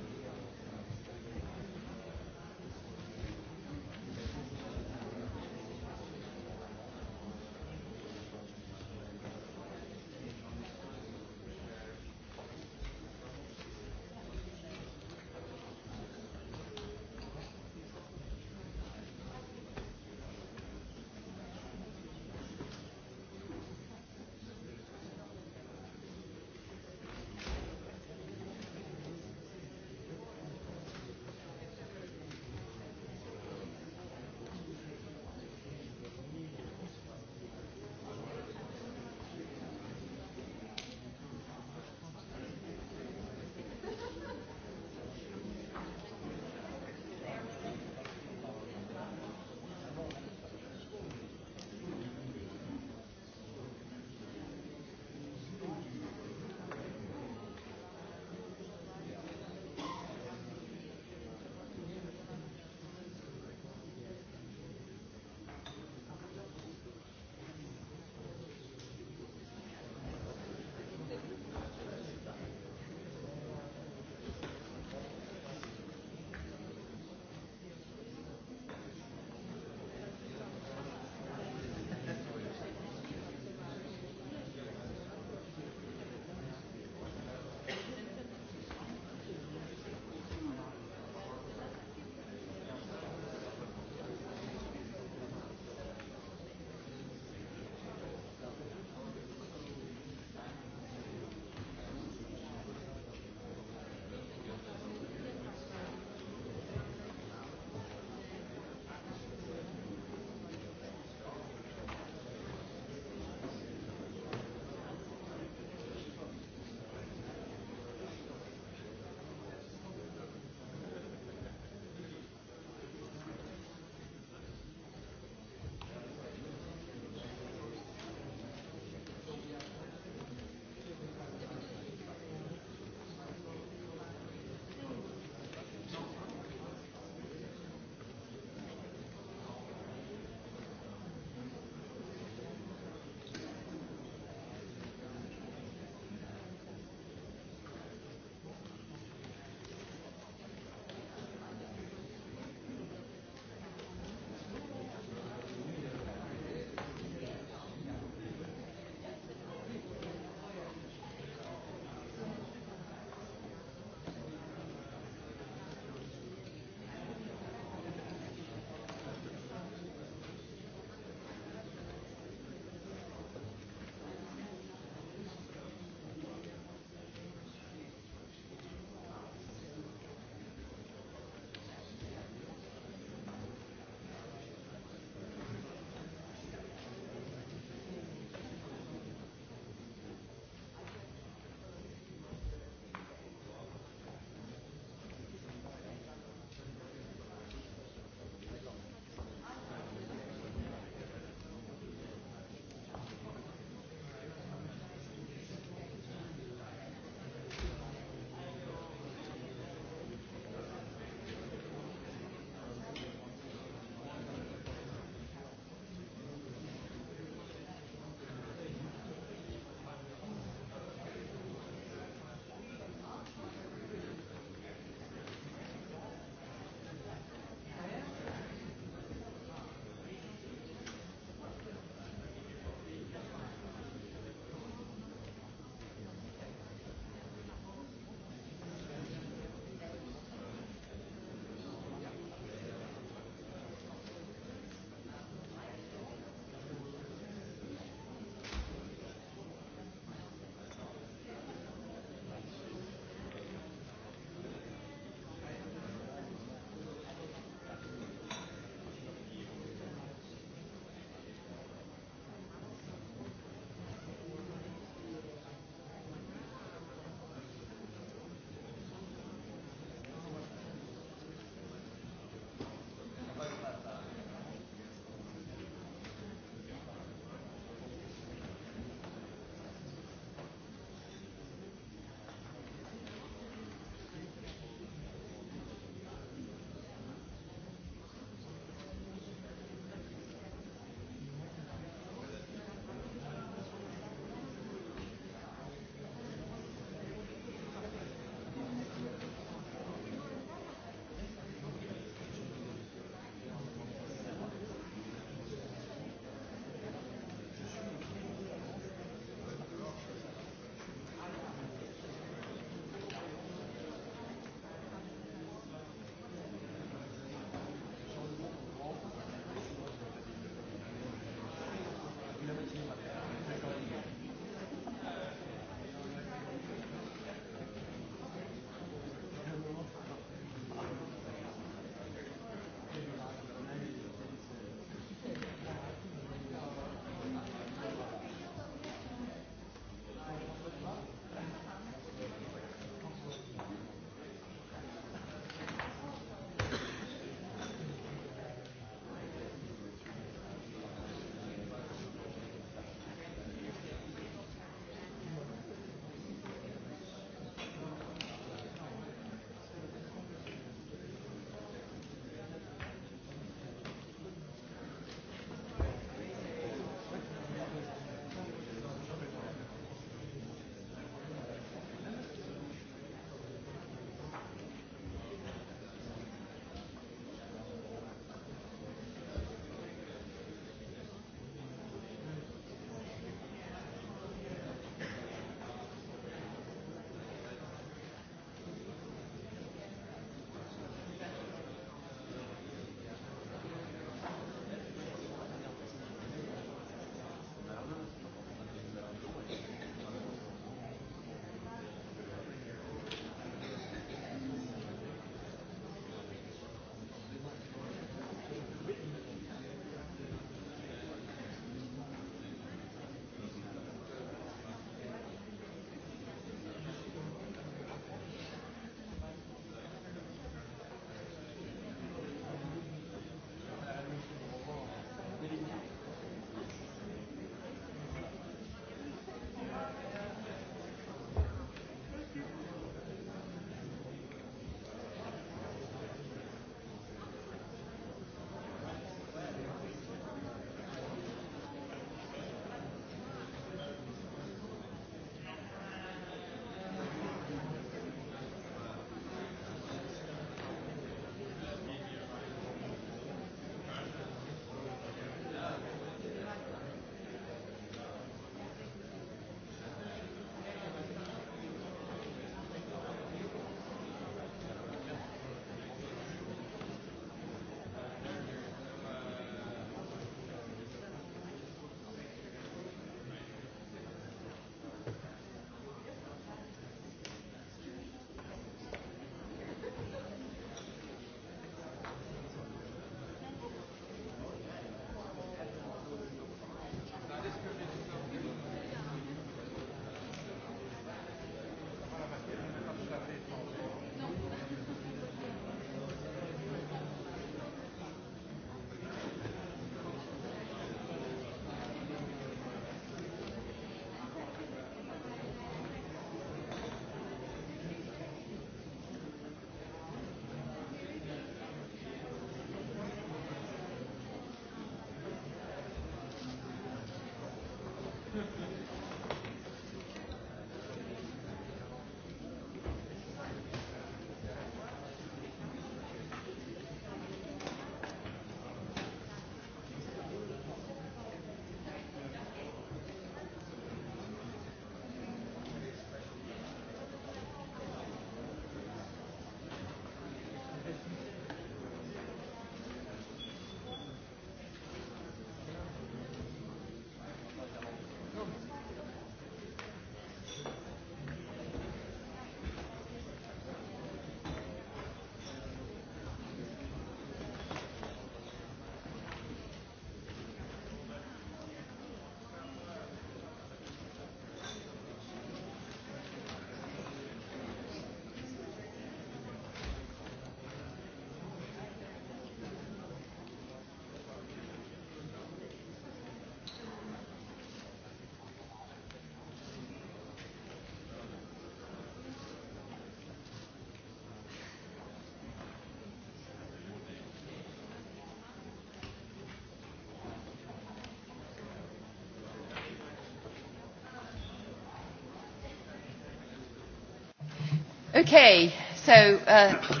Okay, so uh,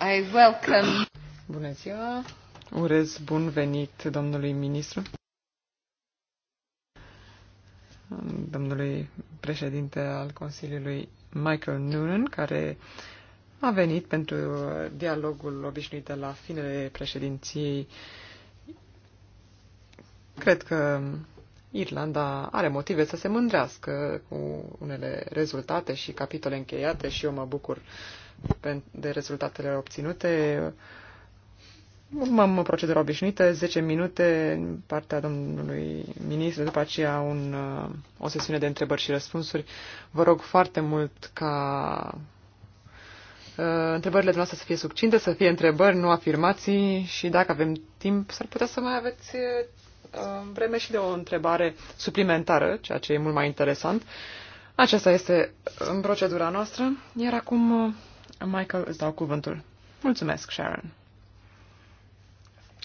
I welcome. Bună ziua. Urez bun venit domnului ministru. Domnului președinte al Consiliului Michael Noonan, care a venit pentru dialogul obișnuit de la finele președinției. Cred că Irlanda are motive să se mândrească cu unele rezultate și capitole încheiate și eu mă bucur de rezultatele obținute. Urmăm procedura obișnuită, 10 minute în partea domnului ministru, după aceea un, uh, o sesiune de întrebări și răspunsuri. Vă rog foarte mult ca uh, întrebările dumneavoastră să fie succinte, să fie întrebări, nu afirmații și dacă avem timp, s-ar putea să mai aveți uh, vreme și de o întrebare suplimentară, ceea ce e mult mai interesant. Aceasta este în procedura noastră, iar acum, Michael, îți dau cuvântul. Mulțumesc, Sharon.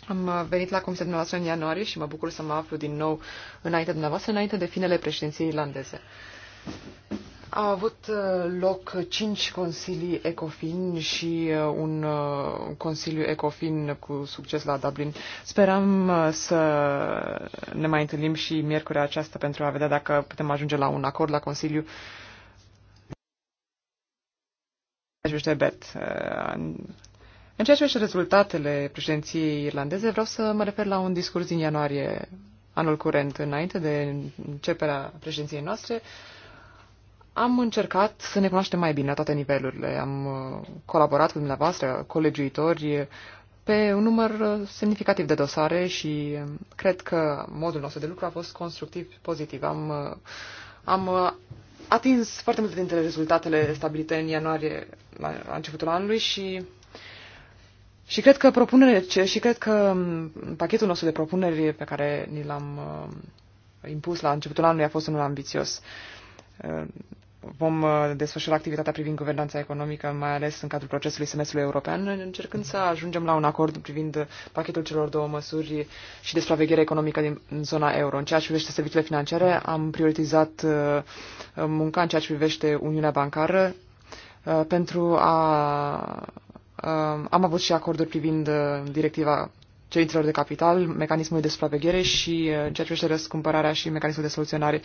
Am venit la comisia dumneavoastră în ianuarie și mă bucur să mă aflu din nou înainte dumneavoastră, înainte de finele președinției irlandeze. Au avut uh, loc cinci consilii ECOFIN și uh, un uh, consiliu ECOFIN cu succes la Dublin. Sperăm să ne mai întâlnim și miercuri aceasta pentru a vedea dacă putem ajunge la un acord la Consiliu. În ceea ce privește rezultatele președinției irlandeze, vreau să mă refer la un discurs din ianuarie anul curent, înainte de începerea președinției noastre. Am încercat să ne cunoaștem mai bine la toate nivelurile. Am uh, colaborat cu dumneavoastră, colegiuitori, pe un număr uh, semnificativ de dosare și uh, cred că modul nostru de lucru a fost constructiv, pozitiv. Am, am atins foarte multe dintre rezultatele stabilite în ianuarie, la, începutul anului și și cred că propunerile și cred că um, pachetul nostru de propuneri pe care ni l-am impus la începutul anului a fost unul ambițios vom uh, desfășura activitatea privind guvernanța economică, mai ales în cadrul procesului semestrului european, încercând să ajungem la un acord privind pachetul celor două măsuri și de supraveghere economică din zona euro. În ceea ce privește serviciile financiare, am prioritizat uh, munca în ceea ce privește Uniunea Bancară uh, pentru a. Am avut și acorduri privind directiva cerințelor de capital, mecanismului de supraveghere și uh, în ceea ce privește răscumpărarea și mecanismul de soluționare.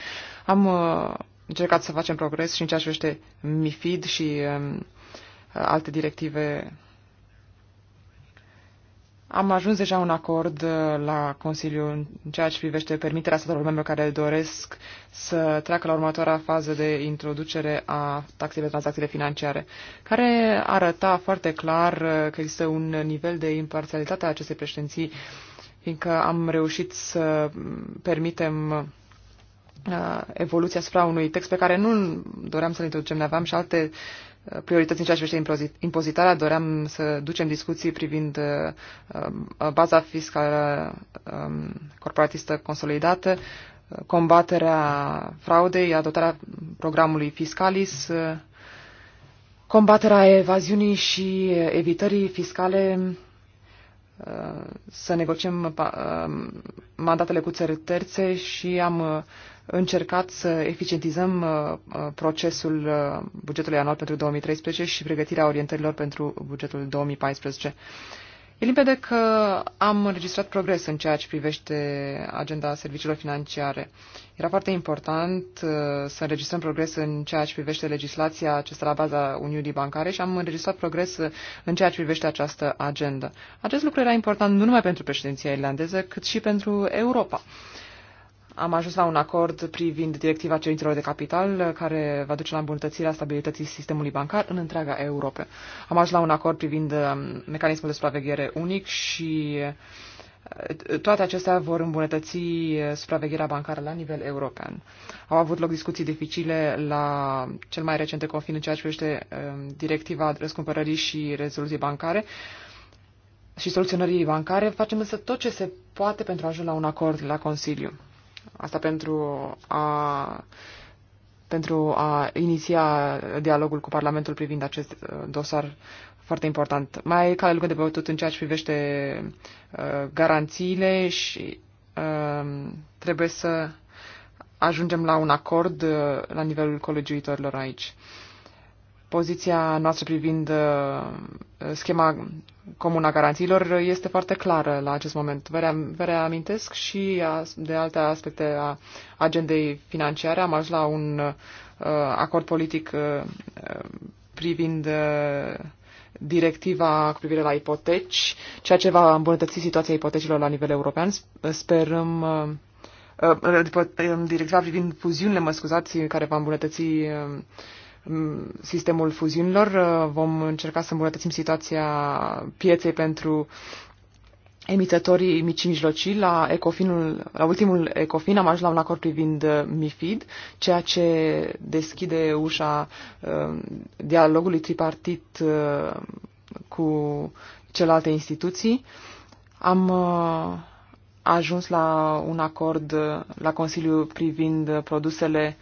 Am uh, încercat să facem progres și în ceea ce privește MIFID și um, alte directive am ajuns deja un acord uh, la Consiliu în ceea ce privește permiterea statelor membre care doresc să treacă la următoarea fază de introducere a taxei pe tranzacțiile financiare, care arăta foarte clar uh, că există un nivel de imparțialitate a acestei președinții, fiindcă am reușit să permitem uh, evoluția asupra unui text pe care nu doream să-l introducem. Ne aveam și alte priorități în ceea ce privește impozitarea. Doream să ducem discuții privind uh, um, baza fiscală um, corporatistă consolidată, uh, combaterea fraudei, adoptarea programului Fiscalis, uh, combaterea evaziunii și evitării fiscale, să negociem um, mandatele cu țări terțe și am încercat să eficientizăm uh, uh, procesul uh, bugetului anual pentru 2013 și pregătirea orientărilor pentru bugetul 2014. E limpede că am înregistrat progres în ceea ce privește agenda serviciilor financiare. Era foarte important să înregistrăm progres în ceea ce privește legislația acesta la baza Uniunii Bancare și am înregistrat progres în ceea ce privește această agendă. Acest lucru era important nu numai pentru președinția irlandeză, cât și pentru Europa. Uh, am ajuns la un acord privind directiva cerințelor de capital, care va duce la îmbunătățirea stabilității sistemului bancar în întreaga Europa. Am ajuns la un acord privind um, mecanismul de supraveghere unic și uh, toate acestea vor îmbunătăți uh, supravegherea bancară la nivel european. Au avut loc discuții dificile la cel mai recent confin în ceea ce privește um, directiva răscumpărării și rezoluției bancare și soluționării bancare. Facem însă tot ce se poate pentru a ajunge la un acord la Consiliu. Asta pentru a pentru a iniția dialogul cu Parlamentul privind acest uh, dosar foarte important. Mai e lucru de băutut în ceea ce privește uh, garanțiile și um, trebuie să ajungem la un acord uh, la nivelul colegiuitorilor aici. Uh, poziția noastră privind uh, schema a garanțiilor este foarte clară la acest moment. Vă reamintesc și de alte aspecte a agendei financiare. Am ajuns la un uh, acord politic uh, privind directiva cu privire la ipoteci, ceea ce va îmbunătăți situația ipotecilor la nivel european. Sperăm um, directiva privind fuziunile, mă scuzați, care va îmbunătăți sistemul fuziunilor. Uh, vom încerca să îmbunătățim situația pieței pentru emițătorii mici și mijlocii. La, ecofinul, la ultimul Ecofin am ajuns la un acord privind uh, MIFID, ceea ce deschide ușa uh, dialogului tripartit cu celelalte instituții. Am ajuns la un acord la Consiliu privind produsele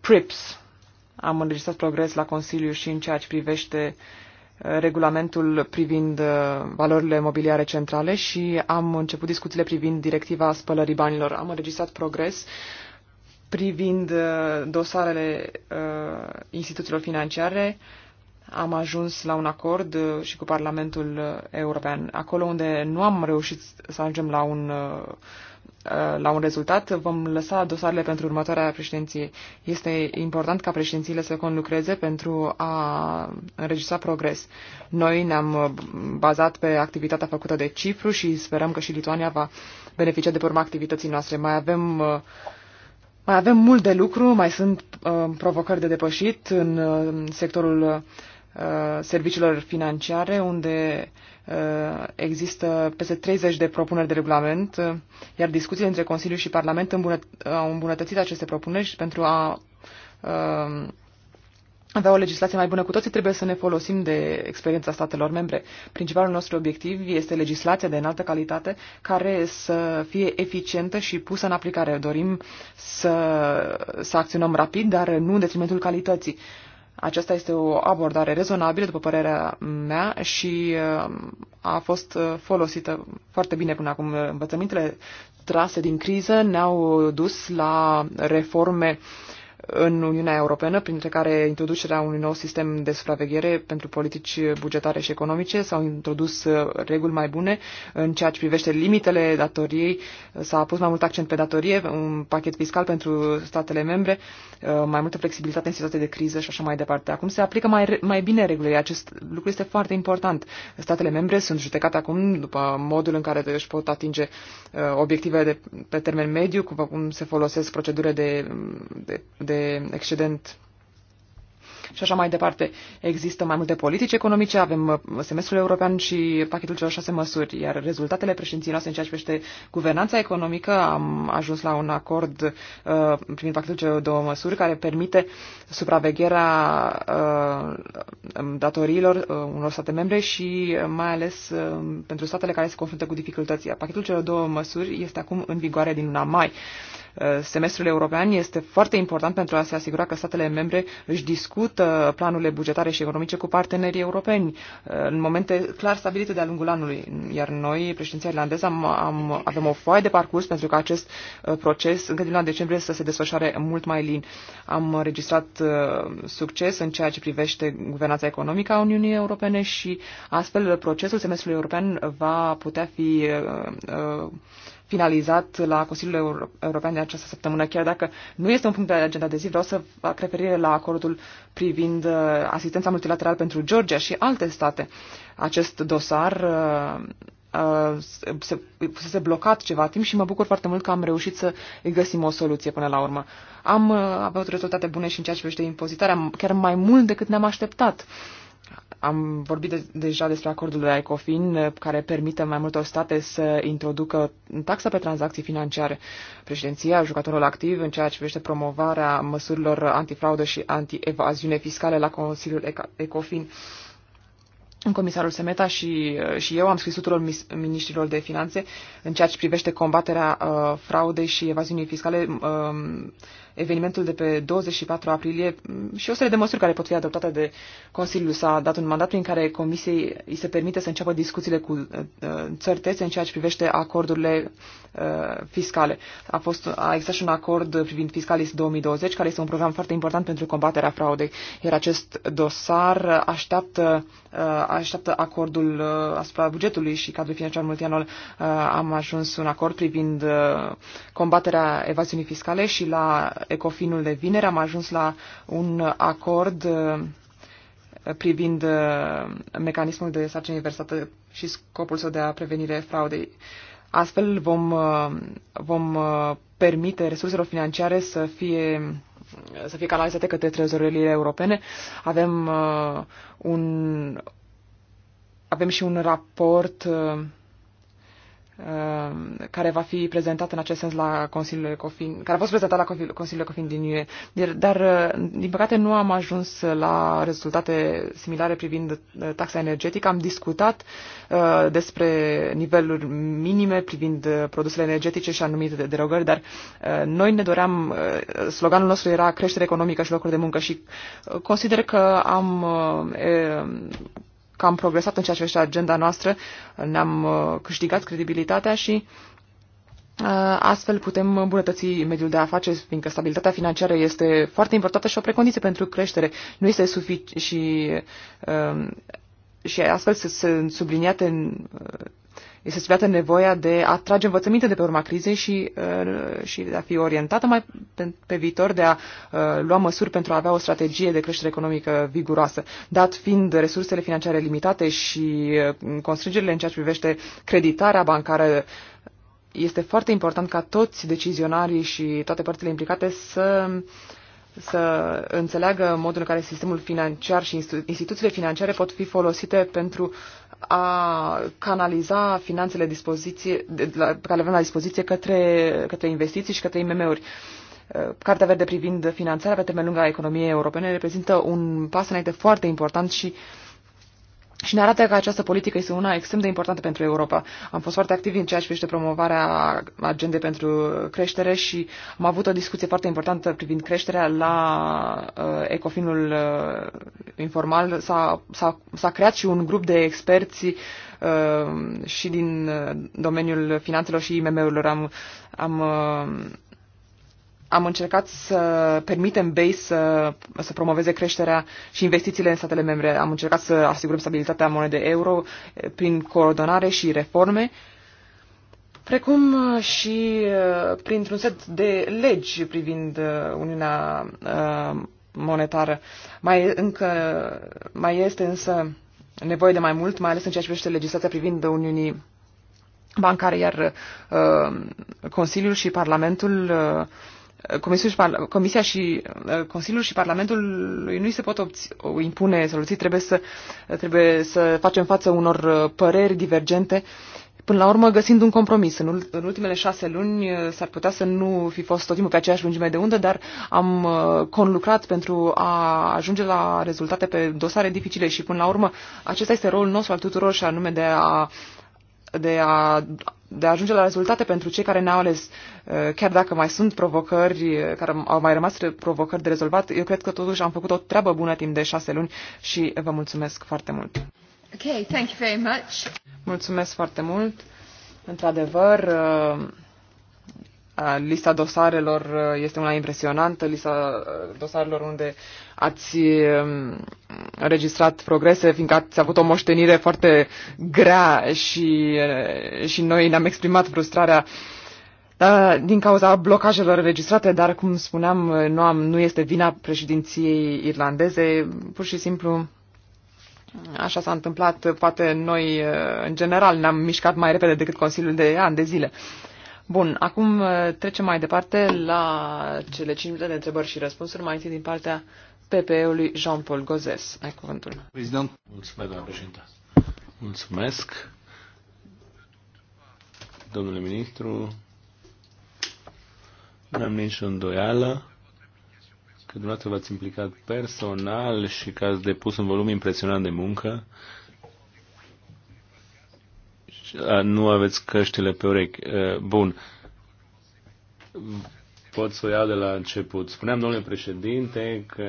PRIPS, am înregistrat progres la Consiliu și în ceea ce privește uh, regulamentul privind uh, valorile mobiliare centrale și am început discuțiile privind directiva spălării banilor. Am înregistrat progres privind uh, dosarele instituțiilor financiare, am ajuns la un acord și cu Parlamentul European. Acolo unde nu am reușit să ajungem la un Uh, la un rezultat. Vom lăsa dosarele pentru următoarea președinție. Este important ca președințiile să conlucreze pentru a înregistra progres. Noi ne-am uh, bazat pe activitatea făcută de Cipru și sperăm că și Lituania va beneficia de pe urma activității noastre. Mai avem uh, mai avem mult de lucru, mai sunt uh, provocări de depășit în uh, sectorul uh, serviciilor financiare, unde uh, Uh, există peste 30 de propuneri de regulament, uh, iar discuțiile între Consiliu și Parlament uh, au îmbunătățit aceste propuneri și pentru a avea o legislație mai bună cu toții, trebuie să ne folosim de experiența statelor membre. Principalul nostru obiectiv este legislația de înaltă calitate care să fie eficientă și pusă în aplicare. Dorim să, să acționăm rapid, dar nu în detrimentul calității. Uh, aceasta este o abordare rezonabilă, după părerea mea, și uh, a fost uh, folosită foarte bine până acum. Învățămintele trase din criză ne-au dus la reforme uh, în Uniunea Europeană, printre care introducerea unui nou sistem de supraveghere pentru politici bugetare și economice, s-au introdus uh, reguli mai bune în ceea ce privește limitele datoriei, s-a pus mai mult accent pe datorie, un pachet fiscal pentru statele membre, uh, mai multă flexibilitate în situații de criză și așa mai departe. Acum se aplică mai, mai bine regulile, acest lucru este foarte important. Statele membre sunt judecate acum după modul în care își pot atinge uh, obiectivele de, pe termen mediu, cum se folosesc procedurile de, de, de de excedent și așa mai departe. Există mai multe politici economice, avem uh, semestrul european și pachetul celor șase măsuri, iar rezultatele președinției noastre în ceea ce privește guvernanța economică, am ajuns la un acord uh, prin pachetul celor două măsuri care permite supravegherea uh, datoriilor uh, unor state membre și uh, mai ales uh, pentru statele care se confruntă cu dificultăți. Pachetul celor două măsuri este acum în vigoare din luna mai. Uh, Eh, semestrul european este foarte important pentru a se asigura că statele membre își discută planurile bugetare și economice cu partenerii europeni eh, în momente clar stabilite de-a lungul anului. Iar noi, președinția irlandeză, am, am, avem o foaie de parcurs pentru că acest eh, proces încă din luna decembrie să se desfășoare mult mai lin. Am registrat succes în ceea ce privește guvernanța economică a Uniunii Europene și astfel procesul semestrului european va putea fi uh, uh, finalizat la Consiliul European de această săptămână, chiar dacă nu este un punct de agenda de zi, vreau să fac referire la acordul privind uh, asistența multilaterală pentru Georgia și alte state. Acest dosar uh, uh, se, se blocat ceva timp și mă bucur foarte mult că am reușit să găsim o soluție până la urmă. Am avut rezultate bune și în ceea ce privește impozitarea, chiar mai mult decât ne-am așteptat. Uh, am vorbit deja despre acordul de la ECOFIN eh, care permite mai multor state să introducă taxa pe tranzacții financiare. Președinția, jucătorul activ în ceea ce privește promovarea măsurilor antifraudă și antievaziune fiscale la Consiliul ECOFIN. În Comisarul Semeta și, eh, și eu am scris tuturor ministrilor de finanțe în ceea ce privește combaterea uh, fraudei și evaziunii fiscale. Uh, evenimentul de pe 24 aprilie mm, și o serie de măsuri care pot fi adoptate de Consiliu. S-a dat un mandat prin care Comisiei îi se permite să înceapă discuțiile cu uh, uh, țări în ceea ce privește acordurile uh, fiscale. A, fost, a existat și un acord privind Fiscalis 2020, care este un program foarte important pentru combaterea fraudei. Iar acest dosar așteaptă, așteaptă acordul asupra bugetului și cadrul financiar multianual. Am ajuns un acord privind combaterea evaziunii fiscale și la Ecofinul de vineri. Am ajuns la un acord uh, privind uh, mecanismul de sarcină inversată și scopul său de a prevenire fraudei. Astfel vom, uh, vom permite resurselor financiare să fie să fie canalizate către trezorările europene. Avem un avem și un raport Uh, care va fi prezentat în acest sens la Consiliul Ecofin, care a fost prezentat la Consiliul Ecofin din UE. Deci, dar, uh, din păcate, nu am ajuns la rezultate similare privind uh, taxa energetică. Am discutat despre niveluri minime privind produsele energetice și anumite derogări, dar noi ne doream, sloganul nostru era creștere economică și locuri de muncă și consider că am că am progresat în ceea ce este agenda noastră, ne-am uh, câștigat credibilitatea și uh, Astfel putem îmbunătăți mediul de afaceri, fiindcă stabilitatea financiară este foarte importantă și o precondiție pentru creștere. Nu este suficient și, um, și astfel sunt subliniate uh, este studiată nevoia de a trage învățăminte de pe urma crizei și, uh, și de a fi orientată mai pe viitor, de a uh, lua măsuri pentru a avea o strategie de creștere economică viguroasă. Dat fiind resursele financiare limitate și uh, constrângerile în ceea ce privește creditarea bancară, este foarte important ca toți decizionarii și toate părțile implicate să uh, să înțeleagă modul în care sistemul financiar și instituțiile financiare pot fi folosite pentru a canaliza finanțele dispoziție, la, care le avem la dispoziție către, către investiții și către IMM-uri. Uh, Cartea verde privind finanțarea pe termen lung a economiei europene reprezintă un pas înainte foarte important și uh, și ne arată că această politică este una extrem de importantă pentru Europa. Am fost foarte activi în ceea ce privește promovarea agendei pentru creștere și am avut o discuție foarte importantă privind creșterea la uh, ecofinul uh, informal. S-a, s-a, s-a creat și un grup de experți uh, și din uh, domeniul finanțelor și IMM-urilor. Am, am uh, am încercat să permitem BASE să, să promoveze creșterea și investițiile în statele membre. Am încercat să asigurăm stabilitatea monedei euro prin coordonare și reforme, precum și uh, printr-un set de legi privind uh, Uniunea uh, monetară. Mai, încă, mai este însă nevoie de mai mult, mai ales în ceea ce privește legislația privind Uniunii bancare, iar uh, Consiliul și Parlamentul uh, Comisia și, uh, Consiliul și Parlamentul nu se pot impune soluții, trebuie să, trebuie să facem față unor uh, păreri divergente, până la urmă găsind un compromis. În, în ultimele șase luni uh, s-ar putea să nu fi fost tot timpul pe aceeași lungime de undă, dar am conlucrat pentru a ajunge la rezultate pe dosare dificile și până la urmă acesta este rolul nostru al tuturor și anume de a de a de a ajunge la rezultate pentru cei care ne-au ales, uh, chiar dacă mai sunt provocări, uh, care au mai rămas provocări de rezolvat, eu cred că totuși am făcut o treabă bună timp de șase luni și vă mulțumesc foarte mult. Okay, thank you very much. Mulțumesc foarte mult. Într-adevăr, uh, Lista dosarelor este una impresionantă, lista dosarelor unde ați um, înregistrat progrese, fiindcă ați avut o moștenire foarte grea și, și noi ne-am exprimat frustrarea din cauza blocajelor înregistrate, dar cum spuneam, nu, am, nu este vina președinției irlandeze, pur și simplu Așa s-a întâmplat, poate noi în general ne-am mișcat mai repede decât Consiliul de ani de zile. Uh, Bun, acum uh, trecem mai departe la cele 5 minute de întrebări și răspunsuri, mai întâi din partea PPE-ului Jean-Paul Gozes. Ai cuvântul. Prezident, mulțumesc, doamnă președinte. Mulțumesc, domnule ministru. Nu am nicio îndoială că dumneavoastră v-ați implicat personal și că ați depus un volum impresionant de muncă nu aveți căștile pe urechi. Bun. Pot să o iau de la început. Spuneam, domnule președinte, că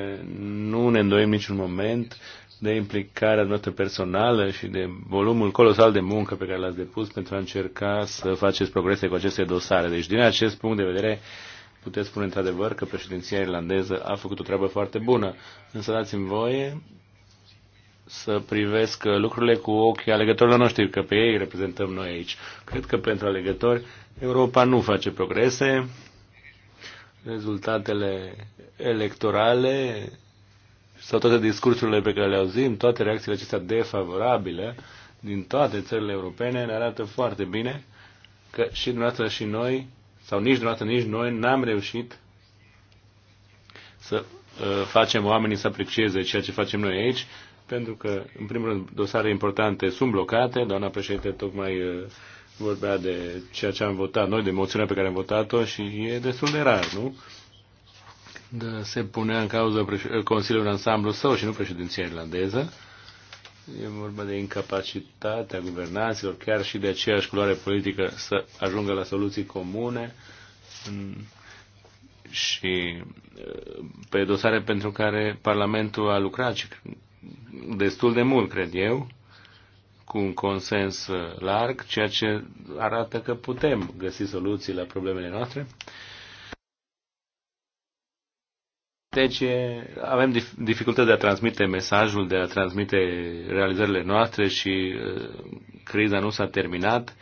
nu ne îndoim niciun moment de implicarea noastră personală și de volumul colosal de muncă pe care l-ați depus pentru a încerca să faceți progrese cu aceste dosare. Deci, din acest punct de vedere, puteți spune într-adevăr că președinția irlandeză a făcut o treabă foarte bună. Însă dați-mi voie să privesc lucrurile cu ochii alegătorilor noștri, că pe ei reprezentăm noi aici. Cred că pentru alegători Europa nu face progrese, rezultatele electorale sau toate discursurile pe care le auzim, toate reacțiile acestea defavorabile din toate țările europene ne arată foarte bine că și dumneavoastră și noi, sau nici dumneavoastră, nici noi, n-am reușit să uh, facem oamenii să aprecieze ceea ce facem noi aici pentru că, în primul rând, dosare importante sunt blocate. Doamna președinte tocmai uh, vorbea de ceea ce am votat noi, de moțiunea pe care am votat-o și e destul de rar, nu? De uh, se punea în cauză uh, Consiliul în ansamblu său și nu președinția irlandeză. E vorba de incapacitatea guvernanților, chiar și de aceeași culoare politică, să ajungă la soluții comune mm, și pe dosare pentru care Parlamentul a lucrat și destul de mult, cred eu, cu un consens larg, ceea ce arată că putem găsi soluții la problemele noastre. Deci avem dificultăți de a transmite mesajul, de a transmite realizările noastre și criza nu s-a terminat.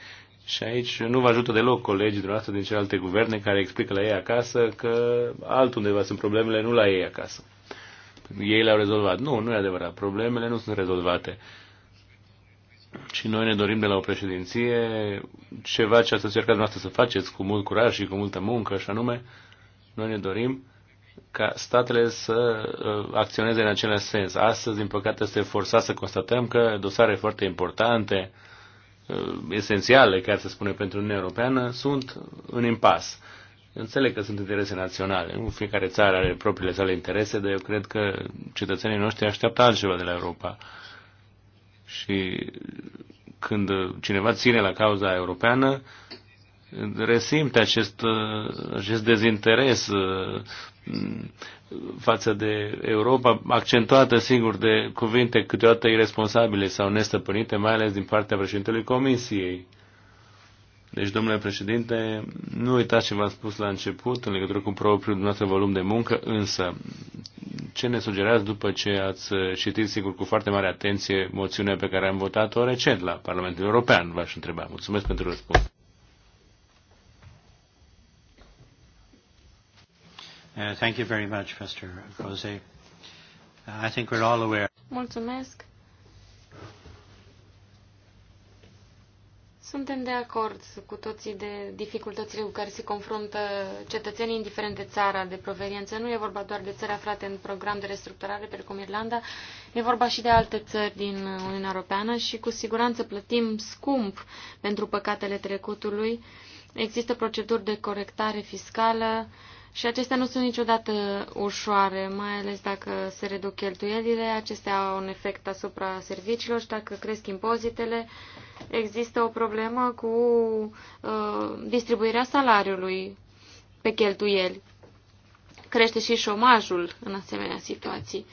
Și aici nu vă ajută deloc colegii dumneavoastră din celelalte guverne care explică la ei acasă că altundeva sunt problemele, nu la ei acasă ei le-au rezolvat. Nu, nu e adevărat. Problemele nu sunt rezolvate. Și noi ne dorim de la o președinție ceva ce ați încercat noastră să faceți cu mult curaj și cu multă muncă, și anume, noi ne dorim ca statele să uh, acționeze în același sens. Astăzi, din păcate, este forțat să constatăm că dosare foarte importante, uh, esențiale, chiar să spune, pentru Uniunea Europeană, sunt în impas înțeleg că sunt interese naționale. Nu fiecare țară are propriile sale interese, dar eu cred că cetățenii noștri așteaptă altceva de la Europa. Și când cineva ține la cauza europeană, resimte acest, acest dezinteres mm, față de Europa, accentuată, sigur, de cuvinte câteodată irresponsabile sau nestăpânite, mai ales din partea președintelui Comisiei. Deci, domnule președinte, nu uitați ce v-am spus la început în legătură cu propriul dumneavoastră volum de muncă, însă ce ne sugerați după ce ați citit, sigur, cu foarte mare atenție moțiunea pe care am votat-o recent la Parlamentul European, v-aș întreba. Mulțumesc pentru răspuns. Uh, thank you very much, Mr. Uh, I think we're all aware. Mulțumesc. Suntem de acord cu toții de dificultățile cu care se confruntă cetățenii, indiferent de țara de proveniență. Nu e vorba doar de țări aflate în program de restructurare, precum Irlanda, e vorba și de alte țări din Uniunea Europeană și cu siguranță plătim scump pentru păcatele trecutului. Există proceduri de corectare fiscală, uh, și acestea nu sunt niciodată ușoare, mai ales dacă se reduc cheltuielile, acestea au un efect asupra serviciilor și dacă cresc impozitele, există o problemă cu uh, distribuirea salariului pe cheltuieli. Crește și șomajul în asemenea situații.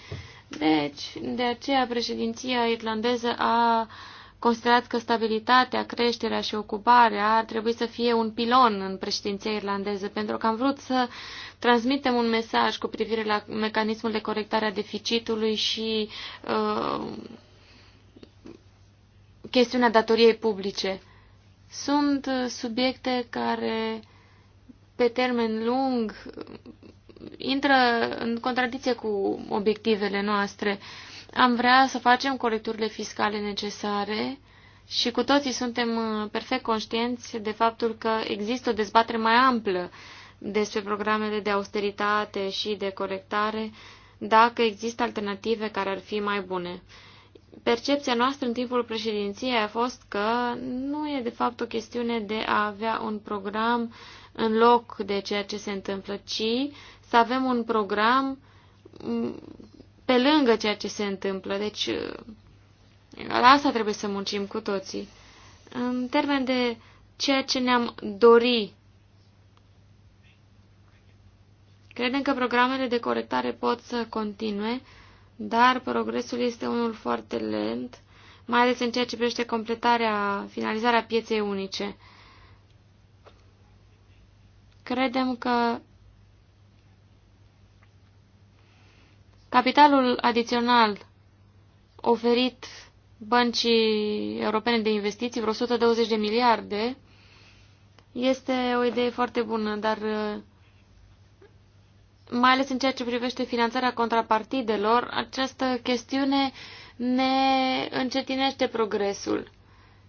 Deci, de aceea președinția irlandeză a uh, considerat că stabilitatea, creșterea și ocuparea ar trebui să fie un pilon în președinția irlandeză, pentru că am vrut să transmitem un mesaj cu privire la mecanismul de corectare a deficitului și uh, chestiunea datoriei publice. Sunt uh, subiecte care, pe termen lung, intră în contradicție cu obiectivele noastre. Uh, am vrea să facem corecturile fiscale necesare și cu toții suntem uh, perfect conștienți de faptul că există o dezbatere mai amplă despre programele de austeritate și de corectare, dacă există alternative care ar fi mai bune. Percepția noastră în timpul președinției a fost că nu e de fapt o chestiune de a avea un program în loc de ceea ce se întâmplă, ci să avem un program pe lângă ceea ce se întâmplă. Deci, la asta trebuie să muncim cu toții. În termen de ceea ce ne-am dori, credem că programele de corectare pot să continue, dar progresul este unul foarte lent, mai ales în ceea ce privește completarea, finalizarea pieței unice. Credem că Capitalul adițional oferit băncii europene de investiții, vreo 120 de miliarde, este o idee foarte bună, dar uh, mai ales în ceea ce privește finanțarea contrapartidelor, această chestiune ne încetinește progresul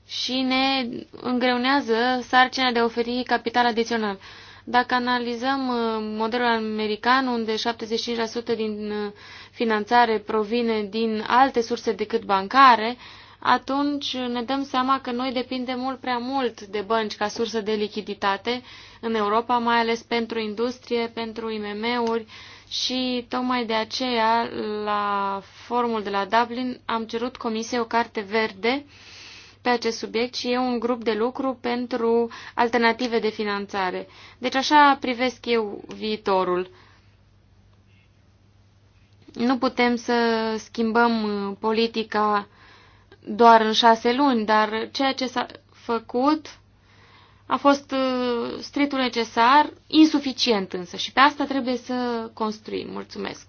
și ne îngreunează sarcina de a oferi capital adițional. Dacă analizăm uh, modelul american, unde 75% din uh, finanțare provine din alte surse decât bancare, atunci ne dăm seama că noi depindem mult prea mult de bănci ca sursă de lichiditate în Europa, mai ales pentru industrie, pentru IMM-uri și tocmai de aceea la formul de la Dublin am cerut Comisiei o carte verde uh, pe acest subiect și e un grup de lucru pentru alternative de finanțare. Deci așa privesc eu viitorul. Nu putem să schimbăm uh, politica doar în șase luni, dar ceea ce s-a făcut a fost uh, stritul necesar, insuficient însă și pe asta trebuie să construim. Mulțumesc!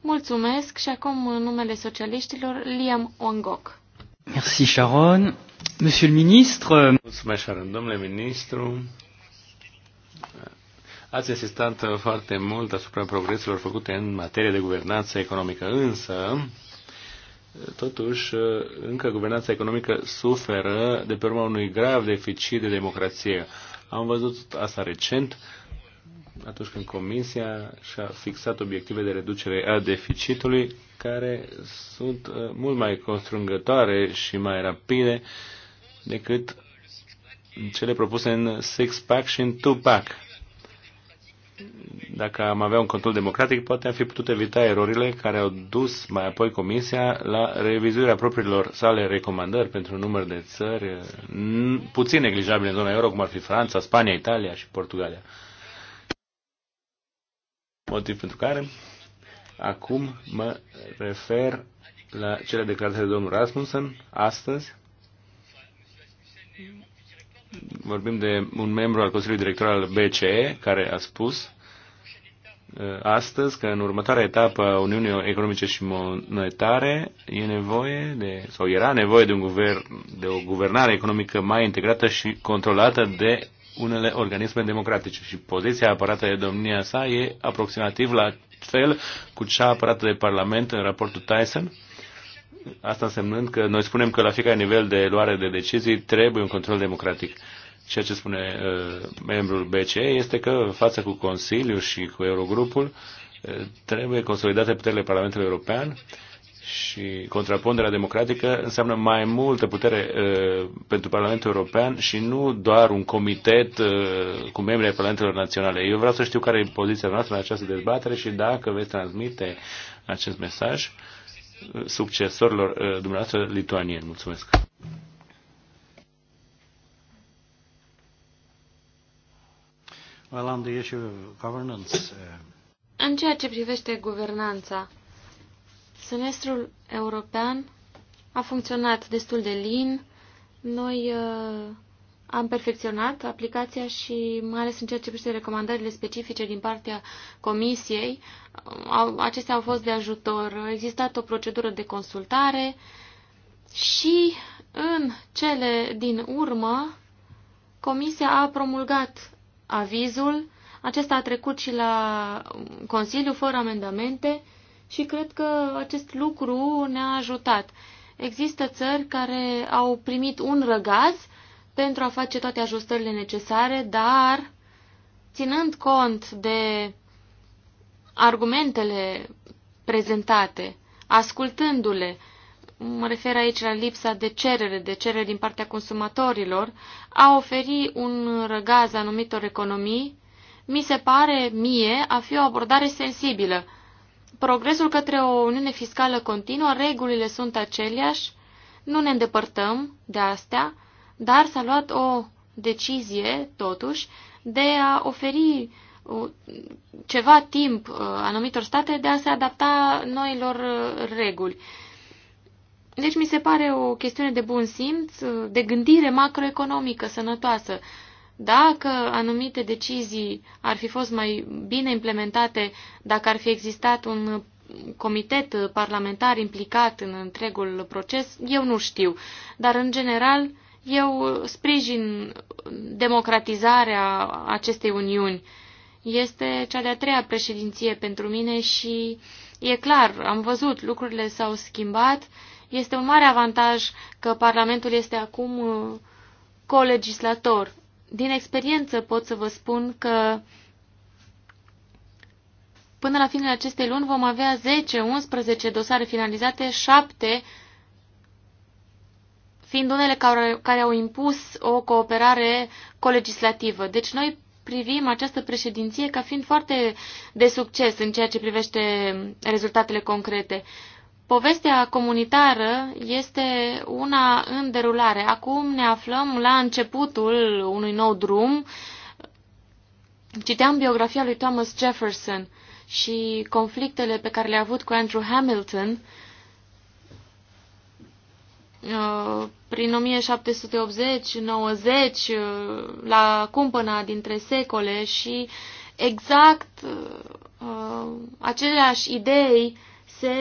Mulțumesc și acum în numele socialiștilor Liam Ongok. Merci Sharon. Monsieur le ministre. Euh, Mulțumesc Sharon. Domnule ministru, ați insistat foarte mult asupra progreselor făcute în materie de guvernanță economică, însă Totuși, încă guvernanța economică suferă de pe urma unui grav deficit de democrație. Am văzut asta recent, atunci când Comisia și-a fixat obiective de reducere a deficitului, care sunt uh, mult mai constrângătoare și mai rapide decât cele propuse în six-pack și în two-pack. Dacă am avea un control democratic, poate am fi putut evita erorile care au dus mai apoi Comisia la revizuirea propriilor sale recomandări pentru un număr de țări puțin neglijabile în zona euro, cum ar fi Franța, Spania, Italia și Portugalia. Motiv pentru care Acum mă refer la cele declarate de domnul Rasmussen astăzi. Vorbim de un membru al Consiliului Director al BCE care a spus uh, astăzi că în următoarea etapă a Uniunii Economice și Monetare e nevoie de, sau era nevoie de, un guvern, de o guvernare economică mai integrată și controlată de unele organisme democratice și poziția apărată de domnia sa e aproximativ la fel cu cea apărată de Parlament în raportul Tyson. Asta însemnând că noi spunem că la fiecare nivel de luare de decizii trebuie un control democratic. Ceea ce spune uh, membrul BCE este că față cu Consiliul și cu Eurogrupul uh, trebuie consolidate puterile Parlamentului European uh, și contraponderea democratică înseamnă mai multă putere uh, pentru Parlamentul European și nu doar un comitet uh, cu membrii ai Parlamentelor Naționale. Eu vreau să știu care e poziția noastră în această dezbatere și dacă veți transmite acest mesaj uh, succesorilor uh, dumneavoastră lituanieni. Mulțumesc! Well, on the issue of governance, uh... În ceea ce privește guvernanța, Semestrul european a funcționat destul de lin. Noi uh, am perfecționat aplicația și mai ales în ceea ce privește recomandările specifice din partea comisiei, uh, au, acestea au fost de ajutor. A existat o procedură de consultare și în cele din urmă comisia a promulgat avizul. Acesta a trecut și la um, Consiliu fără amendamente și cred că acest lucru ne-a ajutat. Există țări care au primit un răgaz pentru a face toate ajustările necesare, dar ținând cont de argumentele prezentate, ascultându-le, mă refer aici la lipsa de cerere, de cerere din partea consumatorilor, a oferi un răgaz anumitor economii, mi se pare mie a fi o abordare sensibilă progresul către o uniune fiscală continuă, regulile sunt aceleași, nu ne îndepărtăm de astea, dar s-a luat o decizie, totuși, de a oferi uh, ceva timp uh, anumitor state de a se adapta noilor uh, reguli. Deci mi se pare o chestiune de bun simț, de gândire macroeconomică sănătoasă. Dacă anumite decizii ar fi fost mai bine implementate, dacă ar fi existat un comitet parlamentar implicat în întregul proces, eu nu știu. Dar, în general, eu sprijin democratizarea acestei uniuni. Este cea de-a treia președinție pentru mine și e clar, am văzut, lucrurile s-au schimbat. Este un mare avantaj că Parlamentul este acum uh, colegislator. Din experiență pot să vă spun că până la finele acestei luni vom avea 10-11 dosare finalizate, 7 fiind unele care, care au impus o cooperare colegislativă. Deci noi privim această președinție ca fiind foarte de succes în ceea ce privește rezultatele concrete. Povestea comunitară este una în derulare. Acum ne aflăm la începutul unui nou drum. Citeam biografia lui Thomas Jefferson și conflictele pe care le-a avut cu Andrew Hamilton uh, prin 1780-90, uh, la cumpăna dintre secole și exact uh, aceleași idei se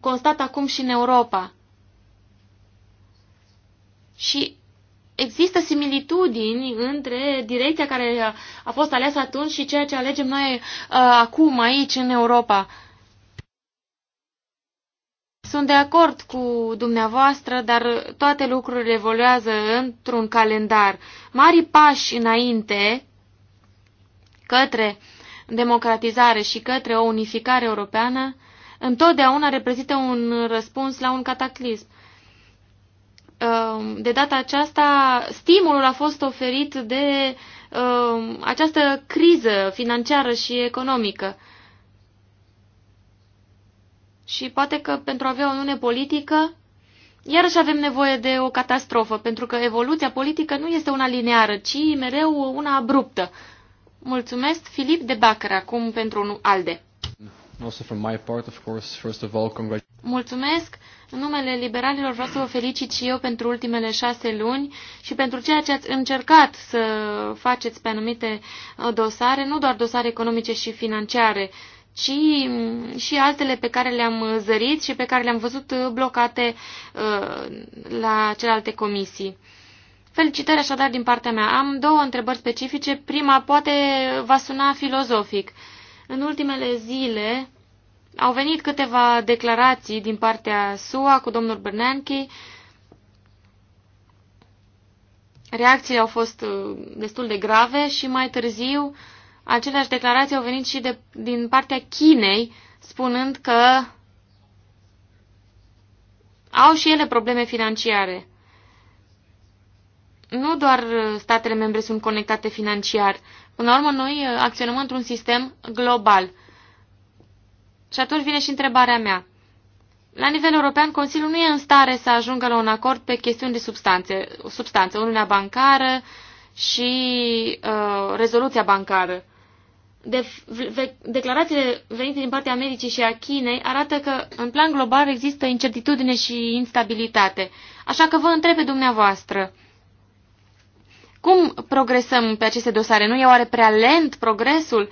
constat acum și în Europa. Și există similitudini între direcția care a fost aleasă atunci și ceea ce alegem noi uh, acum aici în Europa. Sunt de acord cu dumneavoastră, dar toate lucrurile evoluează într-un calendar. Mari pași înainte către democratizare și către o unificare europeană întotdeauna reprezintă un răspuns la un cataclism. Ehm, de data aceasta, stimulul a fost oferit de ehm, această criză financiară și economică. Și poate că pentru a avea o uniune politică, iarăși avem nevoie de o catastrofă, pentru că evoluția politică nu este una lineară, ci mereu una abruptă. Mulțumesc, Filip de Bacăr, acum pentru un ALDE. Mulțumesc! În numele liberalilor vreau să vă felicit și eu pentru ultimele șase luni și pentru ceea ce ați încercat să faceți pe anumite uh, dosare, nu doar dosare economice și financiare, ci mm, și altele pe care le-am uh, zărit și pe care le-am văzut uh, blocate la celelalte comisii. Felicitări așadar din partea mea. Am două întrebări specifice. Prima poate va suna filozofic. În ultimele zile au venit câteva declarații din partea SUA cu domnul Bernanke. Reacțiile au fost uh, destul de grave și mai târziu aceleași declarații au venit și de, din partea Chinei, spunând că au și ele probleme financiare. Nu doar statele membre sunt conectate financiar. Până la urmă, noi uh, acționăm într-un sistem global – și atunci vine și întrebarea mea. La nivel european, Consiliul nu e în stare să ajungă la un acord pe chestiuni de substanțe, substanță, uniunea bancară și uh, rezoluția bancară. De, ve, declarațiile venite din partea Americii și a Chinei arată că în plan global există incertitudine și instabilitate. Așa că vă întreb pe dumneavoastră, cum progresăm pe aceste dosare? Nu e oare prea lent progresul?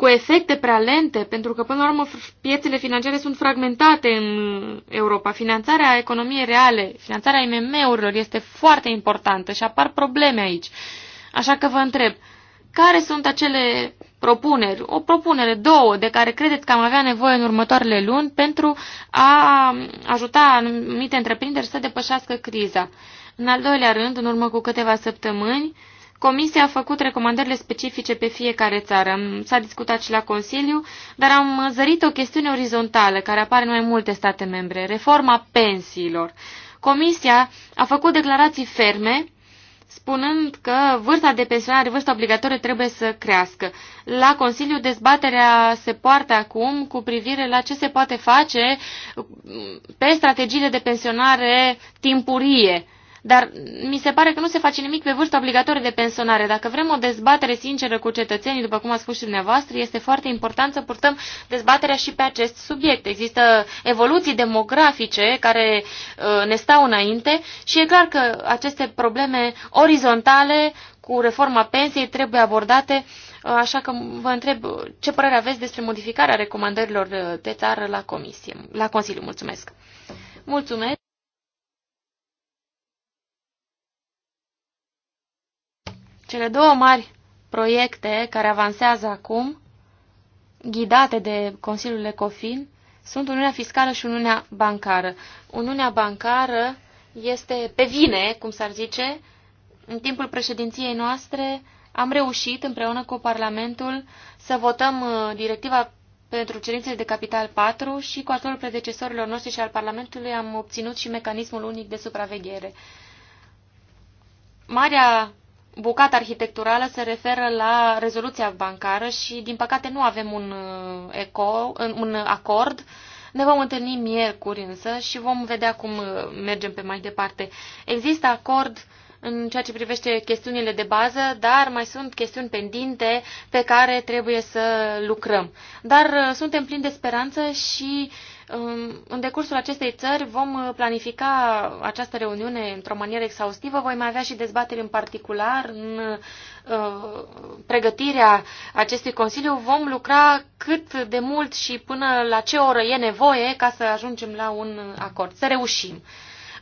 cu efecte prea lente, pentru că, până la urmă, piețele financiare sunt fragmentate în Europa. Finanțarea economiei reale, finanțarea IMM-urilor este foarte importantă și apar probleme aici. Așa că vă întreb, care sunt acele propuneri, o propunere, două, de care credeți că am avea nevoie în următoarele luni pentru a ajuta anumite întreprinderi să depășească criza? În al doilea rând, în urmă cu câteva săptămâni, uh, Comisia a făcut recomandările specifice pe fiecare țară. S-a discutat și la Consiliu, dar am zărit o chestiune orizontală care apare în mai multe state membre, reforma pensiilor. Comisia a făcut declarații ferme spunând că vârsta de pensionare, vârsta obligatorie trebuie să crească. La Consiliu dezbaterea se poartă acum cu privire la ce se poate face pe strategiile de pensionare timpurie dar mi se pare că nu se face nimic pe vârsta obligatorie de pensionare. Dacă vrem o dezbatere sinceră cu cetățenii, după cum a spus și dumneavoastră, este foarte important să purtăm dezbaterea și pe acest subiect. Există evoluții demografice care uh, ne stau înainte și e clar că aceste probleme orizontale cu reforma pensiei trebuie abordate, uh, așa că vă întreb ce părere aveți despre modificarea recomandărilor uh, de țară la, comisie, la Consiliu. Mulțumesc! Mulțumesc! Cele două mari proiecte care avansează acum, ghidate de Consiliul Ecofin, sunt Uniunea Fiscală și Uniunea Bancară. Uniunea Bancară este pe vine, cum s-ar zice, în timpul președinției noastre am reușit împreună cu Parlamentul să votăm uh, directiva pentru cerințele de capital 4 și cu ajutorul predecesorilor noștri și al Parlamentului am obținut și mecanismul unic de supraveghere. Marea bucată arhitecturală se referă la rezoluția bancară și, din păcate, nu avem un, uh, eco, un acord. Ne vom întâlni miercuri însă și vom vedea cum uh, mergem pe mai departe. Există acord în ceea ce privește chestiunile de bază, dar mai sunt chestiuni pendinte pe care trebuie să lucrăm. Dar uh, suntem plini de speranță și uh, în decursul acestei țări vom uh, planifica această reuniune într-o manieră exhaustivă. Voi mai avea și dezbateri în particular în uh, pregătirea acestui Consiliu. Vom lucra cât de mult și până la ce oră e nevoie ca să ajungem la un acord, să reușim.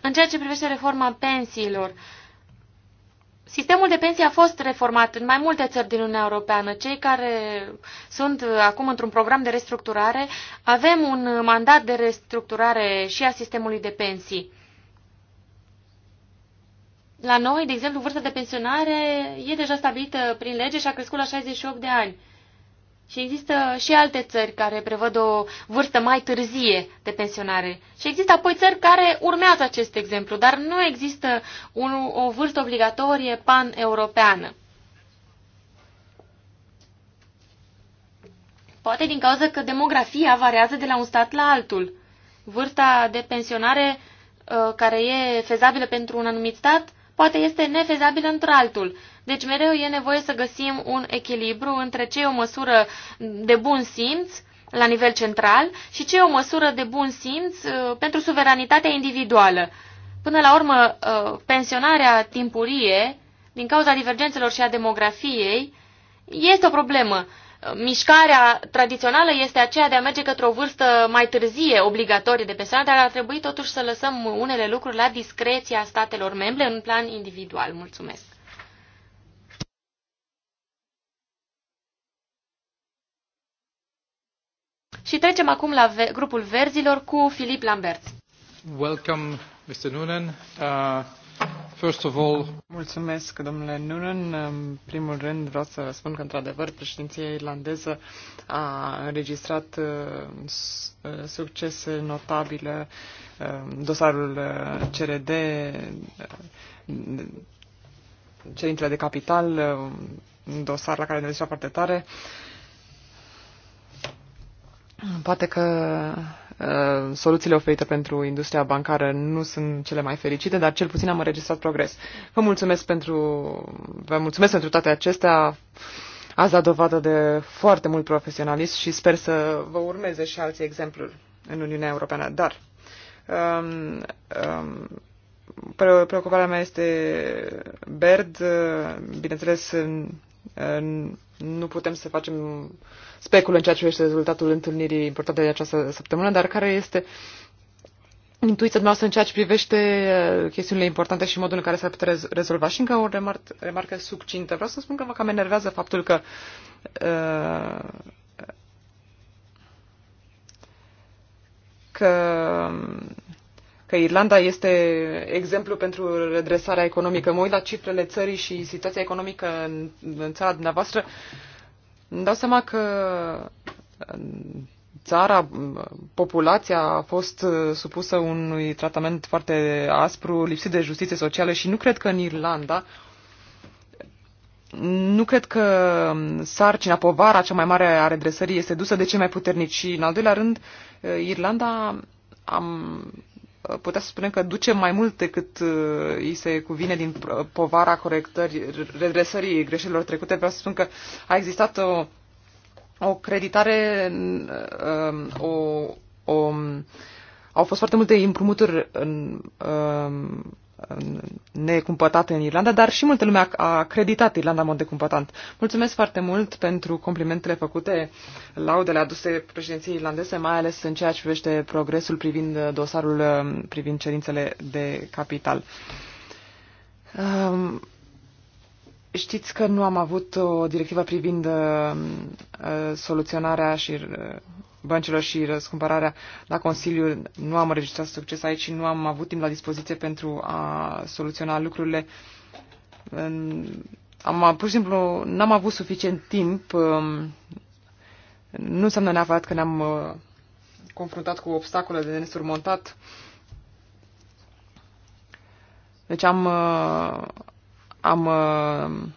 În ceea ce privește reforma pensiilor, Sistemul de pensii a fost reformat în mai multe țări din Uniunea Europeană. Cei care sunt acum într-un program de restructurare, avem un mandat de restructurare și a sistemului de pensii. La noi, de exemplu, vârsta de pensionare e deja stabilită prin lege și a crescut la 68 de ani. Și există și alte țări care prevăd o vârstă mai târzie de pensionare. Și există apoi țări care urmează acest exemplu, dar nu există un, o vârstă obligatorie pan-europeană. Poate din cauza că demografia variază de la un stat la altul. Vârsta de pensionare uh, care e fezabilă pentru un anumit stat poate este nefezabil într-altul. Deci mereu e nevoie să găsim un echilibru între ce e o măsură de bun simț la nivel central și ce e o măsură de bun simț uh, pentru suveranitatea individuală. Până la urmă, uh, pensionarea timpurie, din cauza divergențelor și a demografiei, este o problemă mișcarea tradițională este aceea de a merge către o vârstă mai târzie obligatorie de stradă, dar ar trebui totuși să lăsăm unele lucruri la discreția statelor membre în plan individual. Mulțumesc! Și trecem acum la ve grupul verzilor cu Filip Lambert. Welcome, Mr. Noonan. Uh... Mulțumesc, domnule Noonan. În primul rând vreau să spun că, într-adevăr, președinția irlandeză a înregistrat uh, succese notabile. Uh, dosarul uh, CRD, cerințele de capital, un dosar la care ne foarte tare. Poate că Uh, soluțiile oferite pentru industria bancară nu sunt cele mai fericite, dar cel puțin am înregistrat progres. Vă mulțumesc pentru, vă mulțumesc pentru toate acestea. Ați dat dovadă de foarte mult profesionalism și sper să vă urmeze și alții exempluri în Uniunea Europeană. Dar um, um, preocuparea mea este BERD, bineînțeles nu putem să facem specul în ceea ce este rezultatul întâlnirii importante de această săptămână, dar care este intuiția dumneavoastră în ceea ce privește uh, chestiunile importante și modul în care s-ar putea rezolva. Și încă o remar remarcă succintă. Vreau să spun că mă cam enervează faptul că uh, că că Irlanda este exemplu pentru redresarea economică. Mă uit la cifrele țării și situația economică în, în țara dumneavoastră. Îmi dau seama că țara, populația a fost supusă unui tratament foarte aspru, lipsit de justiție socială și nu cred că în Irlanda nu cred că sarcina, povara cea mai mare a redresării este dusă de cei mai puternici și, în al doilea rând, Irlanda am, putea să spunem că ducem mai mult decât uh, îi se cuvine din povara corectării, redresării greșelilor trecute. Vreau să spun că a existat o, o creditare, um, o, o, um, au fost foarte multe împrumuturi în, um, necumpătate în Irlanda, dar și multă lume a acreditat Irlanda în mod de Mulțumesc foarte mult pentru complimentele făcute, laudele aduse președinției irlandeze, mai ales în ceea ce privește progresul privind uh, dosarul, um, privind cerințele de capital. Um, știți că nu am avut o directivă privind um, uh, soluționarea și uh, băncilor și răscumpărarea la Consiliu. Nu am înregistrat succes aici și nu am avut timp la dispoziție pentru a soluționa lucrurile. Am, pur și simplu, n-am avut suficient timp. Um, nu înseamnă neapărat că ne-am uh, confruntat cu obstacole de nesurmontat. Deci am, uh, am uh,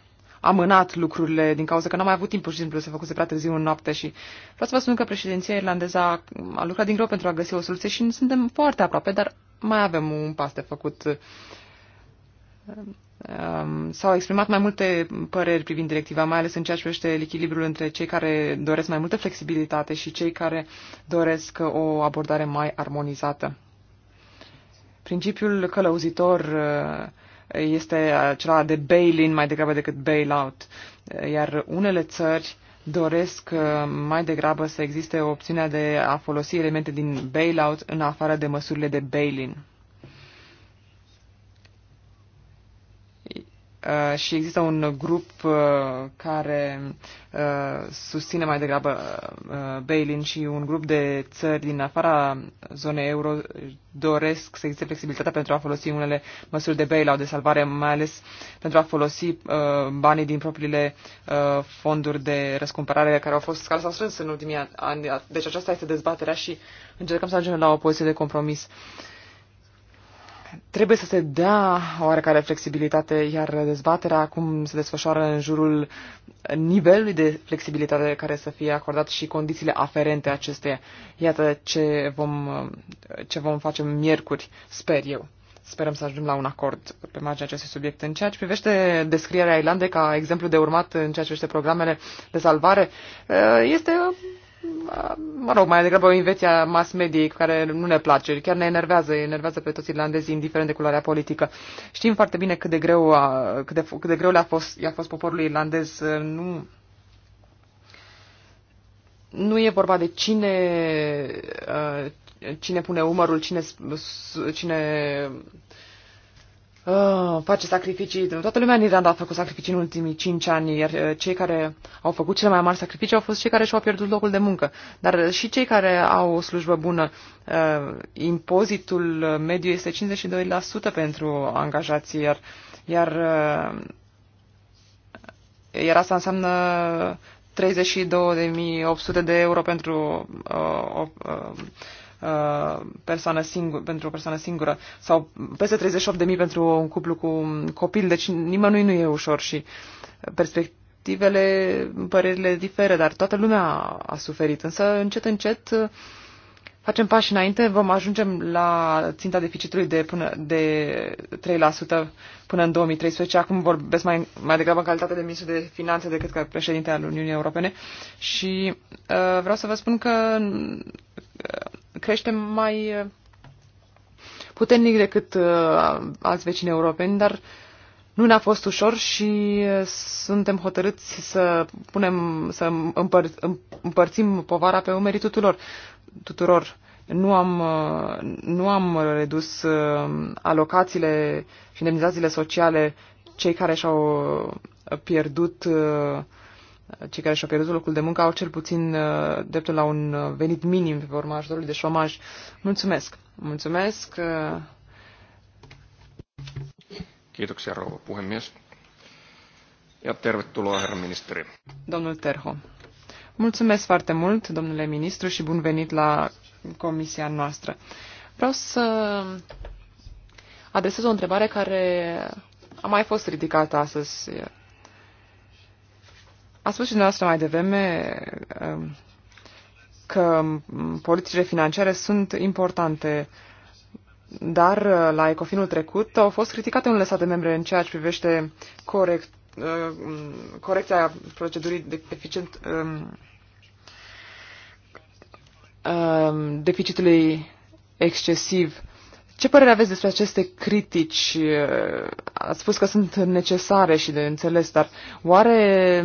amânat lucrurile din cauza că n-am mai avut timp, pur și simplu, să făcuse prea târziu în noapte și vreau să vă spun că președinția irlandeză a, a lucrat din greu pentru a găsi o soluție și suntem foarte aproape, dar mai avem un pas de făcut. S-au exprimat mai multe păreri privind directiva, mai ales în ceea ce privește echilibrul între cei care doresc mai multă flexibilitate și cei care doresc o abordare mai armonizată. Principiul călăuzitor uh, este acela de bail-in mai degrabă decât bail-out. Iar unele țări doresc uh, mai degrabă să existe opțiunea de a folosi elemente din bail-out în afară de măsurile de bail-in. Uh, și există un grup uh, care uh, susține mai degrabă bail-in și un grup de țări din afara zonei euro doresc să existe flexibilitatea pentru a folosi unele măsuri de bail-out, de salvare, mai ales pentru a folosi banii din propriile fonduri de răscumpărare care au fost care sau strâns în ultimii ani. Deci aceasta este dezbaterea și încercăm să ajungem la o poziție de compromis. Uh, Trebuie să se dea oarecare flexibilitate, iar dezbaterea acum se desfășoară în jurul nivelului de flexibilitate care să fie acordat și condițiile aferente acesteia. Iată ce vom, ce vom face miercuri, sper eu. Sperăm să ajungem la un acord pe marginea acestui subiect. În ceea ce privește descrierea Irlandei ca exemplu de urmat în ceea ce privește programele de salvare, este mă rog, mai degrabă o invenție mass mediei care nu ne place, chiar ne enervează, enervează pe toți irlandezii, indiferent de culoarea politică. Știm foarte bine cât de greu, a, cât de, cât de greu le-a fost, i-a fost poporului irlandez. Uh, nu, nu e vorba de cine, uh, cine pune umărul, cine, cine Ah, face sacrificii. Toată lumea în Irlanda a făcut sacrificii în ultimii cinci ani, iar eh, cei care au făcut cele mai mari sacrificii au fost cei care și-au pierdut locul de muncă. Dar eh, și cei care au o slujbă bună, eh, impozitul mediu este 52% pentru angajații, iar, iar, iar asta înseamnă 32.800 de euro pentru uh, uh, Uh, persoană singură, pentru o persoană singură sau peste 38.000 pentru un cuplu cu un copil, deci nimănui nu e ușor și perspectivele, părerile diferă, dar toată lumea a suferit. Însă, încet, încet, facem pași înainte, vom ajunge la ținta deficitului de, până, de 3% până în 2013. Acum vorbesc mai, mai degrabă în calitate de ministru de finanțe decât ca președinte al Uniunii Europene și uh, vreau să vă spun că uh, crește mai eh, puternic decât eh, alți vecini europeni, dar nu ne-a fost ușor și eh, suntem hotărâți să punem, să împăr, împărțim povara pe umerii tuturor. tuturor. Nu am, nu am redus alocațiile și indemnizațiile sociale cei care și-au pierdut cei care și-au pierdut locul de muncă au cel puțin uh, dreptul la un uh, venit minim pe urma ajutorului de șomaj. Mulțumesc! Mulțumesc! Uh... Kiitoksia, rouva puhemies. Ja tervetuloa, herra ministeri. Domnul Terho. Mulțumesc foarte mult, domnule ministru, și bun venit la comisia noastră. Vreau să adresez o întrebare care a mai fost ridicată astăzi a spus și dumneavoastră mai devreme um, că um, politicile financiare sunt importante, dar uh, la ecofinul trecut au fost criticate unele state membre în ceea ce privește corect, uh, um, corecția procedurii de deficient, deficitului excesiv. Ce părere aveți despre aceste critici? Uh, ați spus că sunt necesare și de înțeles, dar oare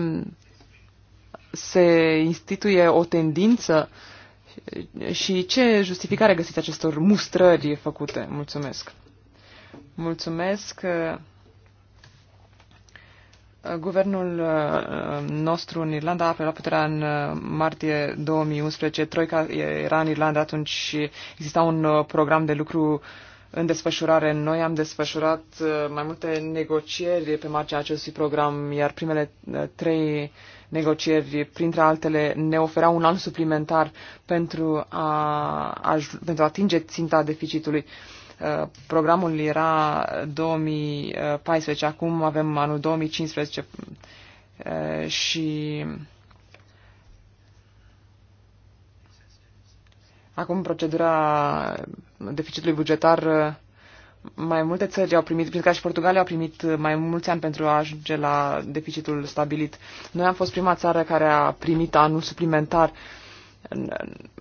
se instituie o tendință și ce justificare găsiți acestor mustrări făcute? Mulțumesc. Mulțumesc. Uh, guvernul uh, nostru în Irlanda a apelat puterea în uh, martie 2011. Troica era în Irlanda atunci și exista un program de lucru uh, în desfășurare. Noi am desfășurat uh, mai multe negocieri pe marginea acestui program, iar primele uh, trei negocieri, printre altele, ne oferau un an suplimentar pentru a, a, pentru a atinge ținta deficitului. Uh, programul era 2014, acum avem anul 2015 și Acum procedura deficitului bugetar, mai multe țări au primit, prin și Portugalia au primit mai mulți ani pentru a ajunge la deficitul stabilit. Noi am fost prima țară care a primit anul suplimentar.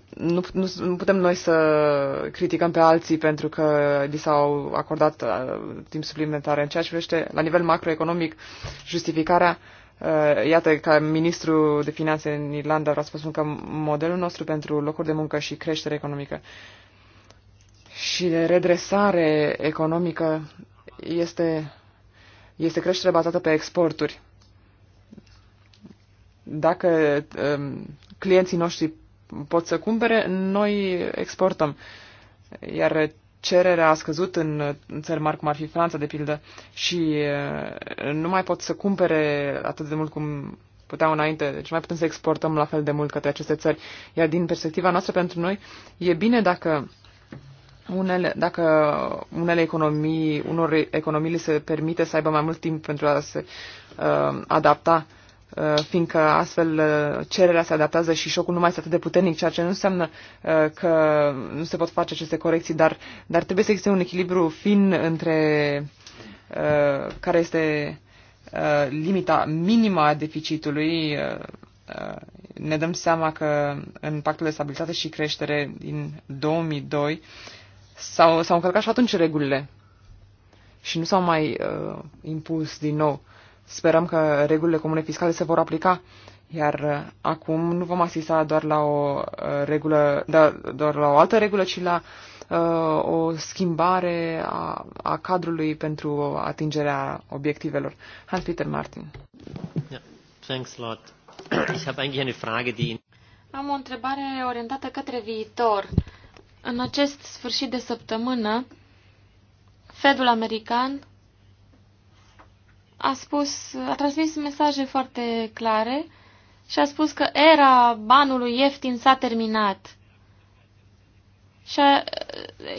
Nu, nu, nu putem noi să criticăm pe alții pentru că li s-au acordat uh, timp suplimentar. În ceea ce privește la nivel macroeconomic, justificarea uh, Uh, iată, ca ministru de finanțe în Irlanda, vreau să spun că modelul nostru pentru locuri de muncă și creștere economică și de redresare economică este, este creștere bazată pe exporturi. Dacă um, clienții noștri pot să cumpere, noi exportăm. Iar cererea a scăzut în țări mari cum ar fi Franța, de pildă, și nu mai pot să cumpere atât de mult cum puteau înainte, deci nu mai putem să exportăm la fel de mult către aceste țări. Iar din perspectiva noastră pentru noi, e bine dacă unele, dacă unele economii, unor economii li se permite să aibă mai mult timp pentru a se uh, adapta uh, Uh, fiindcă astfel uh, cererea se adaptează și șocul nu mai este atât de puternic, ceea ce nu înseamnă uh, că nu se pot face aceste corecții, dar, dar trebuie să existe un echilibru fin între care este limita minimă a deficitului. Ne dăm seama că în pactul de stabilitate și creștere din 2002 s-au, s-au încălcat și atunci regulile și nu s-au mai uh, impus din nou. Sperăm că regulile comune fiscale se vor aplica, iar uh, acum nu vom asista doar la o uh, regulă, da, doar la o altă regulă, ci la uh, o schimbare a, a cadrului pentru atingerea obiectivelor. Hans-Peter Martin. Yeah. Thanks a lot. Ich habe eigentlich eine Frage, die... Am o întrebare orientată către viitor. În acest sfârșit de săptămână, Fedul american a spus, a transmis mesaje foarte clare și a spus că era banului ieftin s-a terminat. Și, a,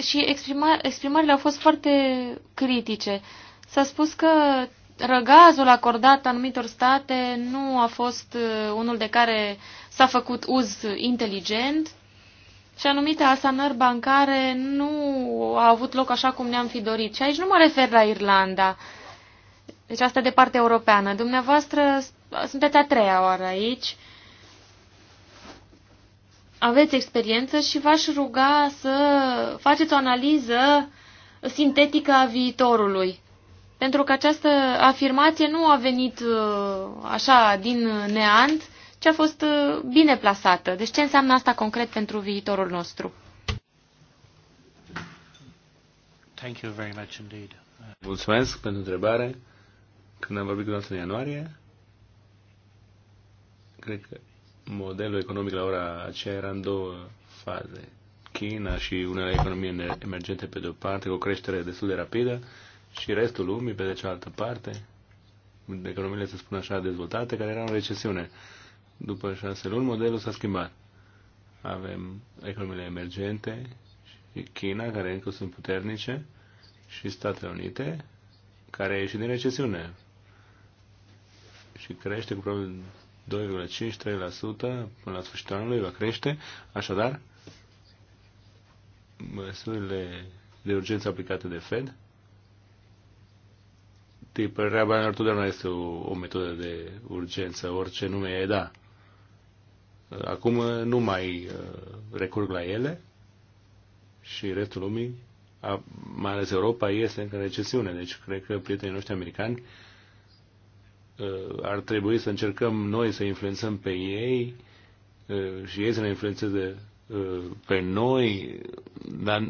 și exprima, exprimările au fost foarte critice. S-a spus că răgazul acordat anumitor state nu a fost uh, unul de care s-a făcut uz inteligent și anumite asanări bancare nu au avut loc așa cum ne-am fi dorit. Și aici nu mă refer la Irlanda, deci asta de partea europeană. Dumneavoastră sunteți a treia oară aici. Aveți experiență și v-aș ruga să faceți o analiză sintetică a viitorului. Pentru că această afirmație nu a venit uh, așa din neant, ci a fost uh, bine plasată. Deci ce înseamnă asta concret pentru viitorul nostru? Thank you very much indeed. Mulțumesc pentru întrebare. Când am vorbit cu dumneavoastră în ianuarie, cred că modelul economic la ora aceea era în două faze. China și unele economii emergente pe de-o parte, cu o creștere destul de rapidă, și restul lumii pe de cealaltă parte, economiile, să spun așa, dezvoltate, care erau în recesiune. După șase luni, modelul s-a schimbat. Avem economiile emergente și China, care încă sunt puternice, și Statele Unite, care a ieșit din recesiune și crește cu probabil 2,5-3% până la sfârșitul anului, va crește. Așadar, măsurile de urgență aplicate de Fed, tip banilor totdeauna este o, o metodă de urgență, orice nume e, da. Acum nu mai uh, recurg la ele și restul lumii, mai ales Europa, este în recesiune. Deci cred că prietenii noștri americani uh, Uh, ar trebui să încercăm noi să influențăm pe ei uh, și ei să ne influențeze uh, pe noi, dar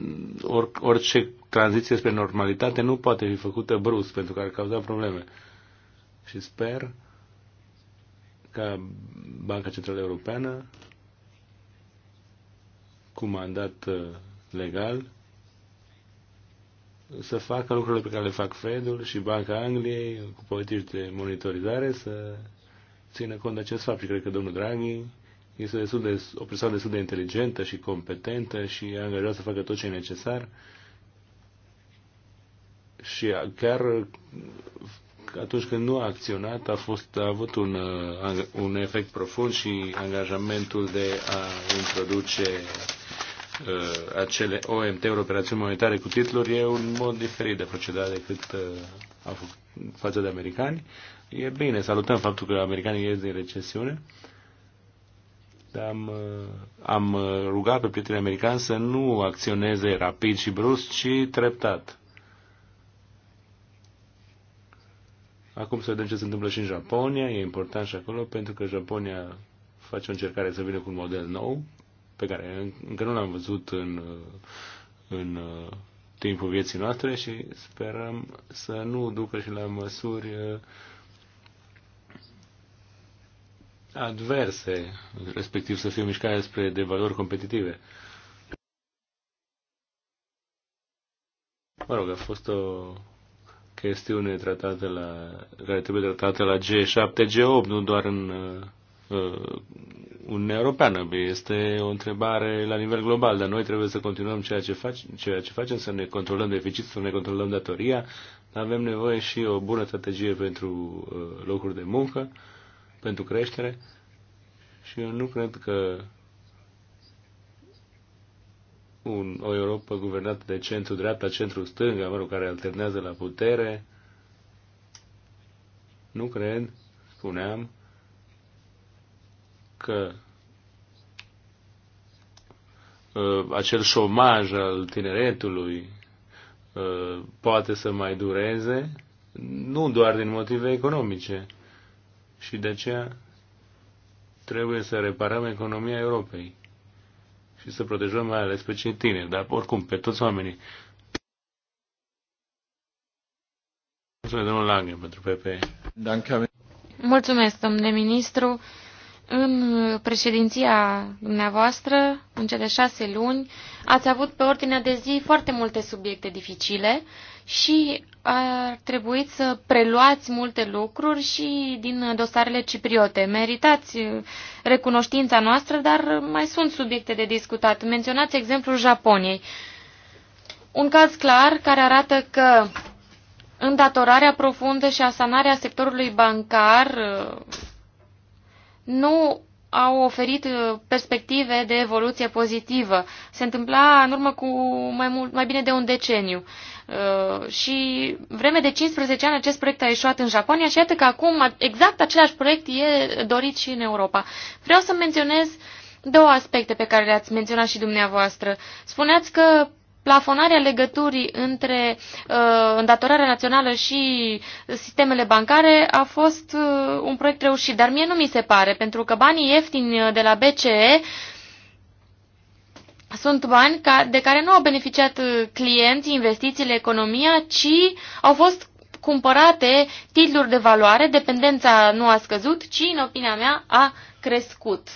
orice tranziție spre normalitate nu poate fi făcută brusc, pentru că ar cauza probleme. Și sper ca Banca Centrală Europeană, cu mandat legal, să facă lucrurile pe care le fac Fedul și Banca Angliei cu politici de monitorizare, să țină cont de acest fapt. Și cred că domnul Draghi este destul de, o persoană destul de inteligentă și competentă și e angajat să facă tot ce e necesar. Și chiar atunci când nu a acționat, a, fost, a avut un, uh, un efect profund și angajamentul de a introduce Uh, acele OMT-uri, operațiuni monetare cu titluri, e un mod diferit de procedare decât uh, au făcut față de americani. E bine, salutăm faptul că americanii ies din recesiune, dar am, uh, am rugat pe prietenii americani să nu acționeze rapid și brusc, ci treptat. Acum să vedem ce se întâmplă și în Japonia, e important și acolo, pentru că Japonia face o încercare să vină cu un model nou, pe care încă nu l-am văzut în, în timpul vieții noastre și sperăm să nu ducă și la măsuri uh, adverse, respectiv să fie mișcare spre valori competitive. Mă rog, a fost o chestiune tratată la, care trebuie tratată la G7, G8, nu doar în uh, uh, Uniunea Europeană. Este o întrebare la nivel global, dar noi trebuie să continuăm ceea ce, fac, ceea ce facem, să ne controlăm deficitul, să ne controlăm datoria. Avem nevoie și o bună strategie pentru uh, locuri de muncă, pentru creștere și eu nu cred că un, o Europa guvernată de centru-dreapta, centru-stânga, mă rog, care alternează la putere, nu cred, spuneam, că uh, acel șomaj al tineretului uh, poate să mai dureze, nu doar din motive economice. Și de aceea trebuie să reparăm economia Europei și să protejăm mai ales pe cei tineri, dar oricum pe toți oamenii. Mulțumesc, domnul Lange, pentru PP. Mulțumesc, domnule ministru. În președinția dumneavoastră, în cele șase luni, ați avut pe ordinea de zi foarte multe subiecte dificile și ar trebui să preluați multe lucruri și din dosarele cipriote. Meritați uh, recunoștința noastră, dar mai sunt subiecte de discutat. Menționați exemplul Japoniei. Un caz clar care arată că îndatorarea profundă și asanarea sectorului bancar uh, nu au oferit uh, perspective de evoluție pozitivă. Se întâmpla în urmă cu mai, mult, mai bine de un deceniu. Uh, și vreme de 15 ani acest proiect a ieșuat în Japonia și iată că acum exact același proiect e dorit și în Europa. Vreau să menționez două aspecte pe care le-ați menționat și dumneavoastră. Spuneați că plafonarea legăturii între uh, îndatorarea națională și sistemele bancare a fost uh, un proiect reușit, dar mie nu mi se pare, pentru că banii ieftini uh, de la BCE sunt bani ca, de care nu au beneficiat uh, clienții, investițiile, economia, ci au fost cumpărate titluri de valoare, dependența nu a scăzut, ci, în opinia mea, a crescut.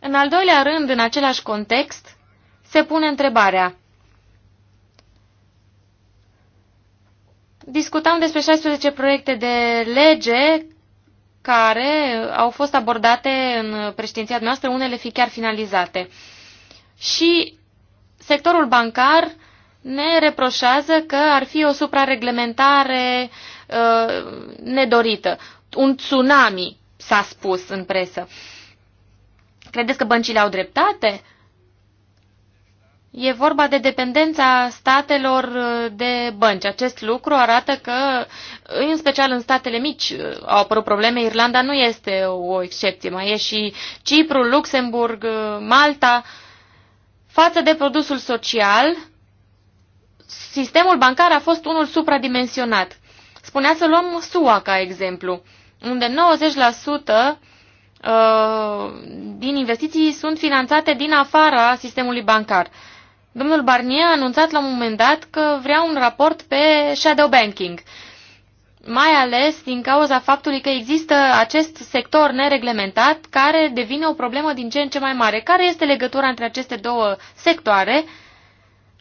În al doilea rând, în același context, se pune întrebarea. Discutam despre 16 proiecte de lege care au fost abordate în președinția noastră, unele fi chiar finalizate. Și sectorul bancar ne reproșează că ar fi o suprareglementare uh, nedorită. Un tsunami, s-a spus în presă. Credeți că băncile au dreptate? E vorba de dependența statelor uh, de bănci. Acest lucru arată că, uh, în special în statele mici, uh, au apărut probleme. Irlanda nu este o excepție. Mai e și Cipru, Luxemburg, Malta. Față de produsul social, sistemul bancar a fost unul supradimensionat. Spunea să luăm SUA ca exemplu, unde 90% din investiții sunt finanțate din afara sistemului bancar. Domnul Barnier a anunțat la un moment dat că vrea un raport pe shadow banking, mai ales din cauza faptului că există acest sector nereglementat care devine o problemă din ce în ce mai mare. Care este legătura între aceste două sectoare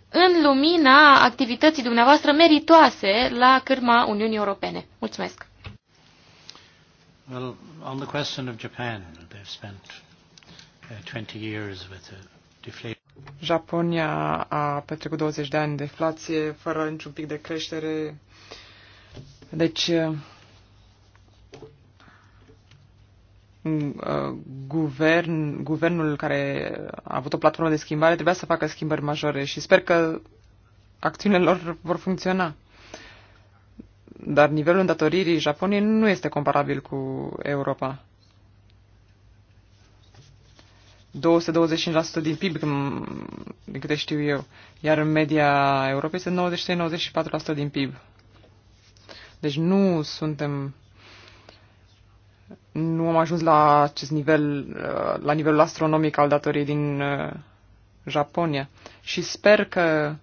în lumina activității dumneavoastră meritoase la cârma Uniunii Europene? Mulțumesc! Well, on the question of Japan, they've spent uh, 20 years with a Japonia a petrecut 20 de ani de inflație, fără niciun pic de creștere. Deci, uh, guvern, guvernul care a avut o platformă de schimbare trebuia să facă schimbări majore și sper că acțiunile lor vor funcționa. Dar nivelul îndatoririi Japoniei nu este comparabil cu Europa. 225% din PIB, din câte știu eu, iar în media Europei este 93-94% din PIB. Deci nu suntem nu am ajuns la acest nivel, la nivelul astronomic al datoriei din uh, Japonia. Și sper că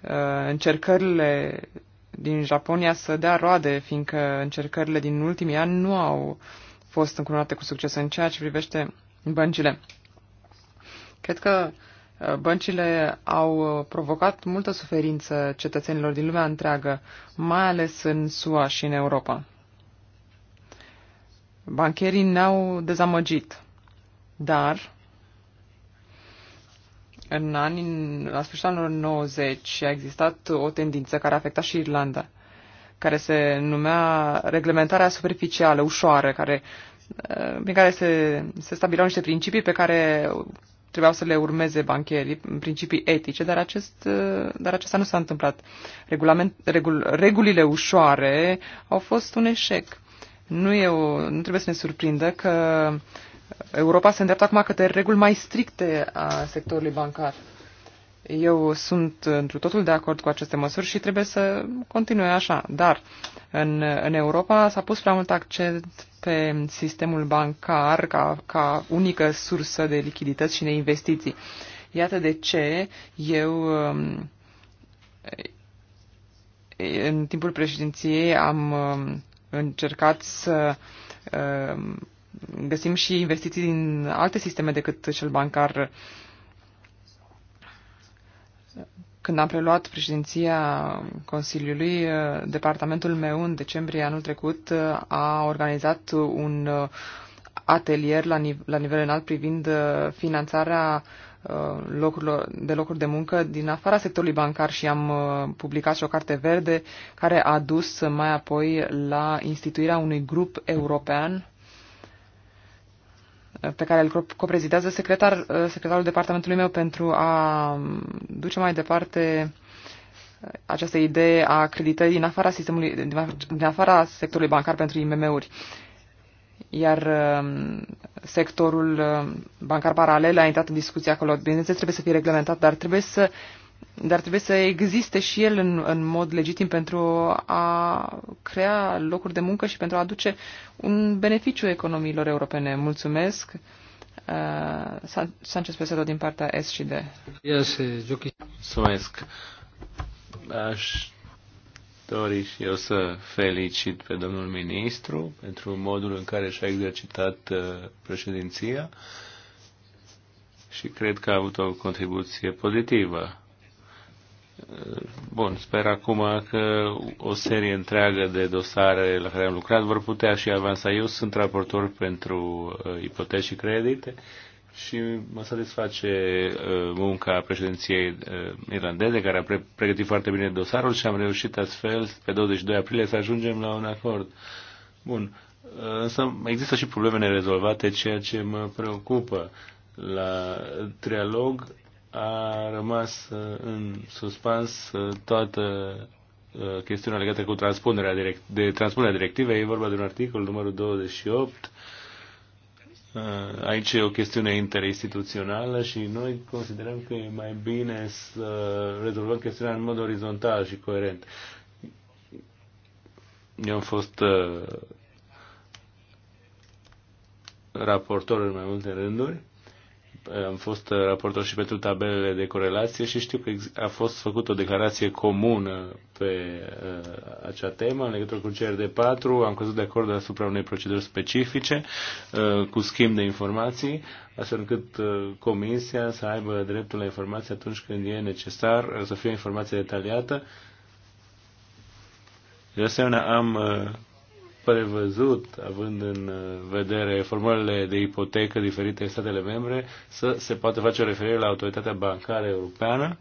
uh, încercările din Japonia să dea roade, fiindcă încercările din ultimii ani nu au fost încununate cu succes în ceea ce privește băncile. Cred că uh, băncile au uh, provocat multă suferință cetățenilor din lumea întreagă, mai ales în SUA și în Europa. Bancherii ne-au dezamăgit, dar în anii, la sfârșitul anilor 90 a existat o tendință care a afectat și Irlanda, care se numea reglementarea superficială, ușoară, care, uh, prin care se, se stabileau niște principii pe care trebuiau să le urmeze bancherii în principii etice, dar, acest, dar acesta nu s-a întâmplat. Regulament, regul, regulile ușoare au fost un eșec. Nu, e o, nu trebuie să ne surprindă că Europa se îndreaptă acum către reguli mai stricte a sectorului bancar. Eu sunt întru totul de acord cu aceste măsuri și trebuie să continue așa. Dar în, în Europa s-a pus prea mult accent pe sistemul bancar ca, ca unică sursă de lichidități și de investiții. Iată de ce eu um, în timpul președinției am um, încercat să um, găsim și investiții din alte sisteme decât cel bancar uh, când am preluat președinția Consiliului, eh, departamentul meu în decembrie anul trecut eh, a organizat un eh, atelier la, nive- la nivel înalt privind finanțarea locurilor, de locuri de muncă din afara sectorului bancar și am publicat și o carte verde care a dus mai apoi la instituirea unui grup european pe care îl coprezidează secretar, uh, secretarul departamentului meu pentru a um, duce mai departe uh, această idee a creditării din afara, sistemului, din afara sectorului bancar pentru IMM-uri. Iar um, sectorul um, bancar paralel a intrat în discuție acolo. Bineînțeles, trebuie să fie reglementat, dar trebuie să dar trebuie să existe și el în, în mod legitim pentru a crea locuri de muncă și pentru a aduce un beneficiu economiilor europene. Mulțumesc. Uh, Sanchez Pesedo din partea S și D. Eh, Mulțumesc. Aș dori și eu să felicit pe domnul ministru pentru modul în care și-a exercitat uh, președinția și cred că a avut o contribuție pozitivă Bun, sper acum că o serie întreagă de dosare la care am lucrat vor putea și avansa. Eu sunt raportor pentru uh, ipoteci și credite și mă satisface uh, munca președinției uh, irlandeze, care a pre- pregătit foarte bine dosarul și am reușit astfel, pe 22 aprilie, să ajungem la un acord. Bun, uh, însă există și probleme nerezolvate, ceea ce mă preocupă. La trialog a rămas uh, în suspans uh, toată uh, chestiunea legată cu transpunerea direct, de transpunerea directivei. E vorba de un articol, numărul 28. Aici e o chestiune interinstituțională și noi considerăm că e mai bine să rezolvăm chestiunea în mod orizontal și coerent. Eu am fost raportor în mai multe rânduri am fost raportor și pentru tabelele de corelație și știu că a fost făcută o declarație comună pe uh, acea temă în legătură cu CRD4. Am căzut de acord asupra unei proceduri specifice uh, cu schimb de informații, astfel încât uh, comisia să aibă dreptul la informații atunci când e necesar, să fie o informație detaliată. De asemenea, am prevăzut, având în uh, vedere formulele de ipotecă diferite în statele membre, să se poată face o referire la autoritatea bancară europeană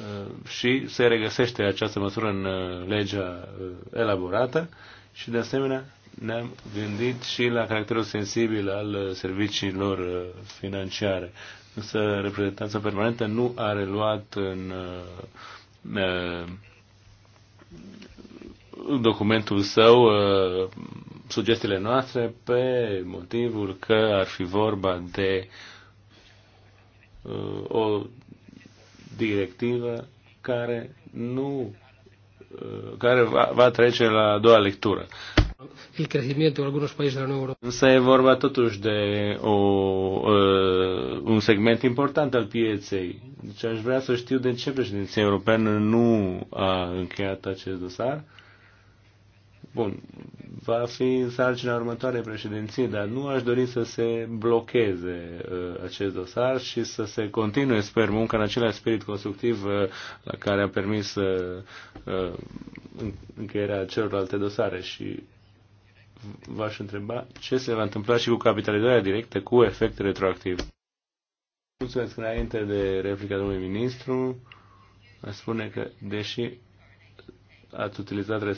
uh, și se regăsește această măsură în uh, legea elaborată și, de asemenea, ne-am gândit și la caracterul sensibil al serviciilor financiare. Însă reprezentanța permanentă nu a reluat în în documentul său uh, sugestiile noastre pe motivul că ar fi vorba de uh, o directivă care nu uh, care va, va trece la a doua lectură. Însă e vorba totuși de o, uh, un segment important al pieței. Deci aș vrea să știu de ce președinția europeană nu a încheiat acest dosar. Uh, Bun, va fi în sarcina următoarei președinții, dar nu aș dori să se blocheze uh, acest dosar și să se continue, sper, munca în același spirit constructiv uh, la care a permis uh, uh încheierea celorlalte dosare și v-aș întreba ce se va întâmpla și cu capitalizarea directă cu efect retroactiv. Mulțumesc înainte de replica domnului ministru. spune că, deși ați utilizat uh,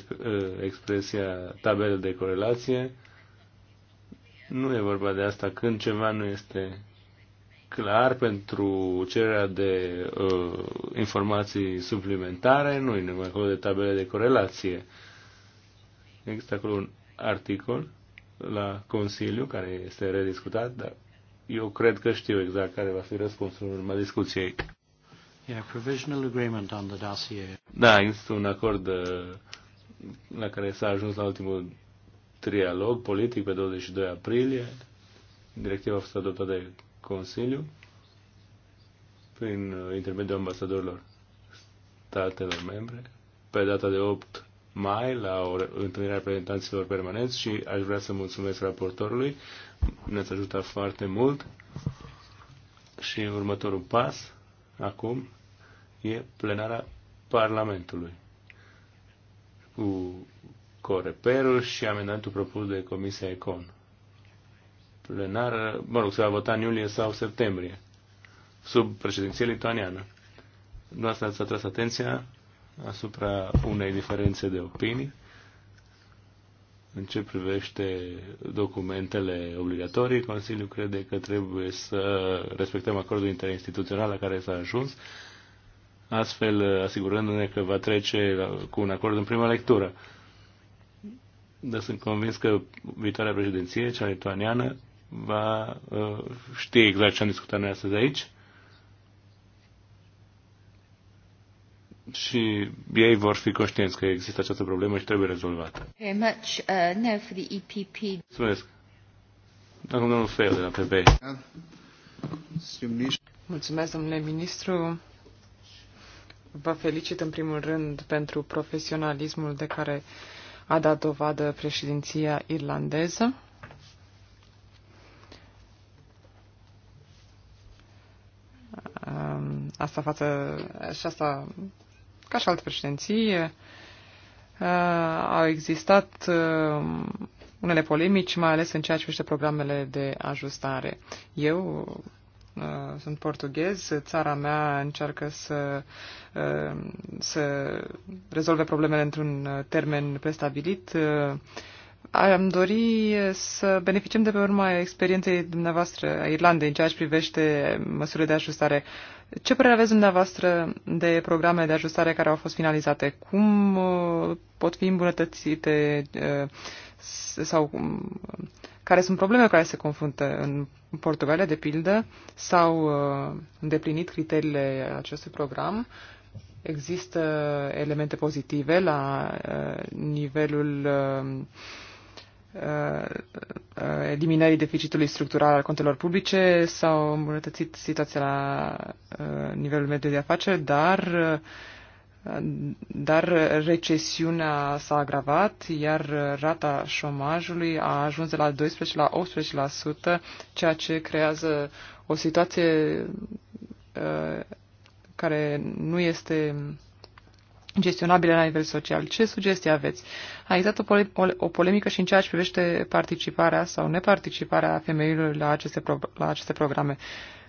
expresia tabelă de corelație. Nu e vorba de asta când ceva nu este clar pentru cererea de uh, informații suplimentare, nu e numai acolo de tabele de corelație. Există acolo un articol la Consiliu care este rediscutat, dar eu cred că știu exact care va fi răspunsul în urma discuției. Yeah, provisional agreement on the dossier. Da, există un acord uh, la care s-a ajuns la ultimul trialog politic pe 22 aprilie. Directiva a fost adoptată de Consiliu prin uh, intermediul ambasadorilor statelor membre pe data de 8 mai la o întâlnire a reprezentanților permanenți și aș vrea să mulțumesc raportorului. Ne-ați ajutat foarte mult și următorul pas acum e plenara Parlamentului cu coreperul și amendamentul propus de Comisia Econ. Plenară, mă rog, se va vota în iulie sau septembrie, sub președinție lituaniană. asta ați atras atenția asupra unei diferențe de opinii în ce privește documentele obligatorii, Consiliul crede că trebuie să respectăm acordul interinstituțional la care s-a ajuns, astfel asigurându-ne că va trece cu un acord în prima lectură. Dar sunt convins că viitoarea președinție, cea lituaniană, va uh, ști exact ce am discutat noi astăzi aici și ei vor fi conștienți că există această problemă și trebuie rezolvată. Very much, uh, now for the EPP. Mulțumesc. Acum domnul Fel de la PP. Mulțumesc, domnule ministru. Vă felicit în primul rând pentru profesionalismul de care a dat dovadă președinția irlandeză. Um, asta față și asta ca și alte președinții, uh, au existat uh, unele polemici, mai ales în ceea ce privește programele de ajustare. Eu uh, sunt portughez, țara mea încearcă să, să rezolve problemele într-un termen prestabilit. Am dori să beneficiem de pe urma experienței dumneavoastră a Irlandei în ceea ce privește măsurile de ajustare. Ce părere aveți dumneavoastră de programele de ajustare care au fost finalizate? Cum uh, pot fi îmbunătățite uh, sau um, care sunt probleme care se confruntă în Portugalia, de pildă? S-au uh, îndeplinit criteriile acestui program? Există elemente pozitive la nivelul Uh, eliminării deficitului structural al contelor publice, s-au îmbunătățit situația la uh, nivelul mediu de afaceri, dar uh, dar recesiunea s-a agravat, iar rata șomajului a ajuns de la 12 la 18%, ceea ce creează o situație care nu este gestionabile la nivel social. Ce sugestii aveți? A existat o, pole- o, o polemică și în ceea ce privește participarea sau neparticiparea femeilor la aceste, pro- la aceste programe.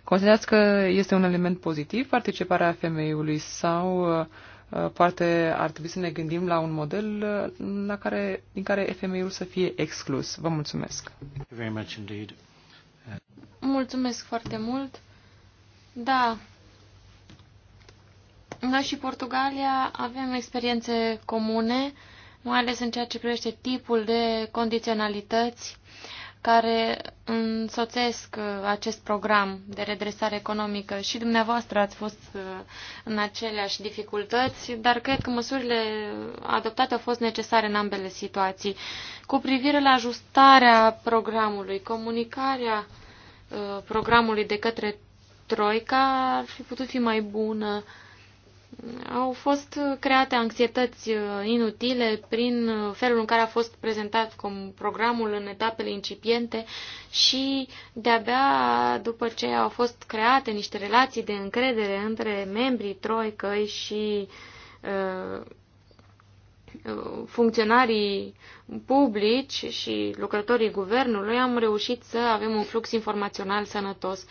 Considerați că este un element pozitiv participarea femeiului sau uh, uh, poate ar trebui să ne gândim la un model uh, la care, din care femeiul să fie exclus? Vă mulțumesc! Mulțumesc foarte mult! Da, noi și Portugalia avem experiențe comune, mai ales în ceea ce privește tipul de condiționalități care însoțesc uh, acest program de redresare economică. Și dumneavoastră ați fost uh, în aceleași dificultăți, dar cred că măsurile adoptate au fost necesare în ambele situații. Cu privire la ajustarea programului, comunicarea uh, programului de către Troica ar fi putut fi mai bună. Uh, au fost create anxietăți uh, inutile prin uh, felul în care a fost prezentat cum programul în etapele incipiente și de-abia după ce au fost create niște relații de încredere între membrii troicăi și uh, funcționarii publici și lucrătorii guvernului, am reușit să avem un flux informațional sănătos. Uh,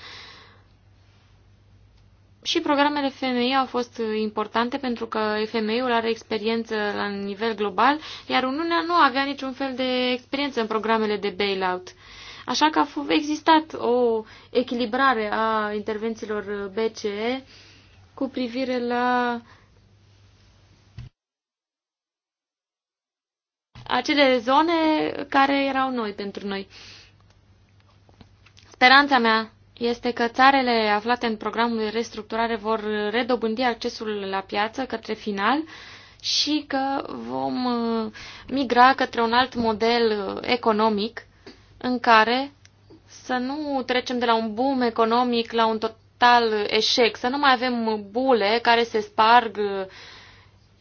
și programele FMI au fost uh, importante pentru că FMI-ul are experiență la nivel global, iar Uniunea nu avea niciun fel de experiență în programele de bailout. Așa că a existat o echilibrare a intervențiilor uh, BCE cu privire la acele zone care erau noi pentru noi. Speranța mea este că țarele aflate în programul de restructurare vor redobândi accesul la piață către final și că vom uh, migra către un alt model uh, economic în care să nu trecem de la un boom economic la un total eșec, să nu mai avem bule care se sparg uh,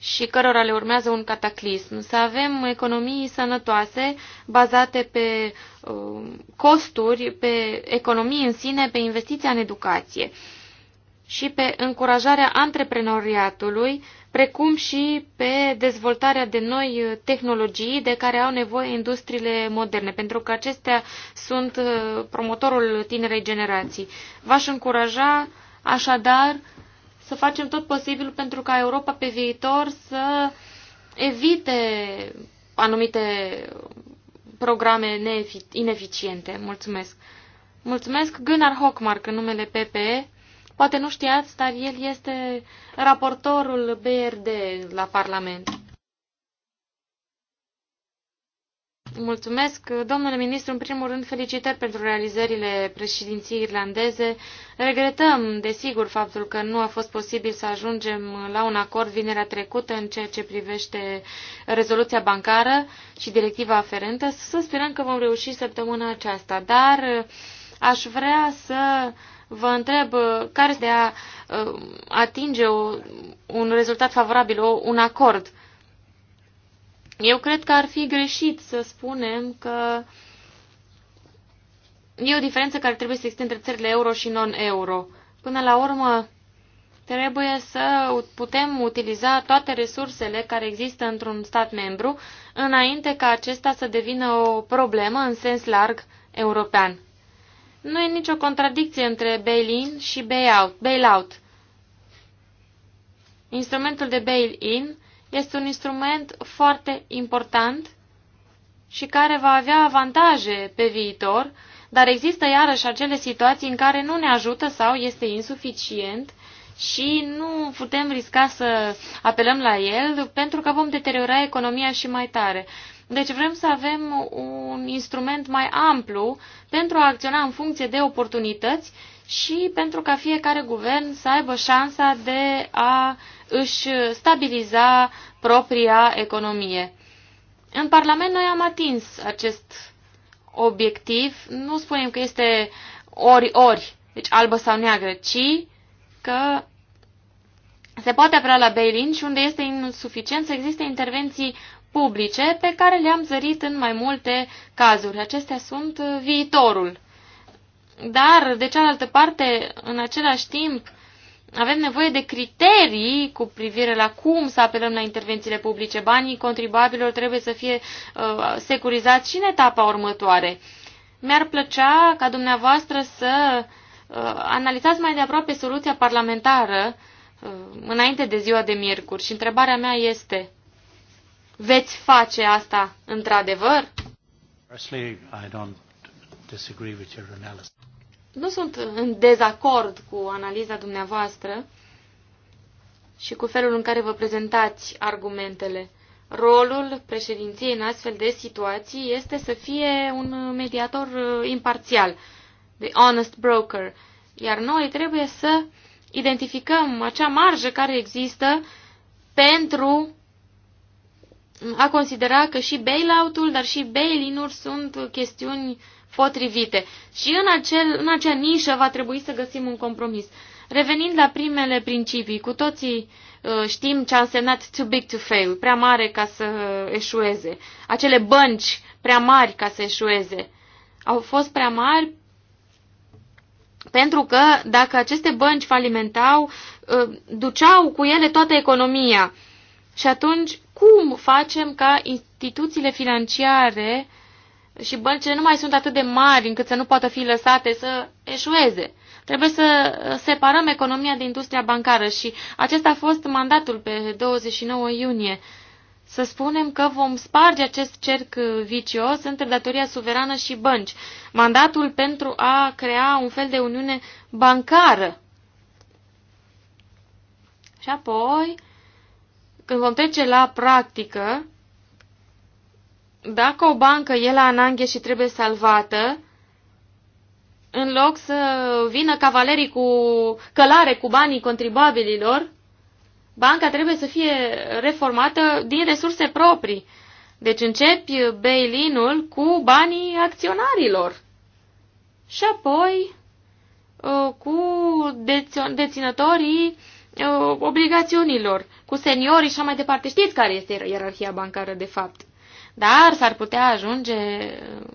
și cărora le urmează un cataclism. Să avem economii sănătoase bazate pe uh, costuri, pe economii în sine, pe investiția în educație și pe încurajarea antreprenoriatului, precum și pe dezvoltarea de noi uh, tehnologii de care au nevoie industriile moderne, pentru că acestea sunt uh, promotorul tinerei generații. V-aș încuraja așadar să facem tot posibilul pentru ca Europa pe viitor să evite anumite programe ineficiente. Mulțumesc. Mulțumesc Gunnar Hockmark în numele PPE. Poate nu știați, dar el este raportorul BRD la Parlament. Mulțumesc. Domnule ministru, în primul rând, felicitări pentru realizările președinției irlandeze. Regretăm, desigur, faptul că nu a fost posibil să ajungem la un acord vinerea trecută în ceea ce privește rezoluția bancară și directiva aferentă. Să sperăm că vom reuși săptămâna aceasta, dar uh, aș vrea să vă întreb uh, care de a uh, atinge un rezultat favorabil, un acord eu cred că ar fi greșit să spunem că e o diferență care trebuie să existe între țările euro și non-euro. Până la urmă, trebuie să putem utiliza toate resursele care există într-un stat membru înainte ca acesta să devină o problemă în sens larg european. Nu e nicio contradicție între bail-in și bail-out. Bail-out. Instrumentul de bail-in este un instrument foarte important și care va avea avantaje pe viitor, dar există iarăși acele situații în care nu ne ajută sau este insuficient și nu putem risca să apelăm la el pentru că vom deteriora economia și mai tare. Deci vrem să avem un instrument mai amplu pentru a acționa în funcție de oportunități și pentru ca fiecare guvern să aibă șansa de a își stabiliza propria economie. În Parlament noi am atins acest obiectiv, nu spunem că este ori-ori, deci albă sau neagră, ci că se poate apela la bail-in și unde este insuficient să existe intervenții publice pe care le-am zărit în mai multe cazuri. Acestea sunt viitorul. Dar, de cealaltă parte, în același timp, avem nevoie de criterii cu privire la cum să apelăm la intervențiile publice. Banii contribuabililor trebuie să fie uh, securizați și în etapa următoare. Mi-ar plăcea ca dumneavoastră să uh, analizați mai de aproape soluția parlamentară uh, înainte de ziua de miercuri și întrebarea mea este veți face asta într-adevăr? nu sunt în dezacord cu analiza dumneavoastră și cu felul în care vă prezentați argumentele. Rolul președinției în astfel de situații este să fie un mediator uh, imparțial, the honest broker, iar noi trebuie să identificăm acea marjă care există pentru a considera că și bailout-ul, dar și bail-in-uri sunt chestiuni uh, potrivite. Și în, acel, în acea nișă va trebui să găsim un compromis. Revenind la primele principii, cu toții uh, știm ce a însemnat too big to fail, prea mare ca să eșueze. Acele bănci prea mari ca să eșueze au fost prea mari pentru că dacă aceste bănci falimentau, uh, duceau cu ele toată economia. Și atunci, cum facem ca instituțiile financiare și bălcile nu mai sunt atât de mari încât să nu poată fi lăsate să eșueze. Trebuie să uh, separăm economia de industria bancară și acesta a fost mandatul pe 29 iunie. Să spunem că vom sparge acest cerc vicios între datoria suverană și bănci. Mandatul pentru a crea un fel de uniune bancară. Și apoi, când vom trece la practică, dacă o bancă e la ananghe și trebuie salvată, în loc să vină cavalerii cu călare cu banii contribuabililor, banca trebuie să fie reformată din resurse proprii. Deci începi bail-in-ul cu banii acționarilor și apoi uh, cu deținătorii uh, obligațiunilor, cu seniorii și mai departe. Știți care este ierarhia bancară de fapt? Dar s-ar putea ajunge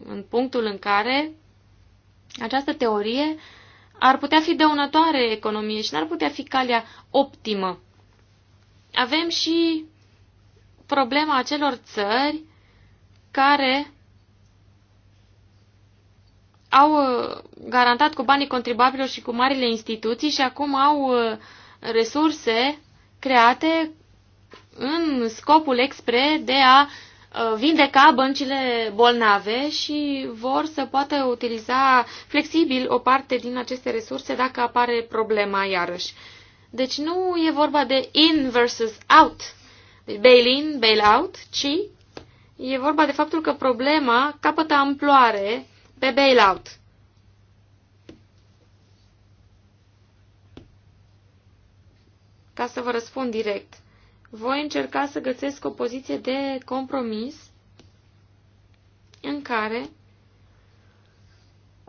în punctul în care această teorie ar putea fi dăunătoare economiei și n-ar putea fi calea optimă. Avem și problema acelor țări care au uh, garantat cu banii contribuabililor și cu marile instituții și acum au uh, resurse create în scopul expre de a Uh, vindeca băncile bolnave și vor să poată utiliza flexibil o parte din aceste resurse dacă apare problema iarăși. Deci nu e vorba de in versus out, deci bail-in, bail-out, ci e vorba de faptul că problema capătă amploare pe bail-out. Ca să vă răspund direct voi încerca să găsesc o poziție de compromis în care,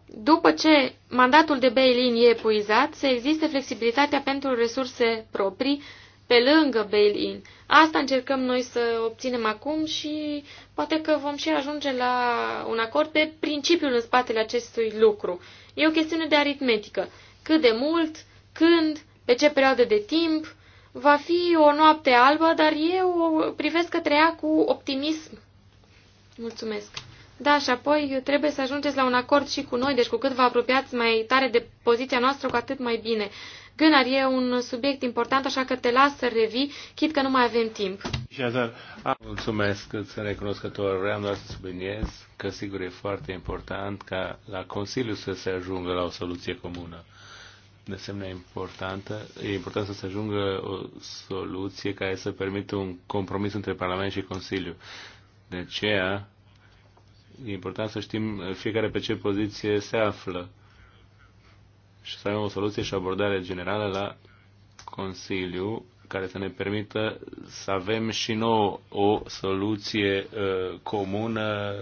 după ce mandatul de bail-in e epuizat, să existe flexibilitatea pentru resurse proprii pe lângă bail-in. Asta încercăm noi să obținem acum și poate că vom și ajunge la un acord pe principiul în spatele acestui lucru. E o chestiune de aritmetică. Cât de mult, când, pe ce perioadă de timp, Va fi o noapte albă, dar eu privesc către ea cu optimism. Mulțumesc. Da, și apoi trebuie să ajungeți la un acord și cu noi, deci cu cât vă apropiați mai tare de poziția noastră, cu atât mai bine. Gânar e un subiect important, așa că te las să revii, chit că nu mai avem timp. Mulțumesc, sunt recunoscător. Vreau doar să subliniez că sigur e foarte important ca la Consiliu să se ajungă la o soluție comună. De asemenea, importantă, e important să se ajungă o soluție care să permită un compromis între Parlament și Consiliu. De aceea, e important să știm fiecare pe ce poziție se află și să avem o soluție și o abordare generală la Consiliu care să ne permită să avem și nouă o soluție uh, comună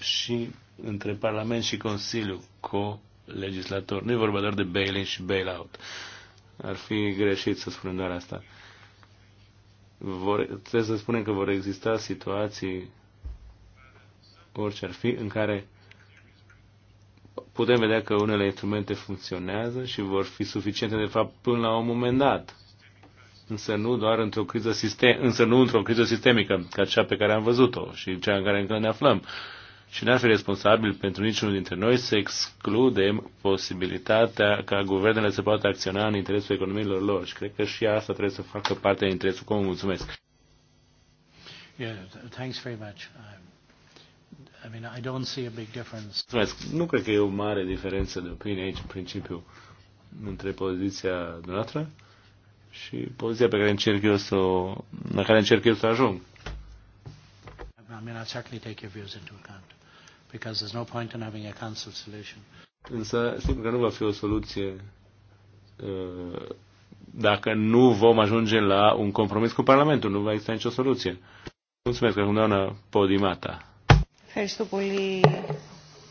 și între Parlament și Consiliu, co legislator. Nu e vorba doar de bail-in și bail-out. Ar fi greșit să spunem doar asta. Vor, trebuie să spunem că vor exista situații, orice ar fi, în care putem vedea că unele instrumente funcționează și vor fi suficiente, de fapt, până la un moment dat. Însă nu doar într-o criză, sistem, însă nu într-o criză sistemică, ca cea pe care am văzut-o și cea în care încă ne aflăm. Uh, și n-ar fi responsabil pentru niciunul dintre noi să excludem posibilitatea ca guvernele să poată acționa în interesul economiilor lor. Și cred că și asta trebuie să facă parte din interesul comun. Mulțumesc! Yeah, thanks very much. Um, I mean, I don't see a big difference. Mulțumesc. Nu cred că e o mare diferență de opinie aici, în principiu, între poziția dumneavoastră și poziția pe care încerc eu să o, la care încerc eu să ajung. I mean, I'll certainly take your views into account because there's no point in having a council solution. Însă, sigur că nu va fi o soluție uh, dacă nu vom ajunge la un compromis cu Parlamentul. Nu va exista nicio soluție. Mulțumesc, că doamna Podimata. Ευχαριστώ πολύ,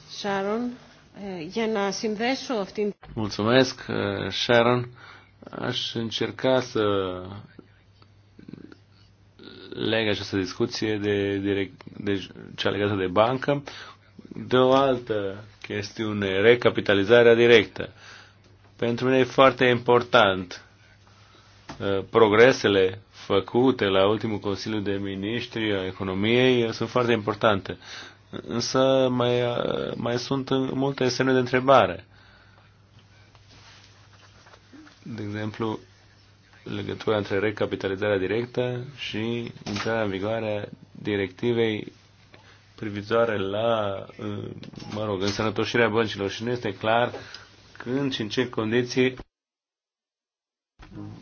Sharon. Για να συνδέσω αυτήν... Mulțumesc, Sharon. Aș încerca să leg această discuție de, de, de cea legată de bancă de o altă chestiune, recapitalizarea directă. Pentru mine e foarte important uh, progresele făcute la ultimul Consiliu de Ministri a Economiei uh, sunt foarte importante. Însă mai, uh, mai sunt multe semne de întrebare. De exemplu, legătura între recapitalizarea directă și intrarea în vigoare a directivei privitoare la, uh, mă rog, însănătoșirea băncilor și nu este clar când și în ce condiții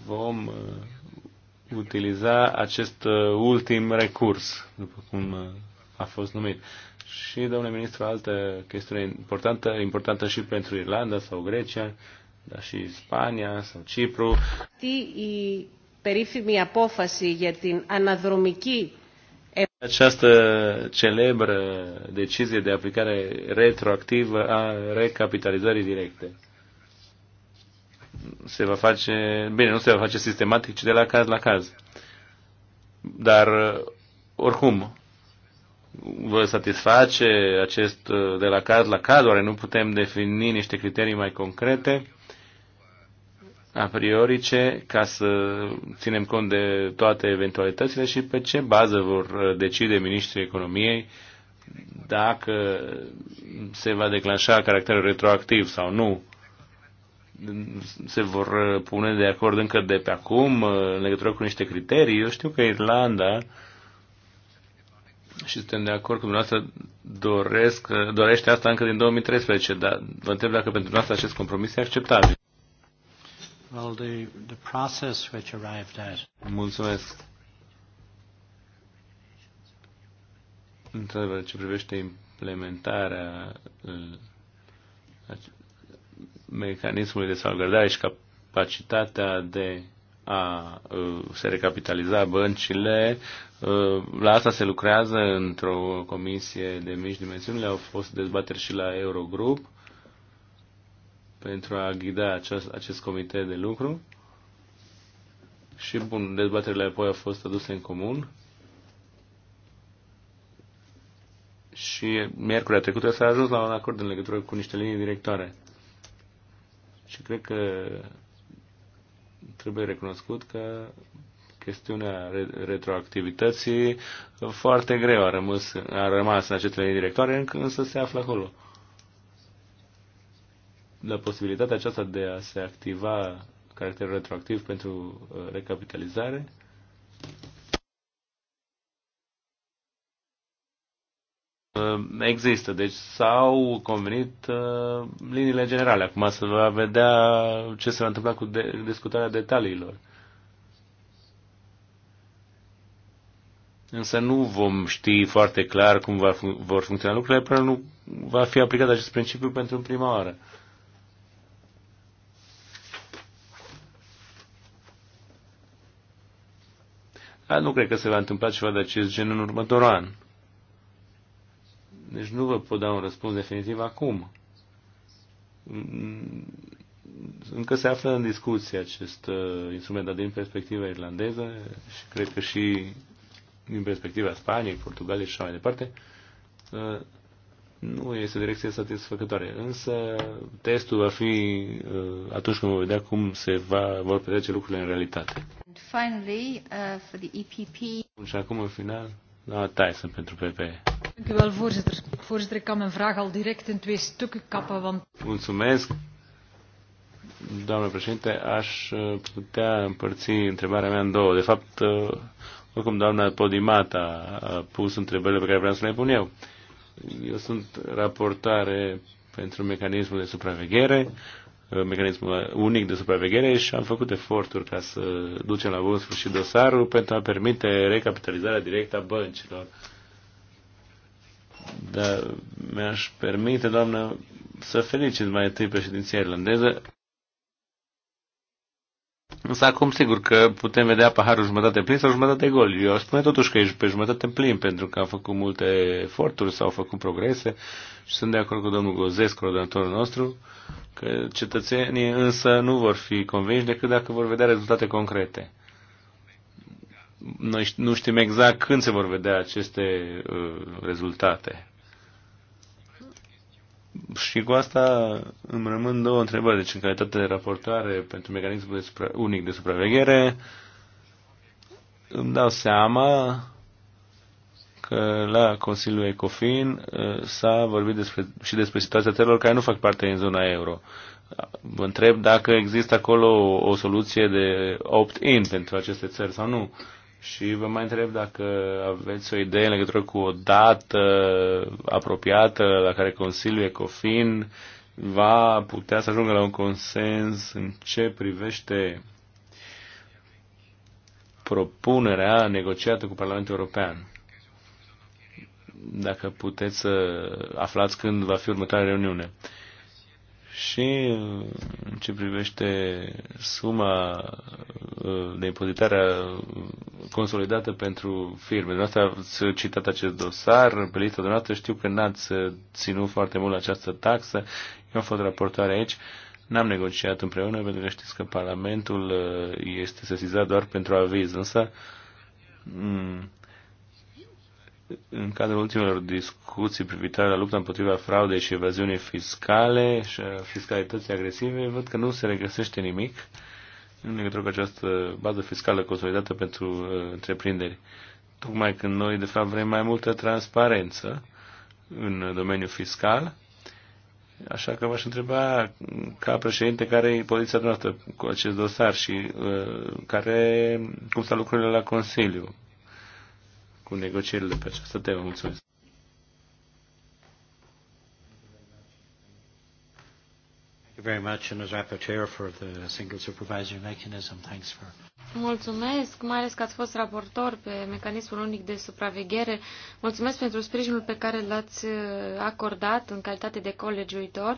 vom uh, utiliza acest uh, ultim recurs, după cum a fost numit. Și, domnule ministru, altă chestiune importantă, importantă și pentru Irlanda sau Grecia, dar și Spania sau Cipru. Ti η περίφημη απόφαση για την αναδρομική această celebră decizie de aplicare retroactivă a recapitalizării directe se va face, bine, nu se va face sistematic, ci de la caz la caz. Dar, oricum, vă satisface acest de la caz la caz, oare nu putem defini niște criterii mai concrete? a priorice ca să ținem cont de toate eventualitățile și pe ce bază vor decide ministrii economiei dacă se va declanșa caracterul retroactiv sau nu. Se vor pune de acord încă de pe acum în legătură cu niște criterii. Eu știu că Irlanda și suntem de acord cu dumneavoastră doresc, dorește asta încă din 2013, dar vă întreb dacă pentru dumneavoastră acest compromis e acceptabil. Well, the, the process which arrived at. Mulțumesc. Întrebare ce privește implementarea uh, mecanismului de salvgardare și capacitatea de a uh, se recapitaliza băncile. Uh, la asta se lucrează într-o comisie de mici dimensiuni. Au fost dezbateri și la Eurogrup pentru a ghida acest, acest comitet de lucru. Și, bun, dezbaterile apoi au fost aduse în comun. Și miercuri trecut s-a ajuns la un acord în legătură cu niște linii directoare. Și cred că trebuie recunoscut că chestiunea retroactivității foarte greu a rămas, a rămas în aceste linii directoare, însă se află acolo la posibilitatea aceasta de a se activa caracterul retroactiv pentru uh, recapitalizare. Uh, există, deci s-au convenit uh, liniile generale. Acum să va vedea ce se va întâmpla cu discutarea detaliilor. Însă nu vom ști foarte clar cum va fun- vor funcționa lucrurile până nu va fi aplicat acest principiu pentru prima oară. Dar nu cred că se va întâmpla ceva de acest gen în următorul an. Deci nu vă pot da un răspuns definitiv acum. Încă se află în discuție acest uh, instrument, dar din perspectiva irlandeză și cred că și din perspectiva Spaniei, Portugaliei și așa mai departe, uh, nu este o direcție satisfăcătoare. Însă testul va fi uh, atunci când vom vedea cum se va, vor petrece lucrurile în realitate. And finally, uh, for the EPP... Și acum, în final, la Tyson pentru PP. Mulțumesc. Doamnă președinte, aș uh, putea împărți întrebarea mea în două. De fapt, uh, oricum doamna Podimata a pus întrebările pe care vreau să le pun eu. Uh, eu sunt raportare pentru mecanismul de supraveghere, mecanismul unic de supraveghere și am făcut eforturi ca să ducem la bun sfârșit dosarul pentru a permite recapitalizarea directă a băncilor. Dar mi-aș permite, doamnă, să felicit mai întâi președinția irlandeză Însă acum sigur că putem vedea paharul jumătate plin sau jumătate gol. Eu aș spune totuși că e pe jumătate plin pentru că am făcut multe eforturi, s-au făcut progrese și sunt de acord cu domnul Gozes, coordonatorul nostru, că cetățenii însă nu vor fi convinși decât dacă vor vedea rezultate concrete. Noi nu știm exact când se vor vedea aceste uh, rezultate și cu asta îmi rămân două întrebări. Deci, în calitate de raportoare pentru mecanismul de supra- unic de supraveghere, îmi dau seama că la Consiliul Ecofin uh, s-a vorbit despre, și despre situația țărilor care nu fac parte din zona euro. Vă întreb dacă există acolo o soluție de opt-in pentru aceste țări sau nu. Și vă mai întreb dacă aveți o idee în legătură cu o dată apropiată la care Consiliul Ecofin va putea să ajungă la un consens în ce privește propunerea negociată cu Parlamentul European. Dacă puteți să aflați când va fi următoarea reuniune. Și în ce privește suma uh, de impozitare a consolidată pentru firme. de asta ați citat acest dosar pe lista dumneavoastră. Știu că n-ați ținut foarte mult această taxă. Eu am fost raportoare aici. N-am negociat împreună pentru că știți că Parlamentul uh, este sesizat doar pentru aviz, însă mm, în cadrul ultimelor discuții privitoare la lupta împotriva fraudei și evaziunii fiscale și fiscalității agresive, văd că nu se regăsește nimic în legătură cu această bază fiscală consolidată pentru uh, întreprinderi. Tocmai când noi, de fapt, vrem mai multă transparență în domeniul fiscal, Așa că v-aș întreba, ca președinte, care e poziția noastră cu acest dosar și uh, care, cum stau lucrurile la Consiliu cu negocierile pe această temă? Mulțumesc. very much and as rapporteur for the single supervisory mechanism. Thanks for Mulțumesc, mai ales că ați fost raportor pe mecanismul unic de supraveghere. Mulțumesc pentru sprijinul pe care l-ați uh, acordat în calitate de colegiuitor.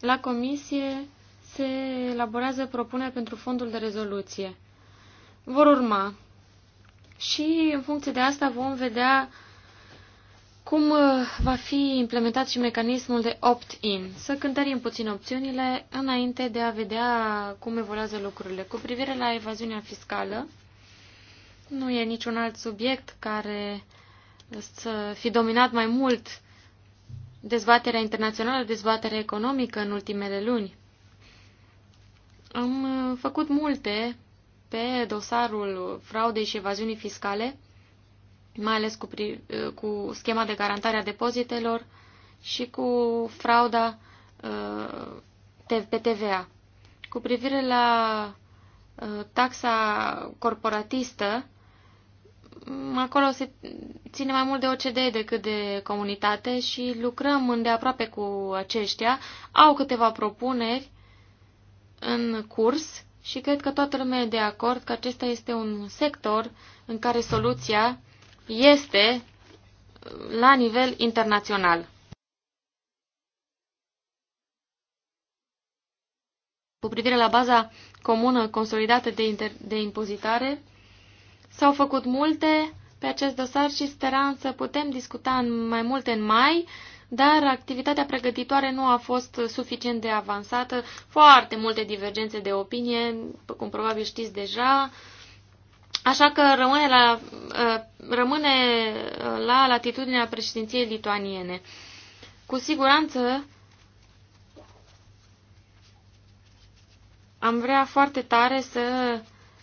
La comisie se elaborează propuneri pentru fondul de rezoluție. Vor urma. Și în funcție de asta vom vedea Acum uh, va fi implementat și mecanismul de opt-in. Să cântărim puțin opțiunile înainte de a vedea cum evoluează lucrurile. Cu privire la evaziunea fiscală, nu e niciun alt subiect care să fi dominat mai mult dezbaterea internațională, dezbaterea economică în ultimele luni. Am uh, făcut multe pe dosarul fraudei și evaziunii fiscale, mai ales cu, cu schema de garantare a depozitelor și cu frauda uh, pe TVA. Cu privire la uh, taxa corporatistă, mm, acolo se ține mai mult de OCD decât de comunitate și lucrăm îndeaproape cu aceștia. Au câteva propuneri în curs și cred că toată lumea e de acord că acesta este un sector în care soluția este la nivel internațional. Cu privire la baza comună consolidată de, de impozitare, s-au făcut multe pe acest dosar și speram să putem discuta în mai multe în mai, dar activitatea pregătitoare nu a fost suficient de avansată, foarte multe divergențe de opinie, cum probabil știți deja, Așa că rămâne la, uh, rămâne uh, la latitudinea președinției lituaniene. Cu siguranță am vrea foarte tare să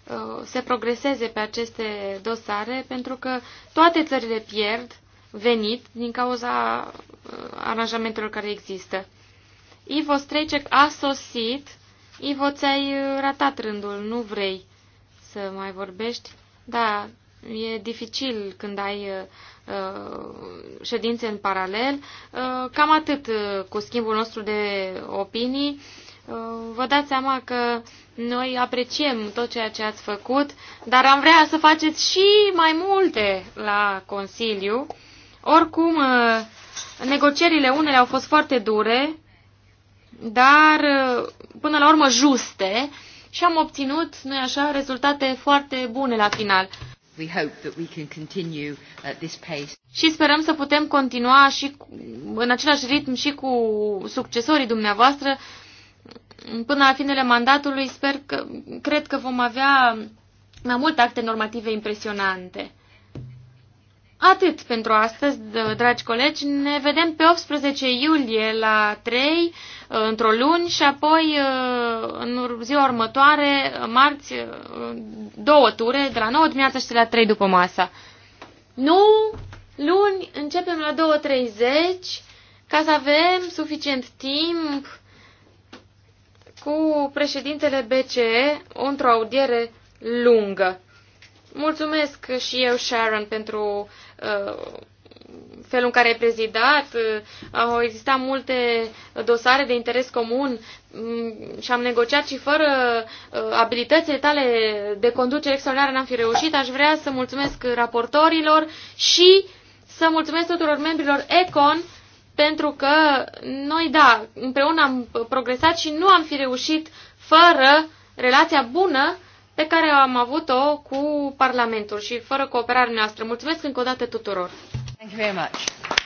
uh, se progreseze pe aceste dosare, pentru că toate țările pierd venit din cauza aranjamentelor care există. Ivo Strecek a sosit. Ivo, ți-ai ratat rândul, nu vrei să mai vorbești. Da, e dificil când ai uh, ședințe în paralel. Uh, cam atât uh, cu schimbul nostru de opinii. Uh, vă dați seama că noi apreciem tot ceea ce ați făcut, dar am vrea să faceți și mai multe la Consiliu. Oricum, uh, negocierile unele au fost foarte dure, dar uh, până la urmă juste. Uh, și am obținut, nu așa, rezultate foarte bune la final. We hope that we can continue at this pace. Și sperăm să putem continua și în același ritm și cu succesorii dumneavoastră până la finele mandatului. Sper că cred că vom avea mai multe acte normative impresionante. Atât pentru astăzi, dragi colegi. Ne vedem pe 18 iulie la 3, uh, într-o luni, și apoi uh, în ziua următoare, uh, marți, două ture, de la 9 dimineața și de la 3 după masa. Nu, luni începem la 2.30 ca să avem suficient timp cu președintele BCE într-o audiere lungă. Mulțumesc și eu, Sharon, pentru Uh, felul în care ai prezidat, uh, au existat multe dosare de interes comun mm, și am negociat și fără uh, abilitățile tale de conducere extraordinară n-am fi reușit. Aș vrea să mulțumesc raportorilor și să mulțumesc tuturor membrilor ECON pentru că noi, da, împreună am progresat și nu am fi reușit fără relația bună pe care am avut-o cu Parlamentul și fără cooperarea noastră. Mulțumesc încă o dată tuturor! Thank you very much.